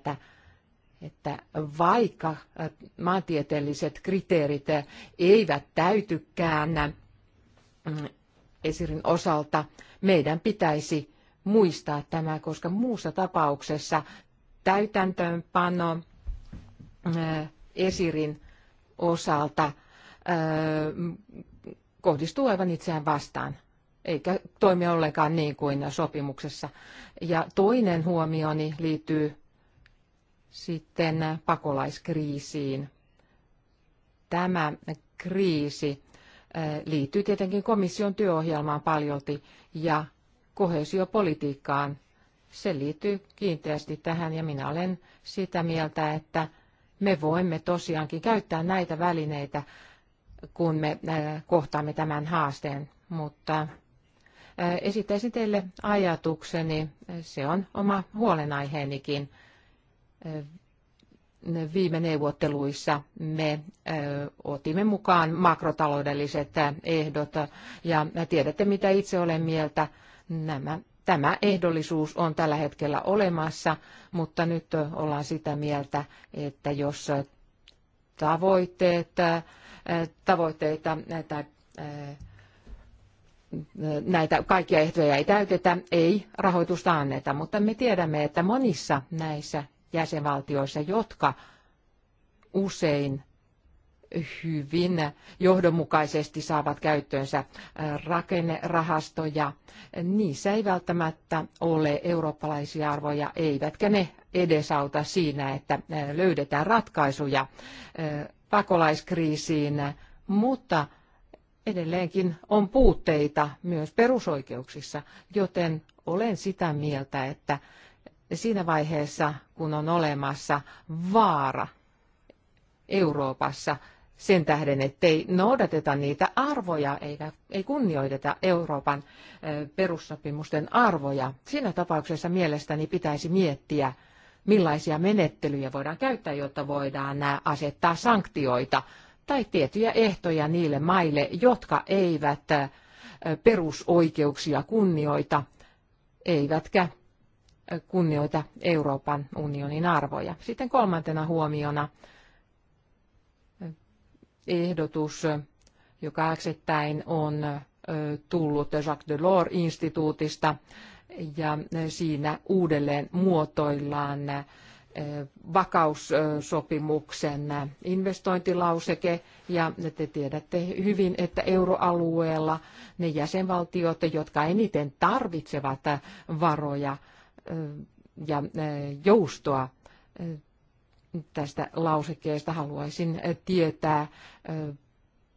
että vaikka äh, maantieteelliset kriteerit eivät täytykään mm, esirin osalta, meidän pitäisi muistaa tämä, koska muussa tapauksessa täytäntöönpano äh, esirin osalta äh, kohdistuu aivan itseään vastaan eikä toimi ollenkaan niin kuin sopimuksessa. Ja toinen huomioni liittyy sitten pakolaiskriisiin. Tämä kriisi eh, liittyy tietenkin komission työohjelmaan paljolti ja kohesiopolitiikkaan. Se liittyy kiinteästi tähän ja minä olen sitä mieltä, että me voimme tosiaankin käyttää näitä välineitä, kun me eh, kohtaamme tämän haasteen, mutta Esittäisin teille ajatukseni, se on oma huolenaiheenikin. Viime neuvotteluissa me otimme mukaan makrotaloudelliset ehdot ja tiedätte mitä itse olen mieltä. Nämä tämä ehdollisuus on tällä hetkellä olemassa, mutta nyt ollaan sitä mieltä, että jos tavoitteet, tavoitteita tai näitä kaikkia ehtoja ei täytetä, ei rahoitusta anneta, mutta me tiedämme, että monissa näissä jäsenvaltioissa, jotka usein hyvin johdonmukaisesti saavat käyttöönsä äh, rakennerahastoja. Niissä ei välttämättä ole eurooppalaisia arvoja, eivätkä ne edesauta siinä, että äh, löydetään ratkaisuja äh, pakolaiskriisiin, mutta edelleenkin on puutteita myös perusoikeuksissa, joten olen sitä mieltä, että siinä vaiheessa, kun on olemassa vaara Euroopassa sen tähden, ettei noudateta niitä arvoja eikä ei kunnioiteta Euroopan perussopimusten arvoja. Siinä tapauksessa mielestäni pitäisi miettiä, millaisia menettelyjä voidaan käyttää, jotta voidaan asettaa sanktioita tai tiettyjä ehtoja niille maille, jotka eivät perusoikeuksia kunnioita, eivätkä kunnioita Euroopan unionin arvoja. Sitten kolmantena huomiona ehdotus, joka äksettäin on tullut Jacques Delors-instituutista, ja siinä uudelleen muotoillaan vakaussopimuksen investointilauseke ja te tiedätte hyvin, että euroalueella ne jäsenvaltiot, jotka eniten tarvitsevat varoja ja joustoa tästä lausekkeesta, haluaisin tietää,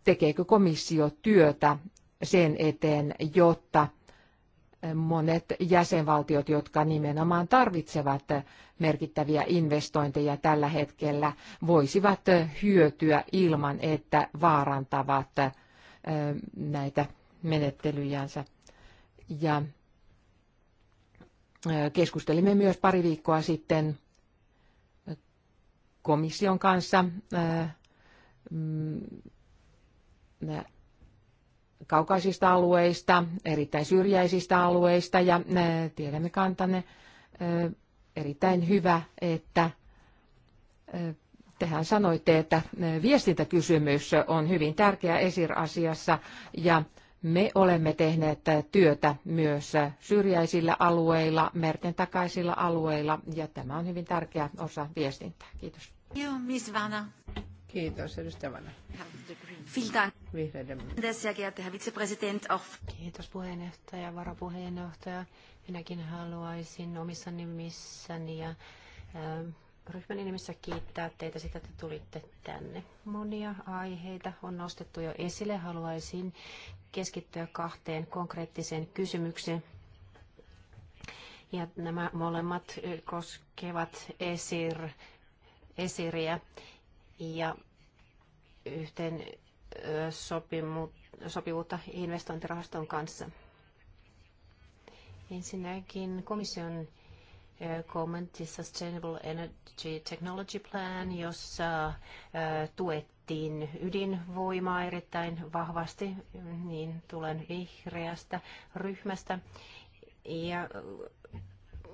tekeekö komissio työtä sen eteen, jotta monet jäsenvaltiot, jotka nimenomaan tarvitsevat merkittäviä investointeja tällä hetkellä, voisivat hyötyä ilman, että vaarantavat näitä menettelyjänsä. Ja keskustelimme myös pari viikkoa sitten komission kanssa kaukaisista alueista, erittäin syrjäisistä alueista ja tiedämme kantanne erittäin hyvä, että tehän sanoitte, että viestintäkysymys on hyvin tärkeä esirasiassa ja me olemme tehneet työtä myös syrjäisillä alueilla, merten takaisilla alueilla ja tämä on hyvin tärkeä osa viestintää. Kiitos. Joo, Miss Vana. Kiitos, edustaja Vanna. Vihreiden. Kiitos puheenjohtaja, varapuheenjohtaja. Minäkin haluaisin omissa nimissäni ja äh, ryhmän nimissä kiittää teitä sitä, että tulitte tänne. Monia aiheita on nostettu jo esille. Haluaisin keskittyä kahteen konkreettiseen kysymykseen. Ja nämä molemmat äh, koskevat esir, esiriä ja yhteen sopimu, sopivuutta investointirahaston kanssa. Ensinnäkin komission kommentti Sustainable Energy Technology Plan, jossa tuettiin ydinvoimaa erittäin vahvasti, niin tulen vihreästä ryhmästä. Ja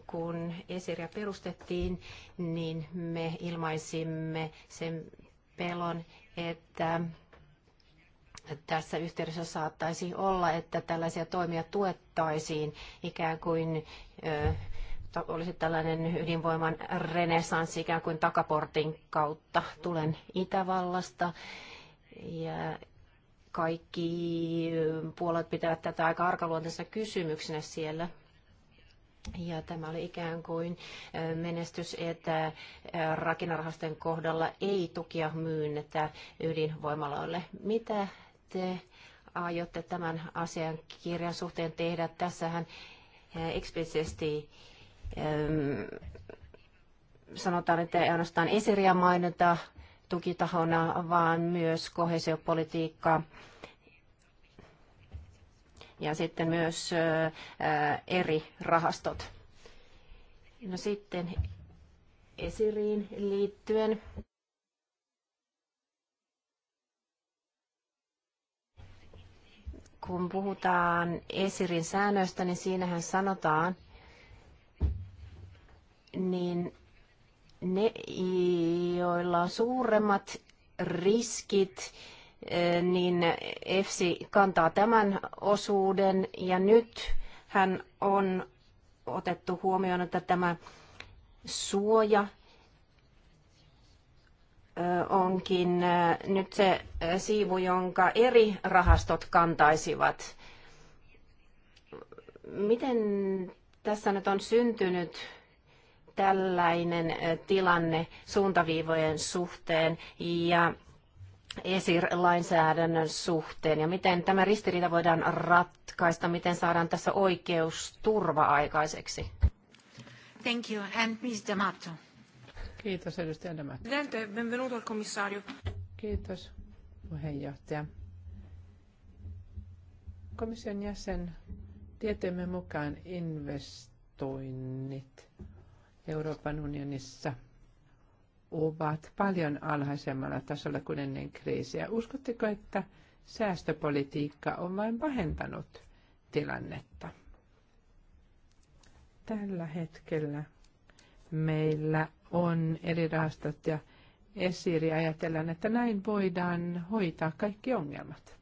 kun Esiria perustettiin, niin me ilmaisimme sen pelon, että tässä yhteydessä saattaisi olla, että tällaisia toimia tuettaisiin ikään kuin olisi tällainen ydinvoiman renesanssi ikään kuin takaportin kautta. Tulen Itävallasta ja kaikki puolet pitävät tätä aika arkaluonteisena kysymyksenä siellä. Ja tämä oli ikään kuin menestys, että rakennarahasten kohdalla ei tukia myynnetä ydinvoimaloille. Mitä te aiotte tämän asian kirjan suhteen tehdä? Tässähän eksplisesti sanotaan, että ei ainoastaan esiriä mainita tukitahona, vaan myös kohesiopolitiikka ja sitten myös eri rahastot. No sitten esiriin liittyen. Kun puhutaan esirin säännöistä, niin siinähän sanotaan, niin ne, joilla on suuremmat riskit, niin EFSI kantaa tämän osuuden ja nyt hän on otettu huomioon, että tämä suoja onkin nyt se siivu, jonka eri rahastot kantaisivat. Miten tässä nyt on syntynyt tällainen tilanne suuntaviivojen suhteen ja ESIR-lainsäädännön suhteen ja miten tämä ristiriita voidaan ratkaista, miten saadaan tässä oikeusturva aikaiseksi? Thank you. And Ms. D'Amato. Kiitos, edustaja D'Amato. Presidente, benvenuto al commissario. Kiitos, puheenjohtaja. Komission jäsen, tietojemme mukaan investoinnit Euroopan unionissa – ovat paljon alhaisemmalla tasolla kuin ennen kriisiä. Uskotteko, että säästöpolitiikka on vain pahentanut tilannetta? Tällä hetkellä meillä on eri rahastot ja esiri ajatellaan, että näin voidaan hoitaa kaikki ongelmat.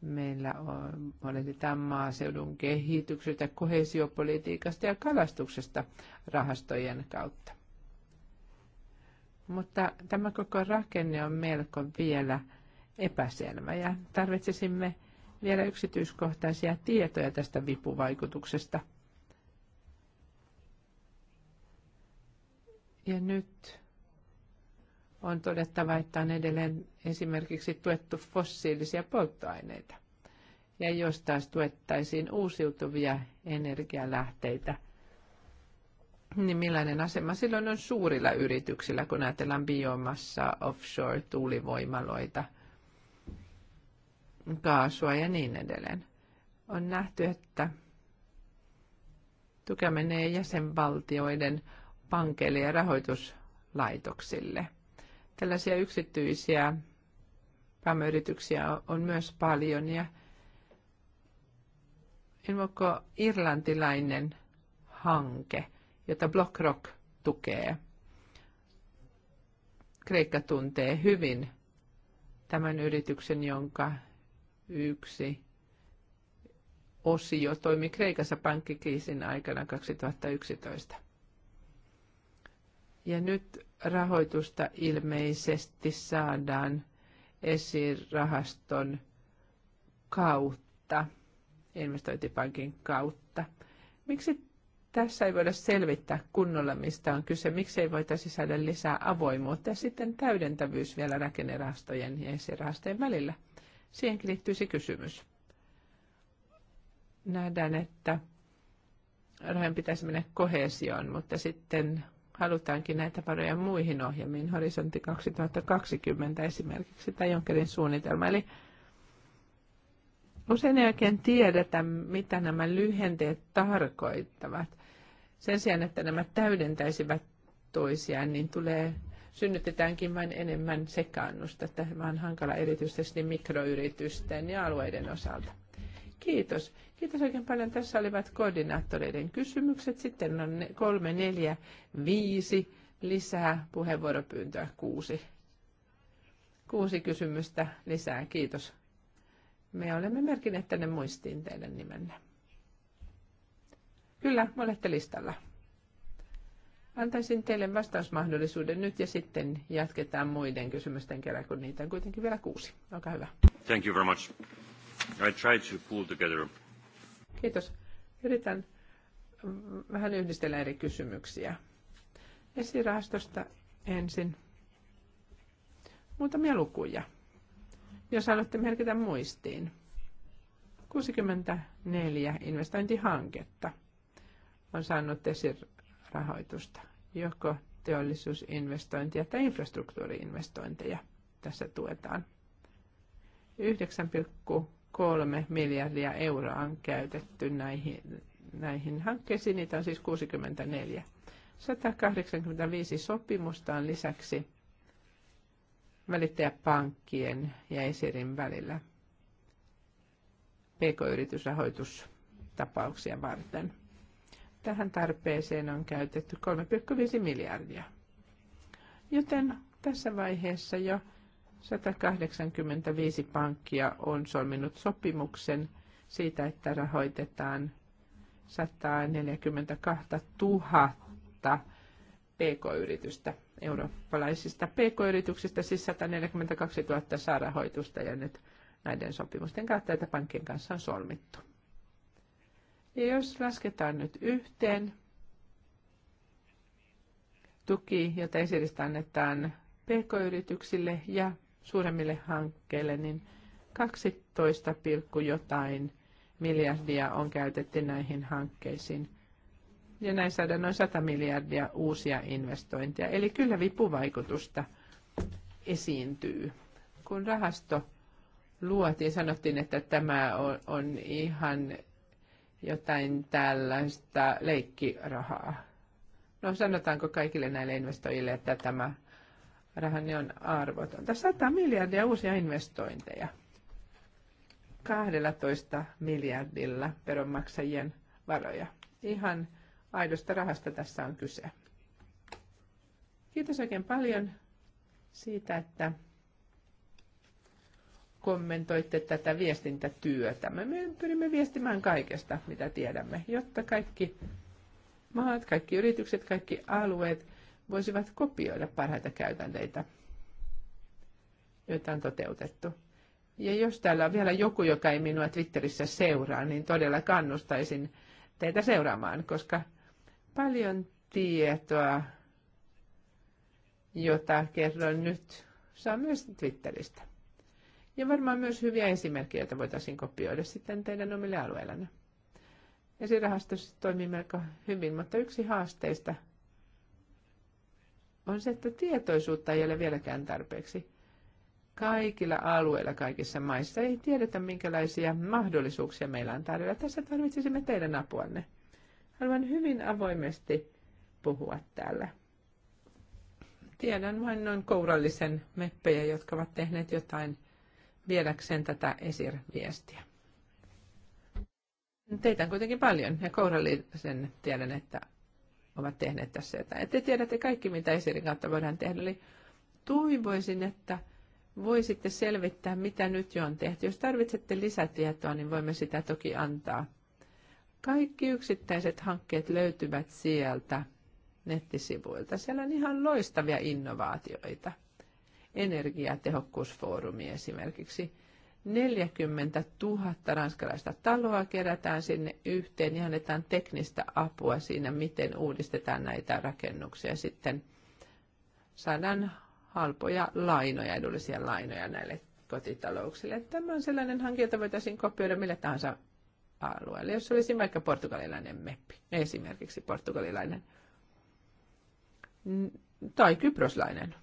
Meillä on, huolehditaan maaseudun kehityksestä, kohesiopolitiikasta ja kalastuksesta rahastojen kautta mutta tämä koko rakenne on melko vielä epäselvä ja tarvitsisimme vielä yksityiskohtaisia tietoja tästä vipuvaikutuksesta. Ja nyt on todettava, että on edelleen esimerkiksi tuettu fossiilisia polttoaineita. Ja jos taas tuettaisiin uusiutuvia energialähteitä – niin millainen asema silloin on suurilla yrityksillä, kun ajatellaan biomassa, offshore, tuulivoimaloita, kaasua ja niin edelleen. On nähty, että tukea menee jäsenvaltioiden pankeille ja rahoituslaitoksille. Tällaisia yksityisiä pääomayrityksiä on myös paljon ja Ilmoko irlantilainen hanke – jota Blockrock tukee. Kreikka tuntee hyvin tämän yrityksen, jonka yksi osio toimi Kreikassa pankkikriisin aikana 2011. Ja nyt rahoitusta ilmeisesti saadaan esirahaston kautta, investointipankin kautta. Miksi tässä ei voida selvittää kunnolla, mistä on kyse, miksei voitaisi saada lisää avoimuutta ja sitten täydentävyys vielä rakennerahastojen ja esirahastojen välillä. Siihenkin liittyisi kysymys. Nähdään, että rahojen pitäisi mennä kohesioon, mutta sitten halutaankin näitä varoja muihin ohjelmiin, Horisontti 2020 esimerkiksi tai Junckerin suunnitelma. Eli usein ei oikein tiedetä, mitä nämä lyhenteet tarkoittavat sen sijaan, että nämä täydentäisivät toisiaan, niin tulee synnytetäänkin vain enemmän sekaannusta. Tämä on hankala erityisesti mikroyritysten ja alueiden osalta. Kiitos. Kiitos oikein paljon. Tässä olivat koordinaattoreiden kysymykset. Sitten on kolme, neljä, viisi lisää puheenvuoropyyntöä kuusi. Kuusi kysymystä lisää. Kiitos. Me olemme merkineet tänne muistiin teidän nimenne. Kyllä, olette listalla. Antaisin teille vastausmahdollisuuden nyt ja sitten jatketaan muiden kysymysten kerran, kun niitä on kuitenkin vielä kuusi. Olkaa hyvä. Thank you very much. I tried to pull together. Kiitos. Yritän vähän yhdistellä eri kysymyksiä. Esirahastosta ensin muutamia lukuja, jos haluatte merkitä muistiin. 64 investointihanketta – on saanut esirahoitusta, joko teollisuusinvestointia tai infrastruktuuriinvestointeja tässä tuetaan. 9,3 miljardia euroa on käytetty näihin, näihin hankkeisiin, niitä on siis 64. 185 sopimusta on lisäksi välittäjäpankkien ja Esirin välillä pk-yritysrahoitustapauksia varten. Tähän tarpeeseen on käytetty 3,5 miljardia. Joten tässä vaiheessa jo 185 pankkia on solminut sopimuksen siitä, että rahoitetaan 142 000 pk-yritystä, eurooppalaisista pk-yrityksistä, siis 142 000 saa rahoitusta ja nyt näiden sopimusten kautta, että pankkien kanssa on solmittu. Ja jos lasketaan nyt yhteen tuki, jota esiristä annetaan pk-yrityksille ja suuremmille hankkeille, niin 12, jotain miljardia on käytetty näihin hankkeisiin. Ja näin saadaan noin 100 miljardia uusia investointeja. Eli kyllä vipuvaikutusta esiintyy. Kun rahasto luotiin, sanottiin, että tämä on, on ihan jotain tällaista leikkirahaa. No sanotaanko kaikille näille investoijille, että tämä rahani on arvotonta. 100 miljardia uusia investointeja. 12 miljardilla veronmaksajien varoja. Ihan aidosta rahasta tässä on kyse. Kiitos oikein paljon siitä, että kommentoitte tätä viestintätyötä. Me pyrimme viestimään kaikesta, mitä tiedämme, jotta kaikki maat, kaikki yritykset, kaikki alueet voisivat kopioida parhaita käytänteitä, joita on toteutettu. Ja jos täällä on vielä joku, joka ei minua Twitterissä seuraa, niin todella kannustaisin teitä seuraamaan, koska paljon tietoa, jota kerron nyt, saa myös Twitteristä. Ja varmaan myös hyviä esimerkkejä, joita voitaisiin kopioida sitten teidän omille alueillanne. Esirahasto siis toimii melko hyvin, mutta yksi haasteista on se, että tietoisuutta ei ole vieläkään tarpeeksi. Kaikilla alueilla, kaikissa maissa ei tiedetä, minkälaisia mahdollisuuksia meillä on tarjolla. Tässä tarvitsisimme teidän apuanne. Haluan hyvin avoimesti puhua täällä. Tiedän vain noin kourallisen meppejä, jotka ovat tehneet jotain viedäkseen tätä esirviestiä. Teitä on kuitenkin paljon ja kourallisen tiedän, että ovat tehneet tässä jotain. Te tiedätte kaikki, mitä esirin kautta voidaan tehdä. Eli toivoisin, että voisitte selvittää, mitä nyt jo on tehty. Jos tarvitsette lisätietoa, niin voimme sitä toki antaa. Kaikki yksittäiset hankkeet löytyvät sieltä nettisivuilta. Siellä on ihan loistavia innovaatioita energiatehokkuusfoorumi esimerkiksi. 40 000 ranskalaista taloa kerätään sinne yhteen ja annetaan teknistä apua siinä, miten uudistetaan näitä rakennuksia. Sitten saadaan halpoja lainoja, edullisia lainoja näille kotitalouksille. Tämä on sellainen hanke, jota voitaisiin kopioida millä tahansa alueelle. Jos olisin vaikka portugalilainen meppi, esimerkiksi portugalilainen tai kyproslainen,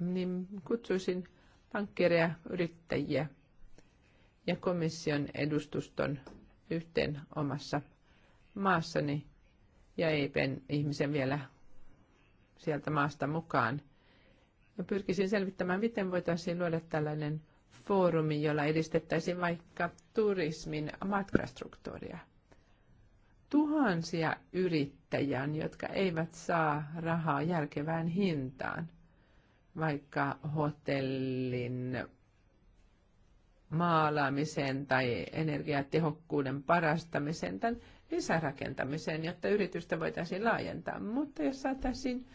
niin kutsuisin pankkireja, yrittäjiä ja komission edustuston yhteen omassa maassani ja EIPen ihmisen vielä sieltä maasta mukaan. Ja pyrkisin selvittämään, miten voitaisiin luoda tällainen foorumi, jolla edistettäisiin vaikka turismin matkastruktuuria. Tuhansia yrittäjiä, jotka eivät saa rahaa järkevään hintaan vaikka hotellin maalaamiseen tai energiatehokkuuden parastamiseen, tämän lisärakentamiseen, jotta yritystä voitaisiin laajentaa. Mutta jos saataisiin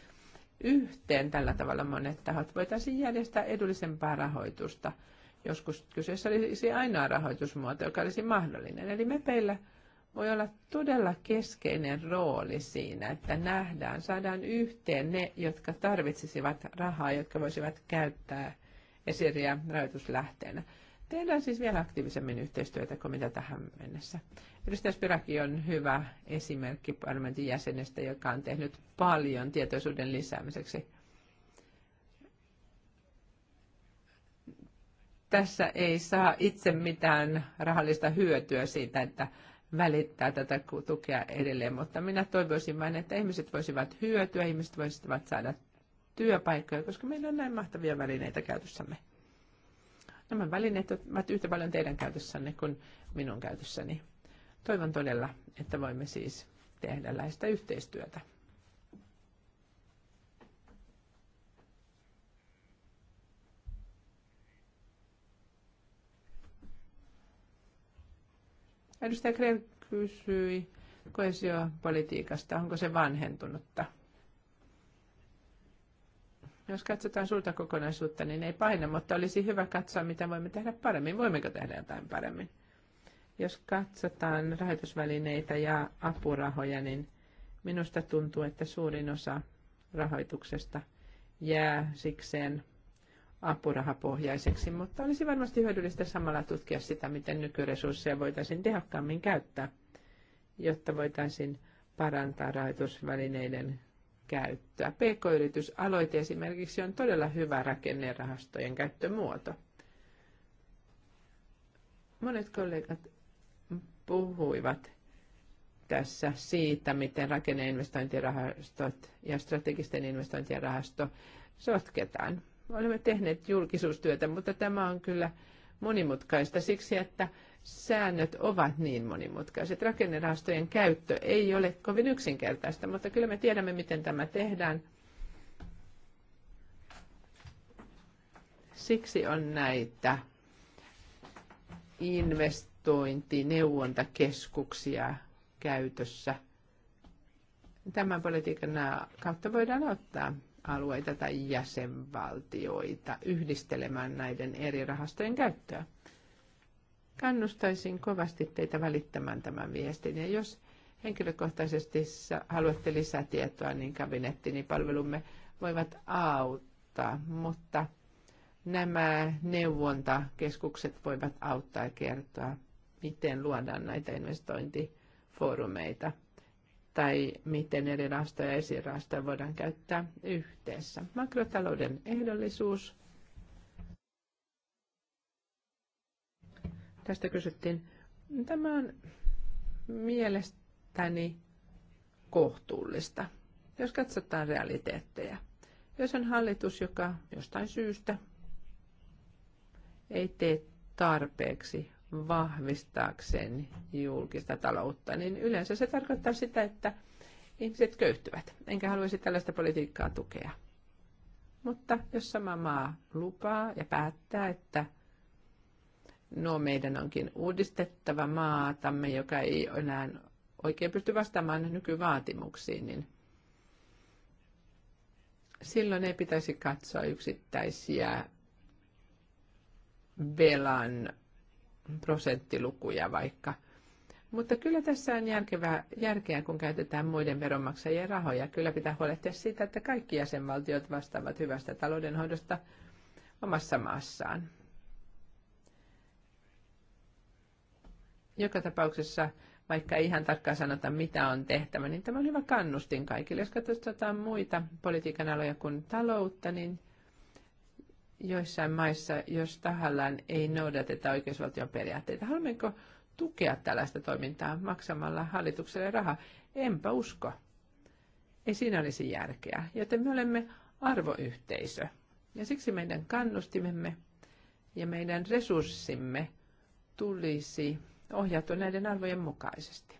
yhteen tällä tavalla monet tahot, voitaisiin järjestää edullisempaa rahoitusta. Joskus kyseessä olisi ainoa rahoitusmuoto, joka olisi mahdollinen. Eli me peillä voi olla todella keskeinen rooli siinä, että nähdään, saadaan yhteen ne, jotka tarvitsisivat rahaa, jotka voisivat käyttää esiriä rahoituslähteenä. Tehdään siis vielä aktiivisemmin yhteistyötä kuin mitä tähän mennessä. Edustaja Spiraki on hyvä esimerkki parlamentin jäsenestä, joka on tehnyt paljon tietoisuuden lisäämiseksi. Tässä ei saa itse mitään rahallista hyötyä siitä, että välittää tätä tukea edelleen, mutta minä toivoisin vain, että ihmiset voisivat hyötyä, ihmiset voisivat saada työpaikkoja, koska meillä on näin mahtavia välineitä käytössämme. Nämä välineet ovat yhtä paljon teidän käytössänne kuin minun käytössäni. Toivon todella, että voimme siis tehdä läheistä yhteistyötä. Edustaja Krell kysyi koesiopolitiikasta, onko se vanhentunutta. Jos katsotaan suurta kokonaisuutta, niin ei paina, mutta olisi hyvä katsoa, mitä voimme tehdä paremmin. Voimmeko tehdä jotain paremmin? Jos katsotaan rahoitusvälineitä ja apurahoja, niin minusta tuntuu, että suurin osa rahoituksesta jää sikseen apurahapohjaiseksi, mutta olisi varmasti hyödyllistä samalla tutkia sitä, miten nykyresursseja voitaisiin tehokkaammin käyttää, jotta voitaisiin parantaa rahoitusvälineiden käyttöä. PK-yritysaloite esimerkiksi on todella hyvä rakennerahastojen käyttömuoto. Monet kollegat puhuivat tässä siitä, miten rakenneinvestointirahastot ja strategisten investointien rahasto sotketaan olemme tehneet julkisuustyötä, mutta tämä on kyllä monimutkaista siksi, että säännöt ovat niin monimutkaiset. Rakennerahastojen käyttö ei ole kovin yksinkertaista, mutta kyllä me tiedämme, miten tämä tehdään. Siksi on näitä investointineuvontakeskuksia käytössä. Tämän politiikan kautta voidaan ottaa alueita tai jäsenvaltioita yhdistelemään näiden eri rahastojen käyttöä. Kannustaisin kovasti teitä välittämään tämän viestin ja jos henkilökohtaisesti haluatte lisätietoa, niin kabinettini niin palvelumme voivat auttaa, mutta nämä neuvontakeskukset voivat auttaa ja kertoa, miten luodaan näitä investointifoorumeita – tai miten eri rahastoja ja esirahastoja voidaan käyttää yhteensä. Makrotalouden ehdollisuus. Tästä kysyttiin. Tämä on mielestäni kohtuullista, jos katsotaan realiteetteja. Jos on hallitus, joka jostain syystä ei tee tarpeeksi vahvistaakseen julkista taloutta, niin yleensä se tarkoittaa sitä, että ihmiset köyhtyvät. Enkä haluaisi tällaista politiikkaa tukea. Mutta jos sama maa lupaa ja päättää, että no meidän onkin uudistettava maatamme, joka ei enää oikein pysty vastaamaan nykyvaatimuksiin, niin silloin ei pitäisi katsoa yksittäisiä velan prosenttilukuja vaikka. Mutta kyllä tässä on järkevää, järkeä, kun käytetään muiden veronmaksajien rahoja. Kyllä pitää huolehtia siitä, että kaikki jäsenvaltiot vastaavat hyvästä taloudenhoidosta omassa maassaan. Joka tapauksessa, vaikka ei ihan tarkkaan sanota, mitä on tehtävä, niin tämä on hyvä kannustin kaikille. Jos katsotaan muita politiikan aloja kuin taloutta, niin – joissain maissa, jos tahallaan ei noudateta oikeusvaltion periaatteita. Haluammeko tukea tällaista toimintaa maksamalla hallitukselle rahaa? Enpä usko. Ei siinä olisi järkeä, joten me olemme arvoyhteisö. Ja siksi meidän kannustimemme ja meidän resurssimme tulisi ohjautua näiden arvojen mukaisesti.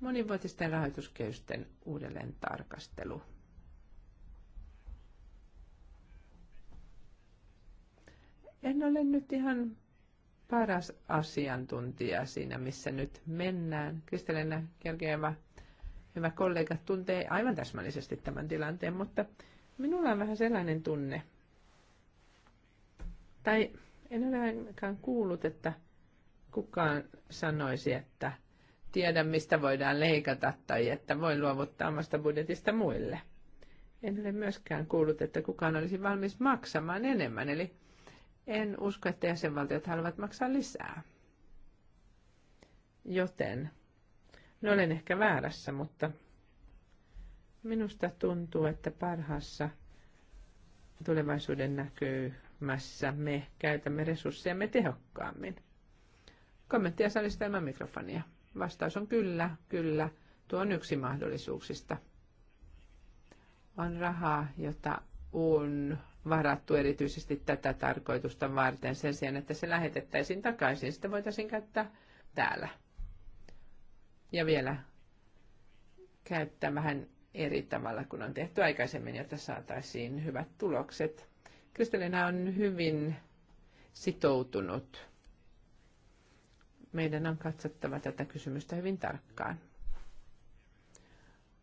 Monivuotisten rahoituskehysten uudelleen tarkastelu. En ole nyt ihan paras asiantuntija siinä, missä nyt mennään. Kristelina Kerkeävä, hyvä kollega, tuntee aivan täsmällisesti tämän tilanteen, mutta minulla on vähän sellainen tunne, tai en ole ainakaan kuullut, että kukaan sanoisi, että tiedä mistä voidaan leikata tai että voi luovuttaa omasta budjetista muille. En ole myöskään kuullut, että kukaan olisi valmis maksamaan enemmän, eli en usko, että jäsenvaltiot haluavat maksaa lisää. Joten, no olen ehkä väärässä, mutta minusta tuntuu, että parhaassa tulevaisuuden näkymässä me käytämme resurssejamme tehokkaammin. Kommenttia salista ilman mikrofonia. Vastaus on kyllä, kyllä. Tuo on yksi mahdollisuuksista. On rahaa, jota on varattu erityisesti tätä tarkoitusta varten sen sijaan, että se lähetettäisiin takaisin. Sitä voitaisiin käyttää täällä. Ja vielä käyttää vähän eri tavalla kuin on tehty aikaisemmin, jotta saataisiin hyvät tulokset. Kristelina on hyvin sitoutunut. Meidän on katsottava tätä kysymystä hyvin tarkkaan.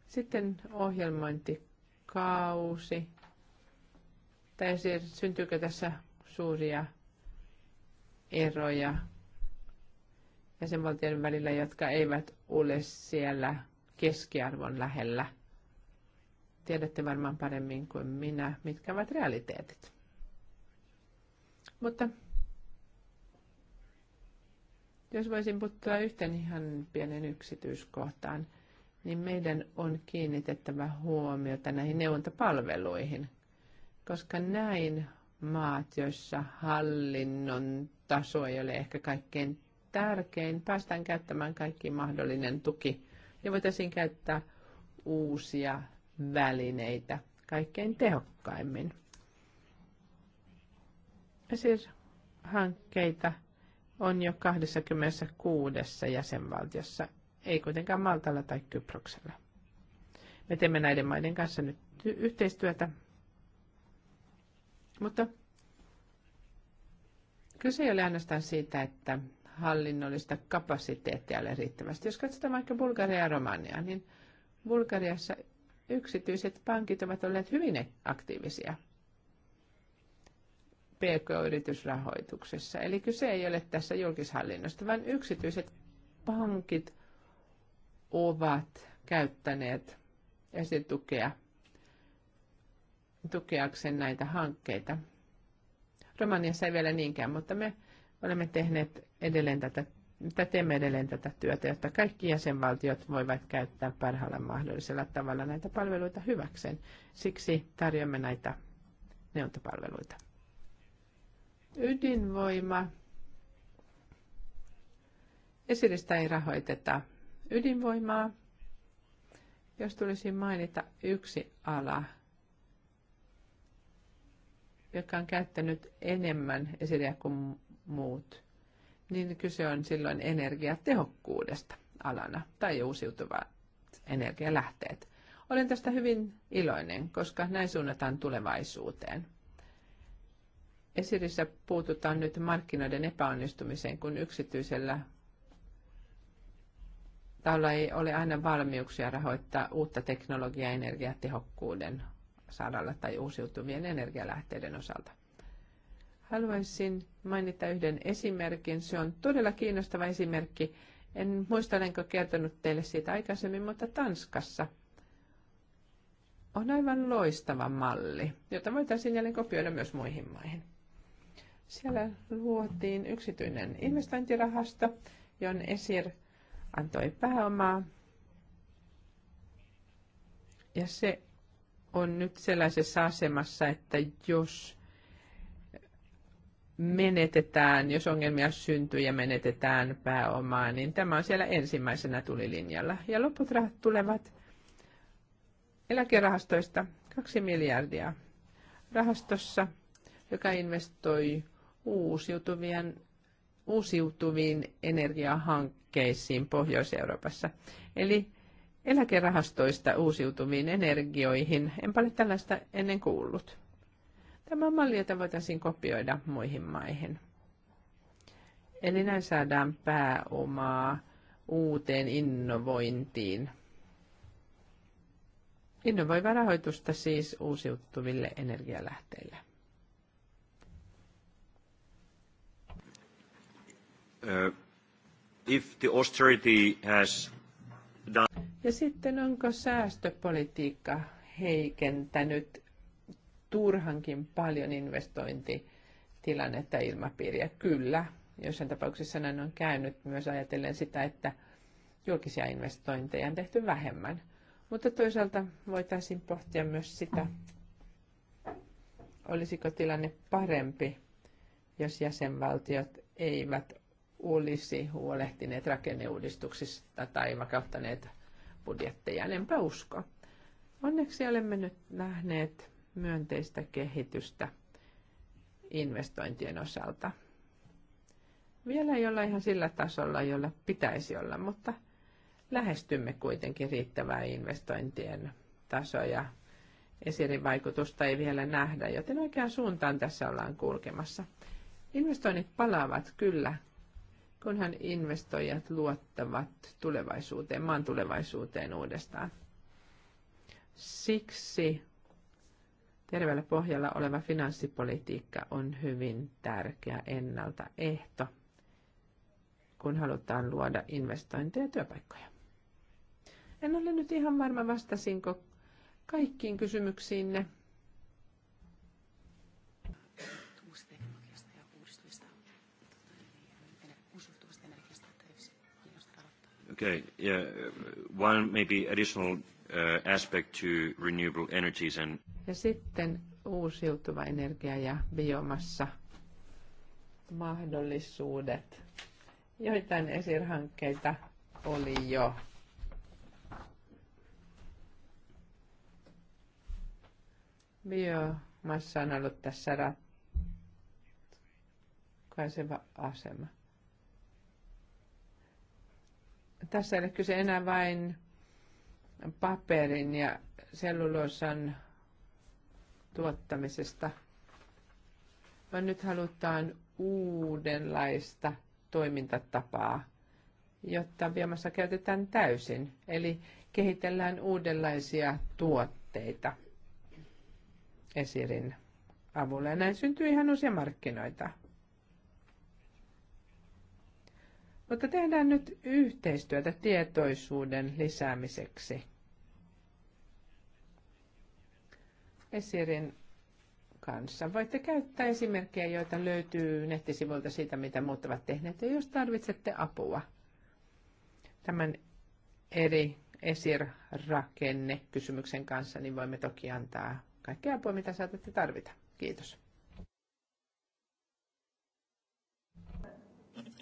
Sitten ohjelmointikausi tai syntyykö tässä suuria eroja jäsenvaltioiden välillä, jotka eivät ole siellä keskiarvon lähellä. Tiedätte varmaan paremmin kuin minä, mitkä ovat realiteetit. Mutta jos voisin puuttua yhteen ihan pienen yksityiskohtaan, niin meidän on kiinnitettävä huomiota näihin neuvontapalveluihin koska näin maat, joissa hallinnon taso ei ole ehkä kaikkein tärkein, päästään käyttämään kaikki mahdollinen tuki ja voitaisiin käyttää uusia välineitä kaikkein tehokkaimmin. Ja siis hankkeita on jo 26 jäsenvaltiossa, ei kuitenkaan Maltalla tai Kyproksella. Me teemme näiden maiden kanssa nyt yhteistyötä mutta kyse ei ole ainoastaan siitä, että hallinnollista kapasiteettia ole riittävästi. Jos katsotaan vaikka Bulgaria ja Romania, niin Bulgariassa yksityiset pankit ovat olleet hyvin aktiivisia pk-yritysrahoituksessa. Eli kyse ei ole tässä julkishallinnosta, vaan yksityiset pankit ovat käyttäneet esitukea – tukeakseen näitä hankkeita. Romaniassa ei vielä niinkään, mutta me olemme tehneet edelleen tätä, tai teemme edelleen tätä työtä, jotta kaikki jäsenvaltiot voivat käyttää parhaalla mahdollisella tavalla näitä palveluita hyväkseen. Siksi tarjoamme näitä neuvontapalveluita. Ydinvoima. Esiristä ei rahoiteta ydinvoimaa. Jos tulisi mainita yksi ala, jotka on käyttänyt enemmän esiriä kuin muut, niin kyse on silloin energiatehokkuudesta alana tai uusiutuvat energialähteet. Olen tästä hyvin iloinen, koska näin suunnataan tulevaisuuteen. Esirissä puututaan nyt markkinoiden epäonnistumiseen, kun yksityisellä taholla ei ole aina valmiuksia rahoittaa uutta teknologiaa energiatehokkuuden saralla tai uusiutuvien energialähteiden osalta. Haluaisin mainita yhden esimerkin. Se on todella kiinnostava esimerkki. En muista, olenko kertonut teille siitä aikaisemmin, mutta Tanskassa on aivan loistava malli, jota voitaisiin jälleen kopioida myös muihin maihin. Siellä luotiin yksityinen investointirahasto, jon Esir antoi pääomaa. Ja se on nyt sellaisessa asemassa, että jos menetetään, jos ongelmia syntyy ja menetetään pääomaa, niin tämä on siellä ensimmäisenä tulilinjalla. Ja loput rahat tulevat eläkerahastoista 2 miljardia rahastossa, joka investoi uusiutuvien, uusiutuviin energiahankkeisiin Pohjois-Euroopassa. Eli eläkerahastoista uusiutuviin energioihin. En ole tällaista ennen kuullut. Tämä malli, jota voitaisiin kopioida muihin maihin. Eli näin saadaan pääomaa uuteen innovointiin. Innovoiva rahoitusta siis uusiutuville energialähteille. Uh, if the austerity has ja sitten onko säästöpolitiikka heikentänyt turhankin paljon investointitilannetta ilmapiiriä? Kyllä, joissain tapauksissa näin on käynyt myös ajatellen sitä, että julkisia investointeja on tehty vähemmän. Mutta toisaalta voitaisiin pohtia myös sitä, olisiko tilanne parempi, jos jäsenvaltiot eivät olisi huolehtineet rakenneuudistuksista tai vakauttaneet budjetteja, Enpä usko. Onneksi olemme nyt nähneet myönteistä kehitystä investointien osalta. Vielä ei olla ihan sillä tasolla, jolla pitäisi olla, mutta lähestymme kuitenkin riittävää investointien tasoja. vaikutusta ei vielä nähdä, joten oikeaan suuntaan tässä ollaan kulkemassa. Investoinnit palaavat kyllä kunhan investoijat luottavat tulevaisuuteen, maan tulevaisuuteen uudestaan. Siksi terveellä pohjalla oleva finanssipolitiikka on hyvin tärkeä ennaltaehto, kun halutaan luoda investointeja ja työpaikkoja. En ole nyt ihan varma, vastasinko kaikkiin kysymyksiinne. Okay. Yeah. One maybe additional uh, aspect to renewable energies and- Ja sitten uusiutuva energia ja biomassa mahdollisuudet. Joitain esirhankkeita oli jo. Biomassa on ollut tässä ratkaiseva asema. Tässä ei ole kyse enää vain paperin ja selluloosan tuottamisesta, vaan nyt halutaan uudenlaista toimintatapaa, jotta biomassa käytetään täysin. Eli kehitellään uudenlaisia tuotteita esirin avulla. Ja näin syntyy ihan uusia markkinoita. Mutta tehdään nyt yhteistyötä tietoisuuden lisäämiseksi. Esirin kanssa. Voitte käyttää esimerkkejä, joita löytyy nettisivuilta siitä, mitä muut ovat tehneet, ja jos tarvitsette apua. Tämän eri esirrakenne kysymyksen kanssa, niin voimme toki antaa kaikkea apua, mitä saatatte tarvita. Kiitos.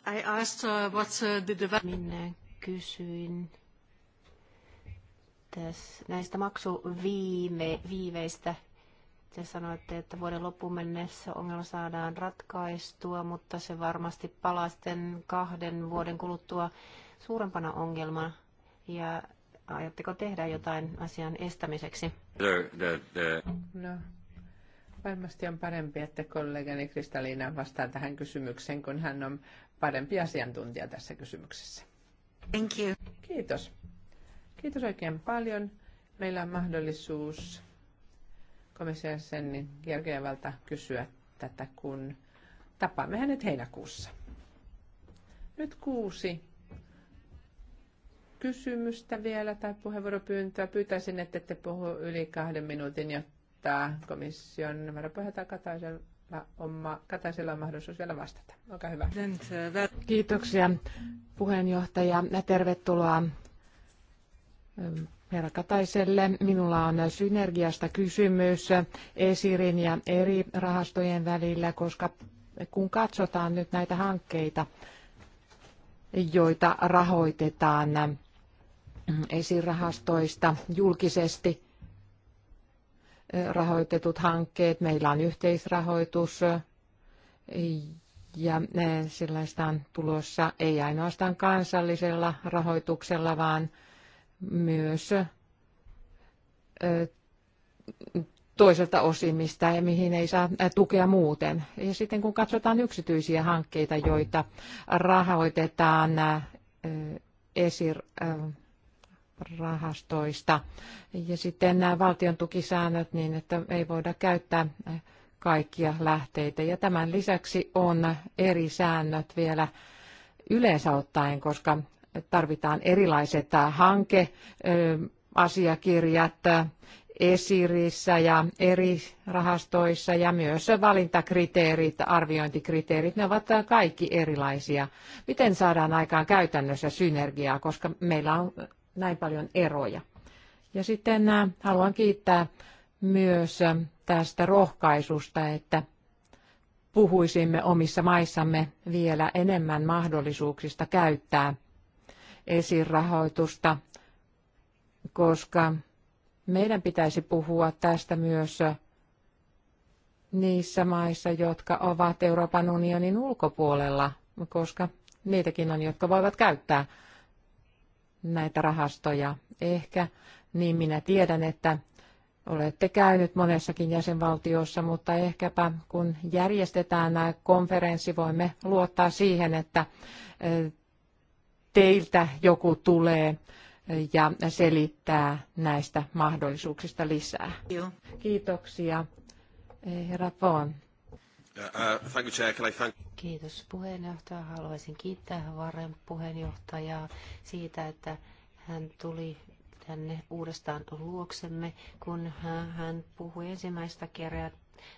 I asked uh, what's uh, the development. Minä kysyin tässä, näistä maksuviiveistä. Te sanoitte, että vuoden loppuun mennessä ongelma saadaan ratkaistua, mutta se varmasti palaa sitten kahden vuoden kuluttua suurempana ongelmana. Ja aiotteko tehdä jotain asian estämiseksi? No, varmasti on parempi, että kollegani Kristaliina vastaa tähän kysymykseen, kun hän on parempi asiantuntija tässä kysymyksessä. Thank you. Kiitos. Kiitos oikein paljon. Meillä on mahdollisuus Sennin Georgievalta kysyä tätä, kun tapaamme hänet heinäkuussa. Nyt kuusi kysymystä vielä tai puheenvuoropyyntöä. Pyytäisin, että te puhu yli kahden minuutin, jotta komission varapuheenjohtaja Kataisen oma, Kataisella on mahdollisuus vielä vastata. Olkaa hyvä. Kiitoksia puheenjohtaja. Tervetuloa ähm, herra Kataiselle. Minulla on synergiasta kysymys Esirin ja eri rahastojen välillä, koska kun katsotaan nyt näitä hankkeita, joita rahoitetaan äh, esirahastoista julkisesti, rahoitetut hankkeet, meillä on yhteisrahoitus ja sellaista on tulossa ei ainoastaan kansallisella rahoituksella, vaan myös toiselta osin, mistä ja mihin ei saa tukea muuten. Ja sitten kun katsotaan yksityisiä hankkeita, joita rahoitetaan esir rahastoista. Ja sitten nämä valtion tukisäännöt niin, että ei voida käyttää kaikkia lähteitä. Ja tämän lisäksi on eri säännöt vielä yleensä ottaen, koska tarvitaan erilaiset hankeasiakirjat esirissä ja eri rahastoissa ja myös valintakriteerit, arviointikriteerit, ne ovat kaikki erilaisia. Miten saadaan aikaan käytännössä synergiaa, koska meillä on näin paljon eroja. Ja sitten äh, haluan kiittää myös äh, tästä rohkaisusta, että puhuisimme omissa maissamme vielä enemmän mahdollisuuksista käyttää esirahoitusta, koska meidän pitäisi puhua tästä myös äh, niissä maissa, jotka ovat Euroopan unionin ulkopuolella, koska niitäkin on, jotka voivat käyttää näitä rahastoja. Ehkä niin minä tiedän, että olette käynyt monessakin jäsenvaltiossa, mutta ehkäpä kun järjestetään nämä konferenssi, voimme luottaa siihen, että teiltä joku tulee ja selittää näistä mahdollisuuksista lisää. Kiitoksia. Herra Vaughan. Uh, uh, Kiitos puheenjohtaja. Haluaisin kiittää Varen puheenjohtajaa siitä, että hän tuli tänne uudestaan luoksemme, kun hän puhui ensimmäistä kerää.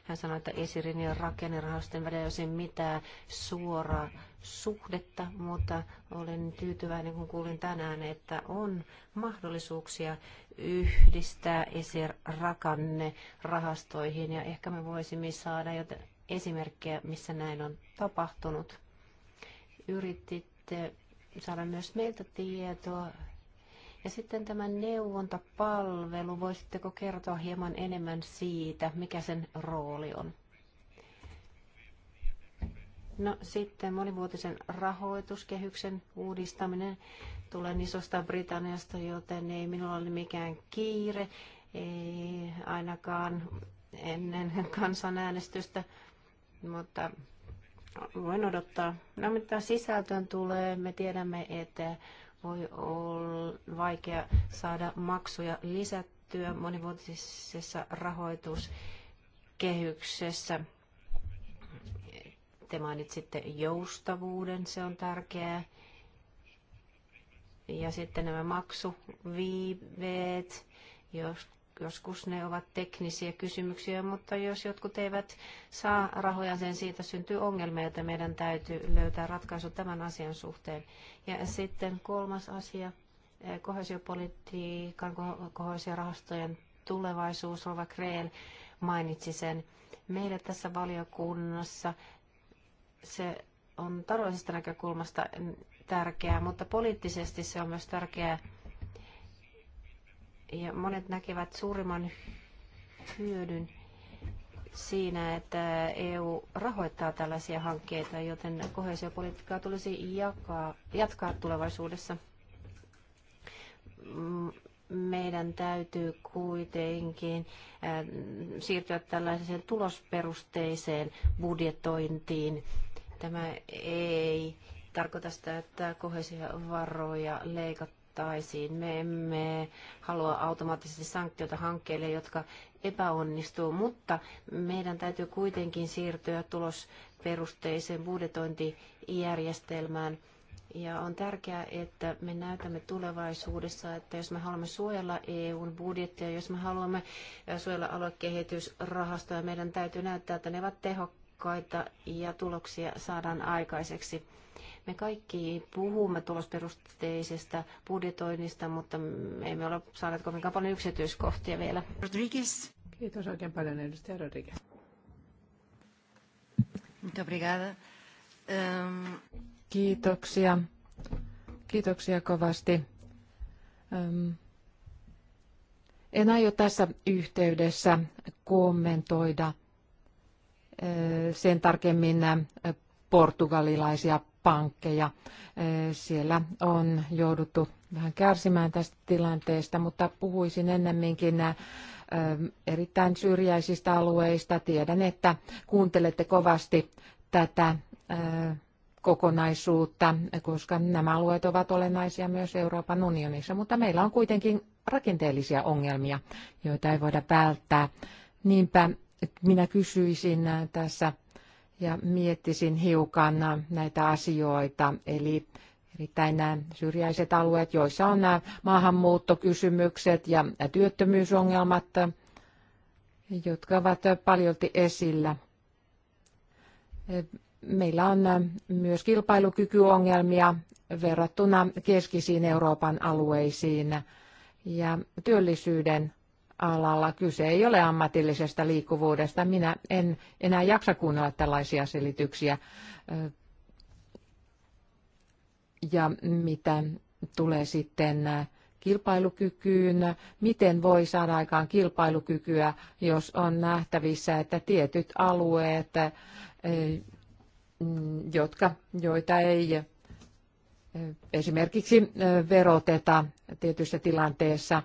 Hän sanoi, että esirin ja rakennerahasten välillä ei ole mitään suoraa suhdetta, mutta olen tyytyväinen, kun kuulin tänään, että on mahdollisuuksia yhdistää esirakanne rahastoihin ja ehkä me voisimme saada jotain esimerkkejä, missä näin on tapahtunut. Yrititte saada myös meiltä tietoa. Ja sitten tämä neuvontapalvelu, voisitteko kertoa hieman enemmän siitä, mikä sen rooli on? No sitten monivuotisen rahoituskehyksen uudistaminen. tulee isosta Britanniasta, joten ei minulla ole mikään kiire, ei ainakaan ennen kansanäänestystä, mutta voin odottaa. No mitä sisältöön tulee, me tiedämme, että voi olla vaikea saada maksuja lisättyä monivuotisessa rahoituskehyksessä. Te mainitsitte joustavuuden, se on tärkeää. Ja sitten nämä maksuviiveet, jos Joskus ne ovat teknisiä kysymyksiä, mutta jos jotkut eivät saa rahoja, sen siitä syntyy ongelmia, että meidän täytyy löytää ratkaisu tämän asian suhteen. Ja sitten kolmas asia, eh, kohesiopolitiikan, kohesiorahastojen tulevaisuus, Rova Kreel mainitsi sen. Meillä tässä valiokunnassa se on taloudellisesta näkökulmasta tärkeää, mutta poliittisesti se on myös tärkeää ja monet näkevät suurimman hyödyn siinä, että EU rahoittaa tällaisia hankkeita, joten kohesiopolitiikkaa tulisi jakaa, jatkaa tulevaisuudessa. Meidän täytyy kuitenkin äh, siirtyä tällaiseen tulosperusteiseen budjetointiin. Tämä ei tarkoita sitä, että kohesiovaroja leikataan korjattaisiin. Me emme halua automaattisesti sanktioita hankkeille, jotka epäonnistuu, mutta meidän täytyy kuitenkin siirtyä tulosperusteiseen budjetointijärjestelmään. Ja on tärkeää, että me näytämme tulevaisuudessa, että jos me haluamme suojella EUn budjettia, jos me haluamme suojella aluekehitysrahastoja, meidän täytyy näyttää, että ne ovat tehokkaita ja tuloksia saadaan aikaiseksi. Me kaikki puhumme tulosperusteisesta budjetoinnista, mutta me emme ole saaneet kovinkaan paljon yksityiskohtia vielä. Rodriguez. Kiitos oikein paljon, edustaja Rodriguez. Muito obrigada. Um... Kiitoksia. Kiitoksia kovasti. Um, en aio tässä yhteydessä kommentoida eh, sen tarkemmin eh, portugalilaisia pankkeja. Eh, siellä on jouduttu vähän kärsimään tästä tilanteesta, mutta puhuisin ennemminkin eh, erittäin syrjäisistä alueista. Tiedän, että kuuntelette kovasti tätä eh, kokonaisuutta, koska nämä alueet ovat olennaisia myös Euroopan unionissa, mutta meillä on kuitenkin rakenteellisia ongelmia, joita ei voida välttää. Niinpä minä kysyisin tässä ja miettisin hiukan näitä asioita, eli erittäin nämä syrjäiset alueet, joissa on nämä maahanmuuttokysymykset ja työttömyysongelmat, jotka ovat paljolti esillä. Meillä on myös kilpailukykyongelmia verrattuna keskisiin Euroopan alueisiin ja työllisyyden alalla. Kyse ei ole ammatillisesta liikkuvuudesta. Minä en enää jaksa kuunnella tällaisia selityksiä. Ja mitä tulee sitten kilpailukykyyn, miten voi saada aikaan kilpailukykyä, jos on nähtävissä, että tietyt alueet, jotka, joita ei esimerkiksi veroteta tietyissä tilanteissa,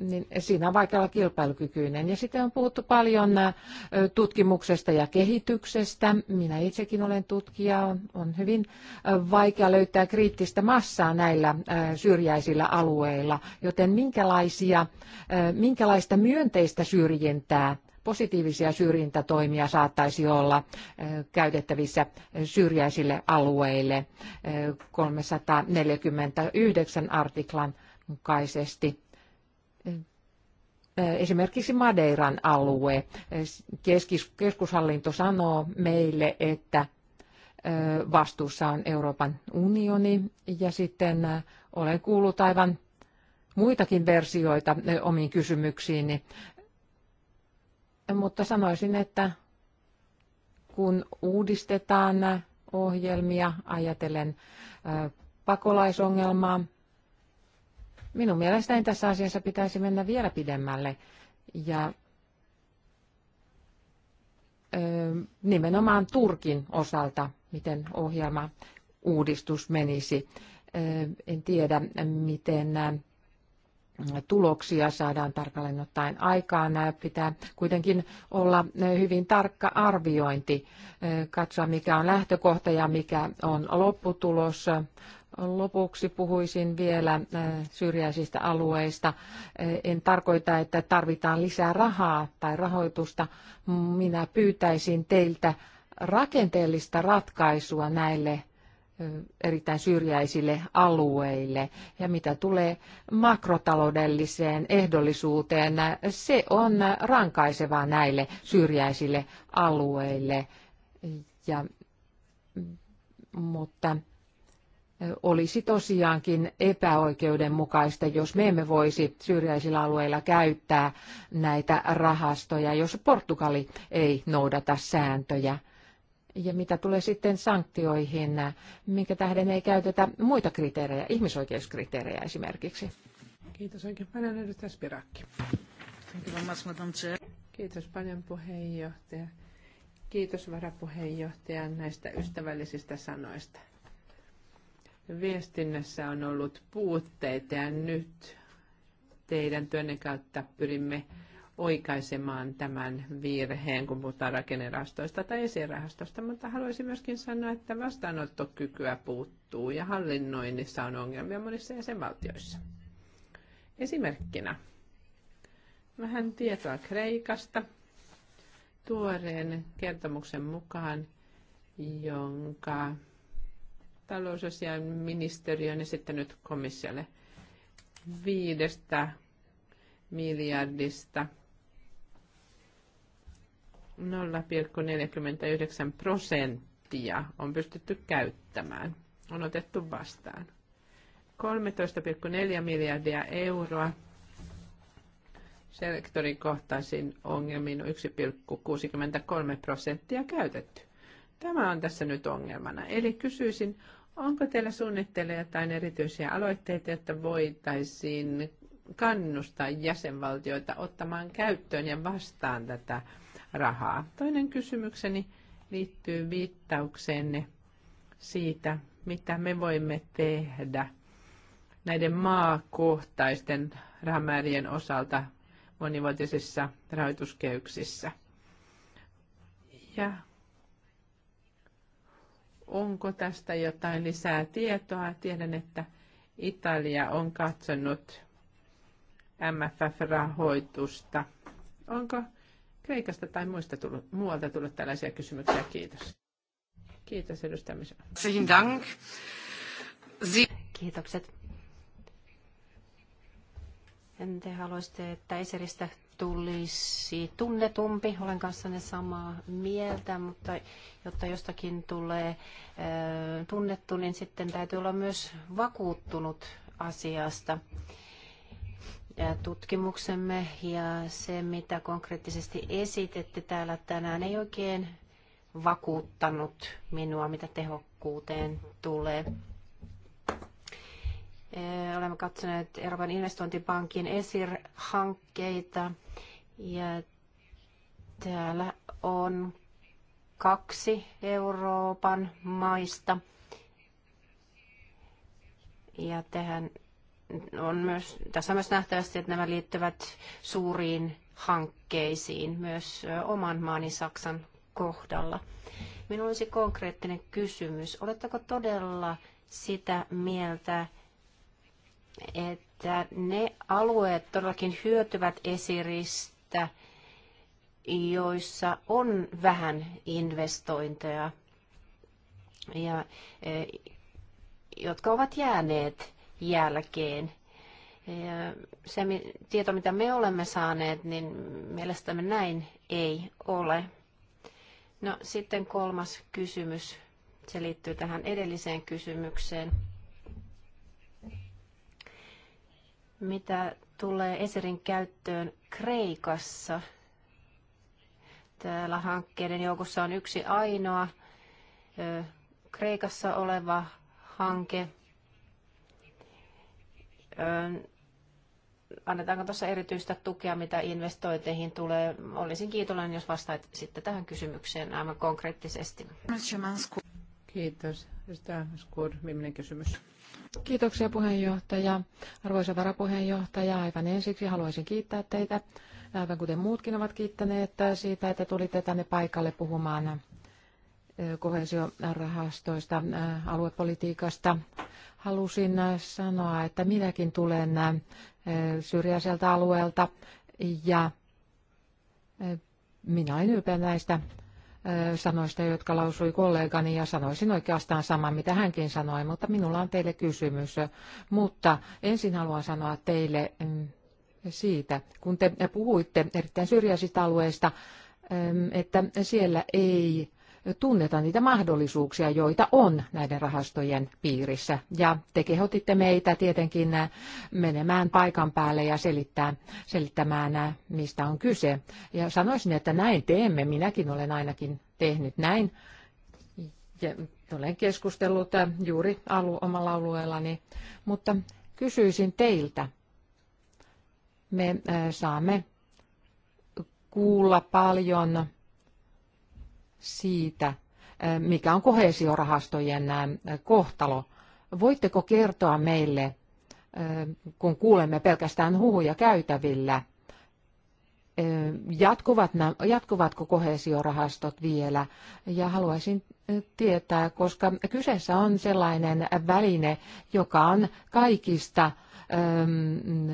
niin siinä on vaikea olla kilpailukykyinen. Ja sitten on puhuttu paljon tutkimuksesta ja kehityksestä. Minä itsekin olen tutkija, on, hyvin vaikea löytää kriittistä massaa näillä syrjäisillä alueilla, joten minkälaisia, minkälaista myönteistä syrjintää positiivisia syrjintätoimia saattaisi olla käytettävissä syrjäisille alueille 349 artiklan mukaisesti esimerkiksi Madeiran alue. Keskushallinto sanoo meille, että vastuussa on Euroopan unioni ja sitten olen kuullut aivan muitakin versioita omiin kysymyksiini. Mutta sanoisin, että kun uudistetaan ohjelmia ajatellen pakolaisongelmaa, Minun mielestäni tässä asiassa pitäisi mennä vielä pidemmälle ja nimenomaan Turkin osalta, miten ohjelma uudistus menisi. En tiedä, miten tuloksia saadaan tarkalleen ottaen aikaan. Pitää kuitenkin olla hyvin tarkka arviointi, katsoa mikä on lähtökohta ja mikä on lopputulos. Lopuksi puhuisin vielä äh, syrjäisistä alueista. Äh, en tarkoita, että tarvitaan lisää rahaa tai rahoitusta. Minä pyytäisin teiltä rakenteellista ratkaisua näille äh, erittäin syrjäisille alueille. Ja mitä tulee makrotaloudelliseen ehdollisuuteen, se on rankaisevaa näille syrjäisille alueille. Ja, mm, mutta olisi tosiaankin epäoikeudenmukaista, jos me emme voisi syrjäisillä alueilla käyttää näitä rahastoja, jos Portugali ei noudata sääntöjä. Ja mitä tulee sitten sanktioihin, minkä tähden ei käytetä muita kriteerejä, ihmisoikeuskriteerejä esimerkiksi? Kiitos oikein paljon, edustaja Spirakki. Kiitos paljon puheenjohtaja. Kiitos varapuheenjohtaja näistä ystävällisistä sanoista viestinnässä on ollut puutteita ja nyt teidän työnne kautta pyrimme oikaisemaan tämän virheen, kun puhutaan rakennerahastoista tai esirahastosta, mutta haluaisin myöskin sanoa, että vastaanottokykyä puuttuu ja hallinnoinnissa on ongelmia monissa jäsenvaltioissa. Esimerkkinä vähän tietoa Kreikasta tuoreen kertomuksen mukaan, jonka talousasian ministeriö on esittänyt komissiolle viidestä miljardista 0,49 prosenttia on pystytty käyttämään, on otettu vastaan. 13,4 miljardia euroa sektorikohtaisiin ongelmiin on 1,63 prosenttia käytetty. Tämä on tässä nyt ongelmana. Eli kysyisin, Onko teillä suunnitteilla jotain erityisiä aloitteita, että voitaisiin kannustaa jäsenvaltioita ottamaan käyttöön ja vastaan tätä rahaa? Toinen kysymykseni liittyy viittaukseenne siitä, mitä me voimme tehdä näiden maakohtaisten rahamäärien osalta monivuotisissa rahoituskeyksissä. Ja Onko tästä jotain lisää tietoa? Tiedän, että Italia on katsonut MFF-rahoitusta. Onko Kreikasta tai muista tullut, muualta tullut tällaisia kysymyksiä? Kiitos. Kiitos edustamisesta. Kiitokset. En te haluaisitte, että Eseristä tulisi tunnetumpi. Olen kanssanne samaa mieltä, mutta jotta jostakin tulee eh, tunnettu, niin sitten täytyy olla myös vakuuttunut asiasta. Ja tutkimuksemme ja se, mitä konkreettisesti esitette täällä tänään, ei oikein vakuuttanut minua, mitä tehokkuuteen tulee. Eh, olemme katsoneet Euroopan investointipankin ESIR-hankkeita ja täällä on kaksi Euroopan maista. Ja tähän on myös, tässä on myös nähtävästi, että nämä liittyvät suuriin hankkeisiin myös oman maani Saksan kohdalla. Minulla olisi konkreettinen kysymys. Oletteko todella sitä mieltä, että ne alueet todellakin hyötyvät esiristä, joissa on vähän investointeja ja e, jotka ovat jääneet jälkeen. Ja se tieto, mitä me olemme saaneet, niin mielestämme näin ei ole. No sitten kolmas kysymys. Se liittyy tähän edelliseen kysymykseen. Mitä tulee Eserin käyttöön Kreikassa? Täällä hankkeiden joukossa on yksi ainoa Kreikassa oleva hanke. Annetaanko tuossa erityistä tukea, mitä investointeihin tulee? Olisin kiitollinen, jos vastaat sitten tähän kysymykseen aivan konkreettisesti. Kiitos. Tämä on viimeinen kysymys. Kiitoksia puheenjohtaja. Arvoisa varapuheenjohtaja, aivan ensiksi haluaisin kiittää teitä, aivan kuten muutkin ovat kiittäneet siitä, että tulitte tänne paikalle puhumaan kohesiorahastoista, aluepolitiikasta. Halusin sanoa, että minäkin tulen syrjäiseltä alueelta ja minä olen ylpeä näistä sanoista, jotka lausui kollegani, ja sanoisin oikeastaan saman, mitä hänkin sanoi, mutta minulla on teille kysymys. Mutta ensin haluan sanoa teille mm, siitä, kun te puhuitte erittäin syrjäisistä alueista, mm, että siellä ei tunneta niitä mahdollisuuksia, joita on näiden rahastojen piirissä. Ja te kehotitte meitä tietenkin menemään paikan päälle ja selittää, selittämään, mistä on kyse. Ja sanoisin, että näin teemme. Minäkin olen ainakin tehnyt näin. Ja olen keskustellut juuri alu, omalla alueellani, mutta kysyisin teiltä. Me saamme kuulla paljon siitä, eh, mikä on kohesiorahastojen eh, kohtalo. Voitteko kertoa meille, eh, kun kuulemme pelkästään huhuja käytävillä, jatkuvat, jatkuvatko kohesiorahastot vielä? Ja haluaisin tietää, koska kyseessä on sellainen väline, joka on kaikista ehm,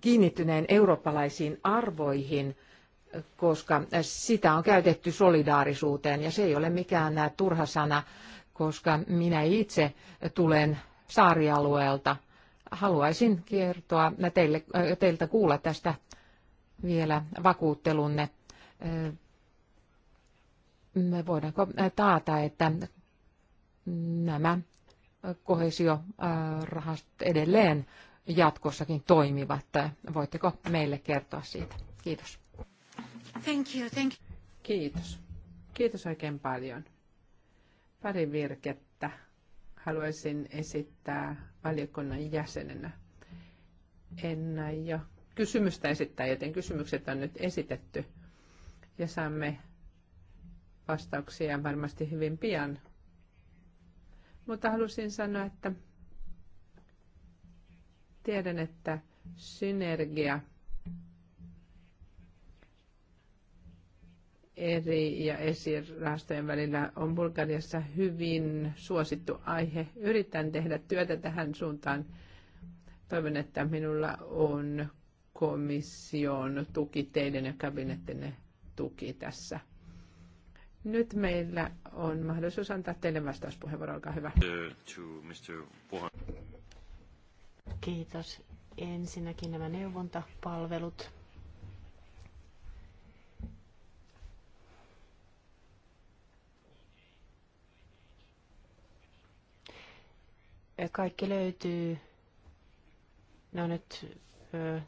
kiinnittyneen eurooppalaisiin arvoihin – koska sitä on käytetty solidaarisuuteen ja se ei ole mikään turha sana, koska minä itse tulen saarialueelta. Haluaisin kertoa teille, teiltä kuulla tästä vielä vakuuttelunne. Me voidaanko taata, että nämä kohesiorahastot edelleen jatkossakin toimivat? Voitteko meille kertoa siitä? Kiitos. Thank you, thank you. Kiitos. Kiitos oikein paljon. Pari virkettä haluaisin esittää valiokunnan jäsenenä. En jo kysymystä esittää, joten kysymykset on nyt esitetty. Ja saamme vastauksia varmasti hyvin pian. Mutta halusin sanoa, että tiedän, että synergia – eri ja esirahastojen välillä on Bulgariassa hyvin suosittu aihe. Yritän tehdä työtä tähän suuntaan. Toivon, että minulla on komission tuki, teidän ja kabinettinne tuki tässä. Nyt meillä on mahdollisuus antaa teille vastauspuheenvuoro, olkaa hyvä. Kiitos. Ensinnäkin nämä neuvontapalvelut kaikki löytyy. No nyt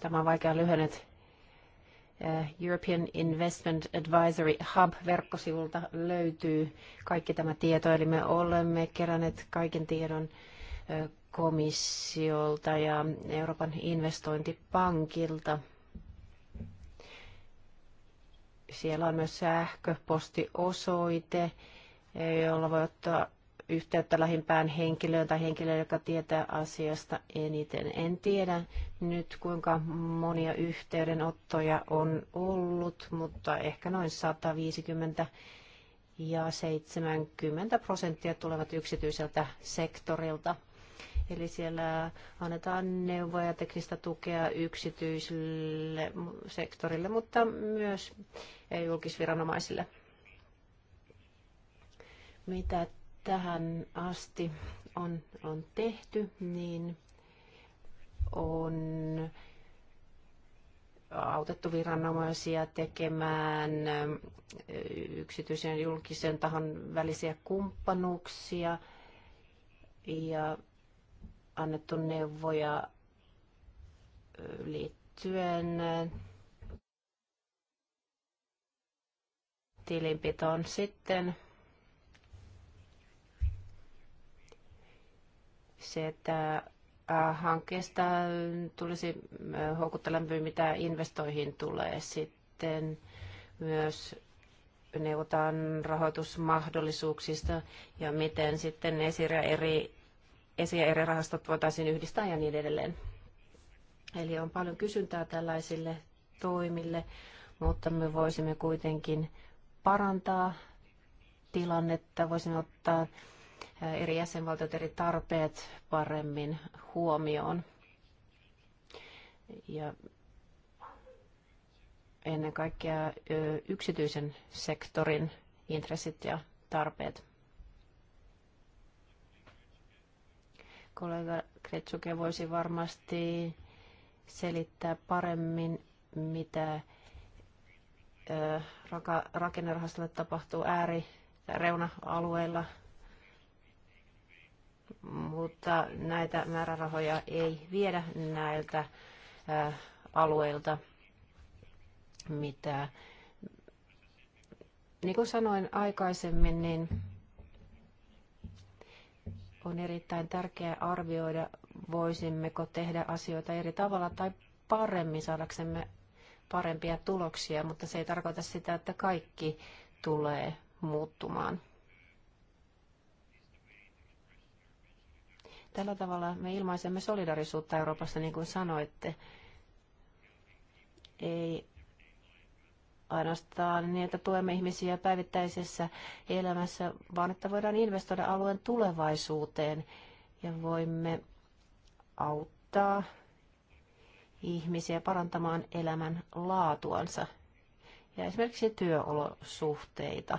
tämä on vaikea lyhennet. European Investment Advisory Hub-verkkosivulta löytyy kaikki tämä tieto, eli me olemme keränneet kaiken tiedon komissiolta ja Euroopan investointipankilta. Siellä on myös sähköpostiosoite, jolla voi ottaa yhteyttä lähimpään henkilöön tai henkilöön, joka tietää asiasta eniten. En tiedä nyt kuinka monia yhteydenottoja on ollut, mutta ehkä noin 150 ja 70 prosenttia tulevat yksityiseltä sektorilta. Eli siellä annetaan neuvoja ja teknistä tukea yksityiselle sektorille, mutta myös julkisviranomaisille. Mitä tähän asti on, on tehty, niin on autettu viranomaisia tekemään yksityisen ja julkisen tahon välisiä kumppanuuksia ja annettu neuvoja liittyen tilinpitoon sitten se, että äh, hankkeesta mm, tulisi äh, houkuttelempi, mitä investoihin tulee sitten myös neuvotaan rahoitusmahdollisuuksista ja miten sitten esi- ja eri, esi- ja eri rahastot voitaisiin yhdistää ja niin edelleen. Eli on paljon kysyntää tällaisille toimille, mutta me voisimme kuitenkin parantaa tilannetta, voisimme ottaa eri jäsenvaltiot eri tarpeet paremmin huomioon. Ja ennen kaikkea yksityisen sektorin intressit ja tarpeet. Kollega Kretsuke voisi varmasti selittää paremmin, mitä rakennerahastolle tapahtuu ääri- ja reuna-alueilla – mutta näitä määrärahoja ei viedä näiltä alueilta, mitä niin kuin sanoin aikaisemmin, niin on erittäin tärkeää arvioida, voisimmeko tehdä asioita eri tavalla tai paremmin saadaksemme parempia tuloksia, mutta se ei tarkoita sitä, että kaikki tulee muuttumaan. Tällä tavalla me ilmaisemme solidarisuutta Euroopassa, niin kuin sanoitte. Ei ainoastaan niin, että tuemme ihmisiä päivittäisessä elämässä, vaan että voidaan investoida alueen tulevaisuuteen ja voimme auttaa ihmisiä parantamaan elämän laatuansa ja esimerkiksi työolosuhteita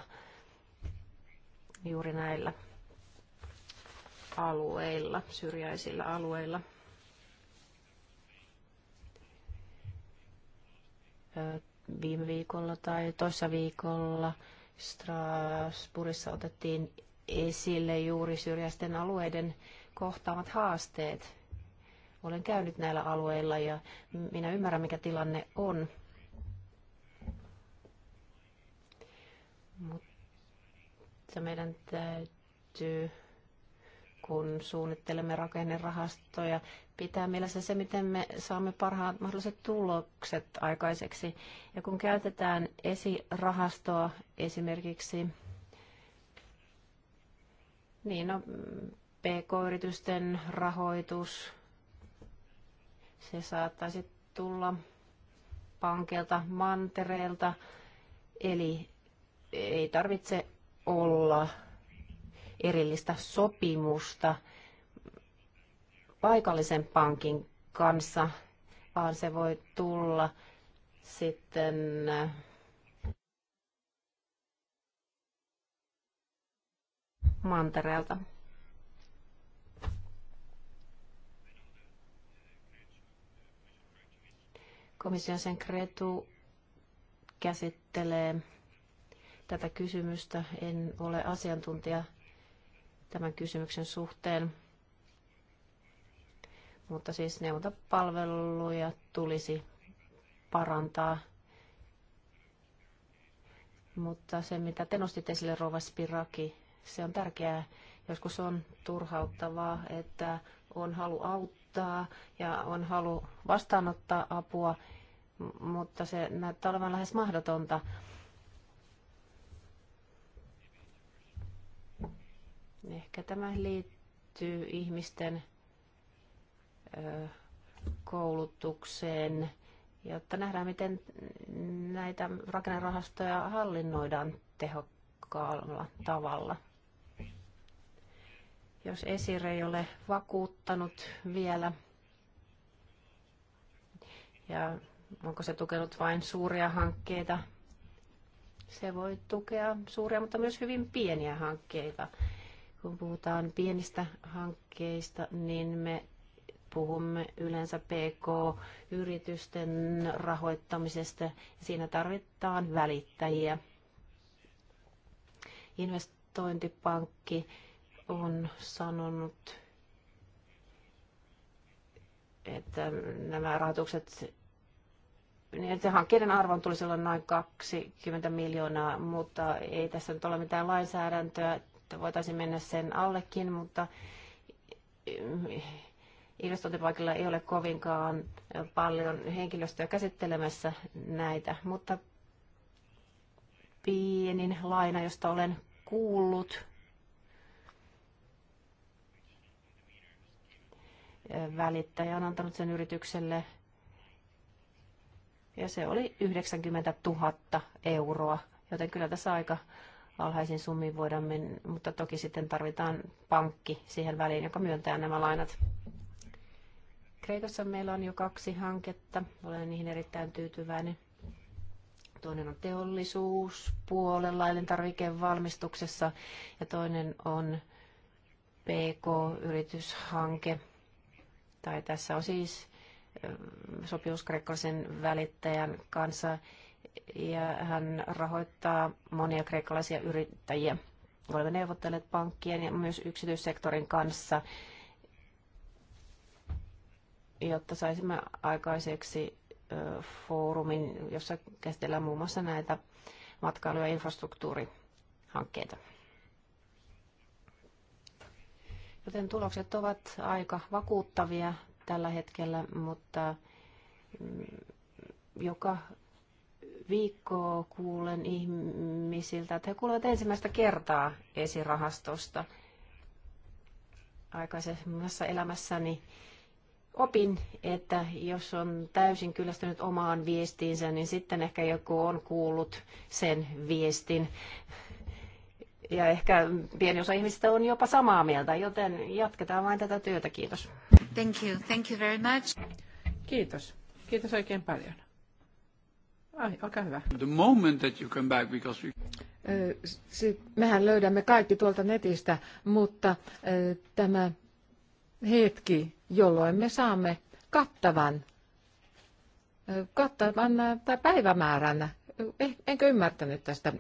juuri näillä alueilla, syrjäisillä alueilla. Viime viikolla tai toissa viikolla Strasbourgissa otettiin esille juuri syrjäisten alueiden kohtaamat haasteet. Olen käynyt näillä alueilla ja minä ymmärrän, mikä tilanne on. Mutta meidän täytyy kun suunnittelemme rakennerahastoja, pitää mielessä se, miten me saamme parhaat mahdolliset tulokset aikaiseksi. Ja kun käytetään esirahastoa esimerkiksi niin no, PK-yritysten rahoitus, se saattaisi tulla pankilta, mantereelta, eli ei tarvitse olla erillistä sopimusta paikallisen pankin kanssa, vaan se voi tulla sitten äh, mantereelta. Komission sen Kretu käsittelee tätä kysymystä. En ole asiantuntija tämän kysymyksen suhteen. Mutta siis neuvontapalveluja tulisi parantaa. Mutta se, mitä te nostitte esille, Rova Spiraki, se on tärkeää. Joskus on turhauttavaa, että on halu auttaa ja on halu vastaanottaa apua, mutta se näyttää olevan lähes mahdotonta Ehkä tämä liittyy ihmisten koulutukseen, jotta nähdään, miten näitä rakennerahastoja hallinnoidaan tehokkaalla tavalla. Jos esire ei ole vakuuttanut vielä, ja onko se tukenut vain suuria hankkeita, se voi tukea suuria, mutta myös hyvin pieniä hankkeita. Kun puhutaan pienistä hankkeista, niin me puhumme yleensä PK-yritysten rahoittamisesta. Siinä tarvitaan välittäjiä. Investointipankki on sanonut, että nämä rahoitukset niin että hankkeiden arvon tulisi olla noin 20 miljoonaa, mutta ei tässä nyt ole mitään lainsäädäntöä voitaisiin mennä sen allekin, mutta investointipaikilla ei ole kovinkaan paljon henkilöstöä käsittelemässä näitä, mutta pienin laina, josta olen kuullut, välittäjä on antanut sen yritykselle ja se oli 90 000 euroa, joten kyllä tässä aika alhaisin summiin voidaan mennä, mutta toki sitten tarvitaan pankki siihen väliin, joka myöntää nämä lainat. Kreikassa meillä on jo kaksi hanketta. Olen niihin erittäin tyytyväinen. Toinen on teollisuuspuolella, valmistuksessa ja toinen on PK-yrityshanke. Tai tässä on siis sopimus kreikkalaisen välittäjän kanssa ja hän rahoittaa monia kreikkalaisia yrittäjiä. Olemme neuvotteleet pankkien ja myös yksityissektorin kanssa, jotta saisimme aikaiseksi foorumin, jossa käsitellään muun muassa näitä matkailu- ja infrastruktuurihankkeita. Joten tulokset ovat aika vakuuttavia tällä hetkellä, mutta mm, joka viikkoa kuulen ihmisiltä, että he kuulevat ensimmäistä kertaa esirahastosta. Aikaisemmassa elämässäni opin, että jos on täysin kyllästynyt omaan viestiinsä, niin sitten ehkä joku on kuullut sen viestin. Ja ehkä pieni osa ihmistä on jopa samaa mieltä, joten jatketaan vain tätä työtä. Kiitos. Thank you. Thank you very much. Kiitos. Kiitos oikein paljon. Ai, olkaa hyvä. The moment that you come back because we... Mehän löydämme kaikki tuolta netistä, mutta tämä hetki, jolloin me saamme kattavan, kattavan tai päivämäärän. Eh, enkö ymmärtänyt tästä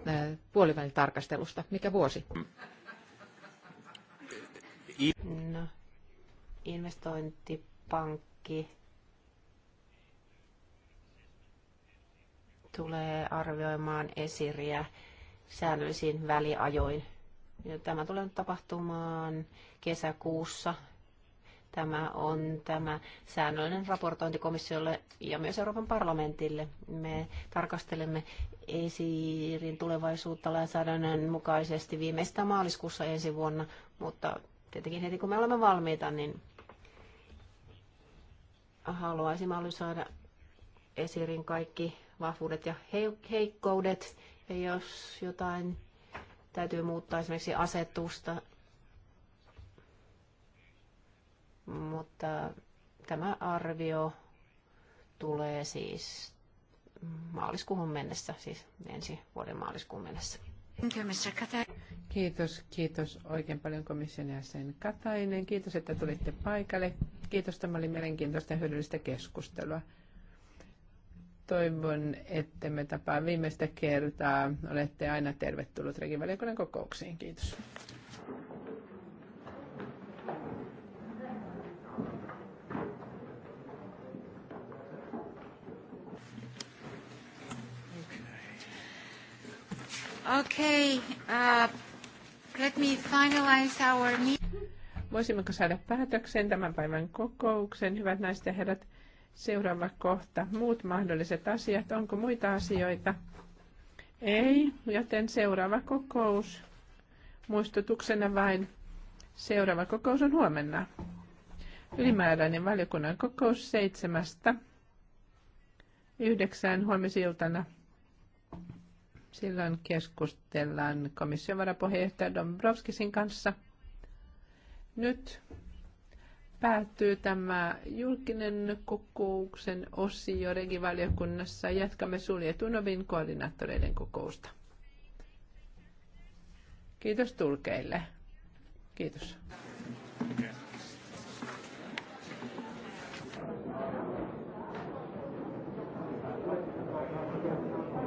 puolivälin tarkastelusta? Mikä vuosi? No, investointipankki tulee arvioimaan esiriä säännöllisiin väliajoin. Ja tämä tulee tapahtumaan kesäkuussa. Tämä on tämä säännöllinen raportointi komissiolle ja myös Euroopan parlamentille. Me tarkastelemme esiirin tulevaisuutta lainsäädännön mukaisesti viimeistään maaliskuussa ensi vuonna, mutta tietenkin heti kun me olemme valmiita, niin haluaisin analysoida esirin kaikki vahvuudet ja heikkoudet. Ja jos jotain täytyy muuttaa esimerkiksi asetusta, mutta tämä arvio tulee siis maaliskuuhun mennessä, siis ensi vuoden maaliskuun mennessä. Kiitos, kiitos oikein paljon komission jäsen Katainen. Kiitos, että tulitte paikalle. Kiitos, tämä oli mielenkiintoista ja hyödyllistä keskustelua. Toivon, että me tapaa viimeistä kertaa. Olette aina tervetullut regivaliokunnan kokouksiin. Kiitos. Okay, uh, let me finalize our meeting. Voisimmeko saada päätöksen tämän päivän kokouksen, hyvät naiset ja herrat? Seuraava kohta. Muut mahdolliset asiat. Onko muita asioita? Ei, joten seuraava kokous. Muistutuksena vain. Seuraava kokous on huomenna. Ylimääräinen valiokunnan kokous seitsemästä. Yhdeksään huomisiltana. Silloin keskustellaan komission varapuheenjohtaja Dombrovskisin kanssa. Nyt päättyy tämä julkinen kokouksen osio regivaliokunnassa. Jatkamme suljetun ovin koordinaattoreiden kokousta. Kiitos tulkeille. Kiitos. Okay.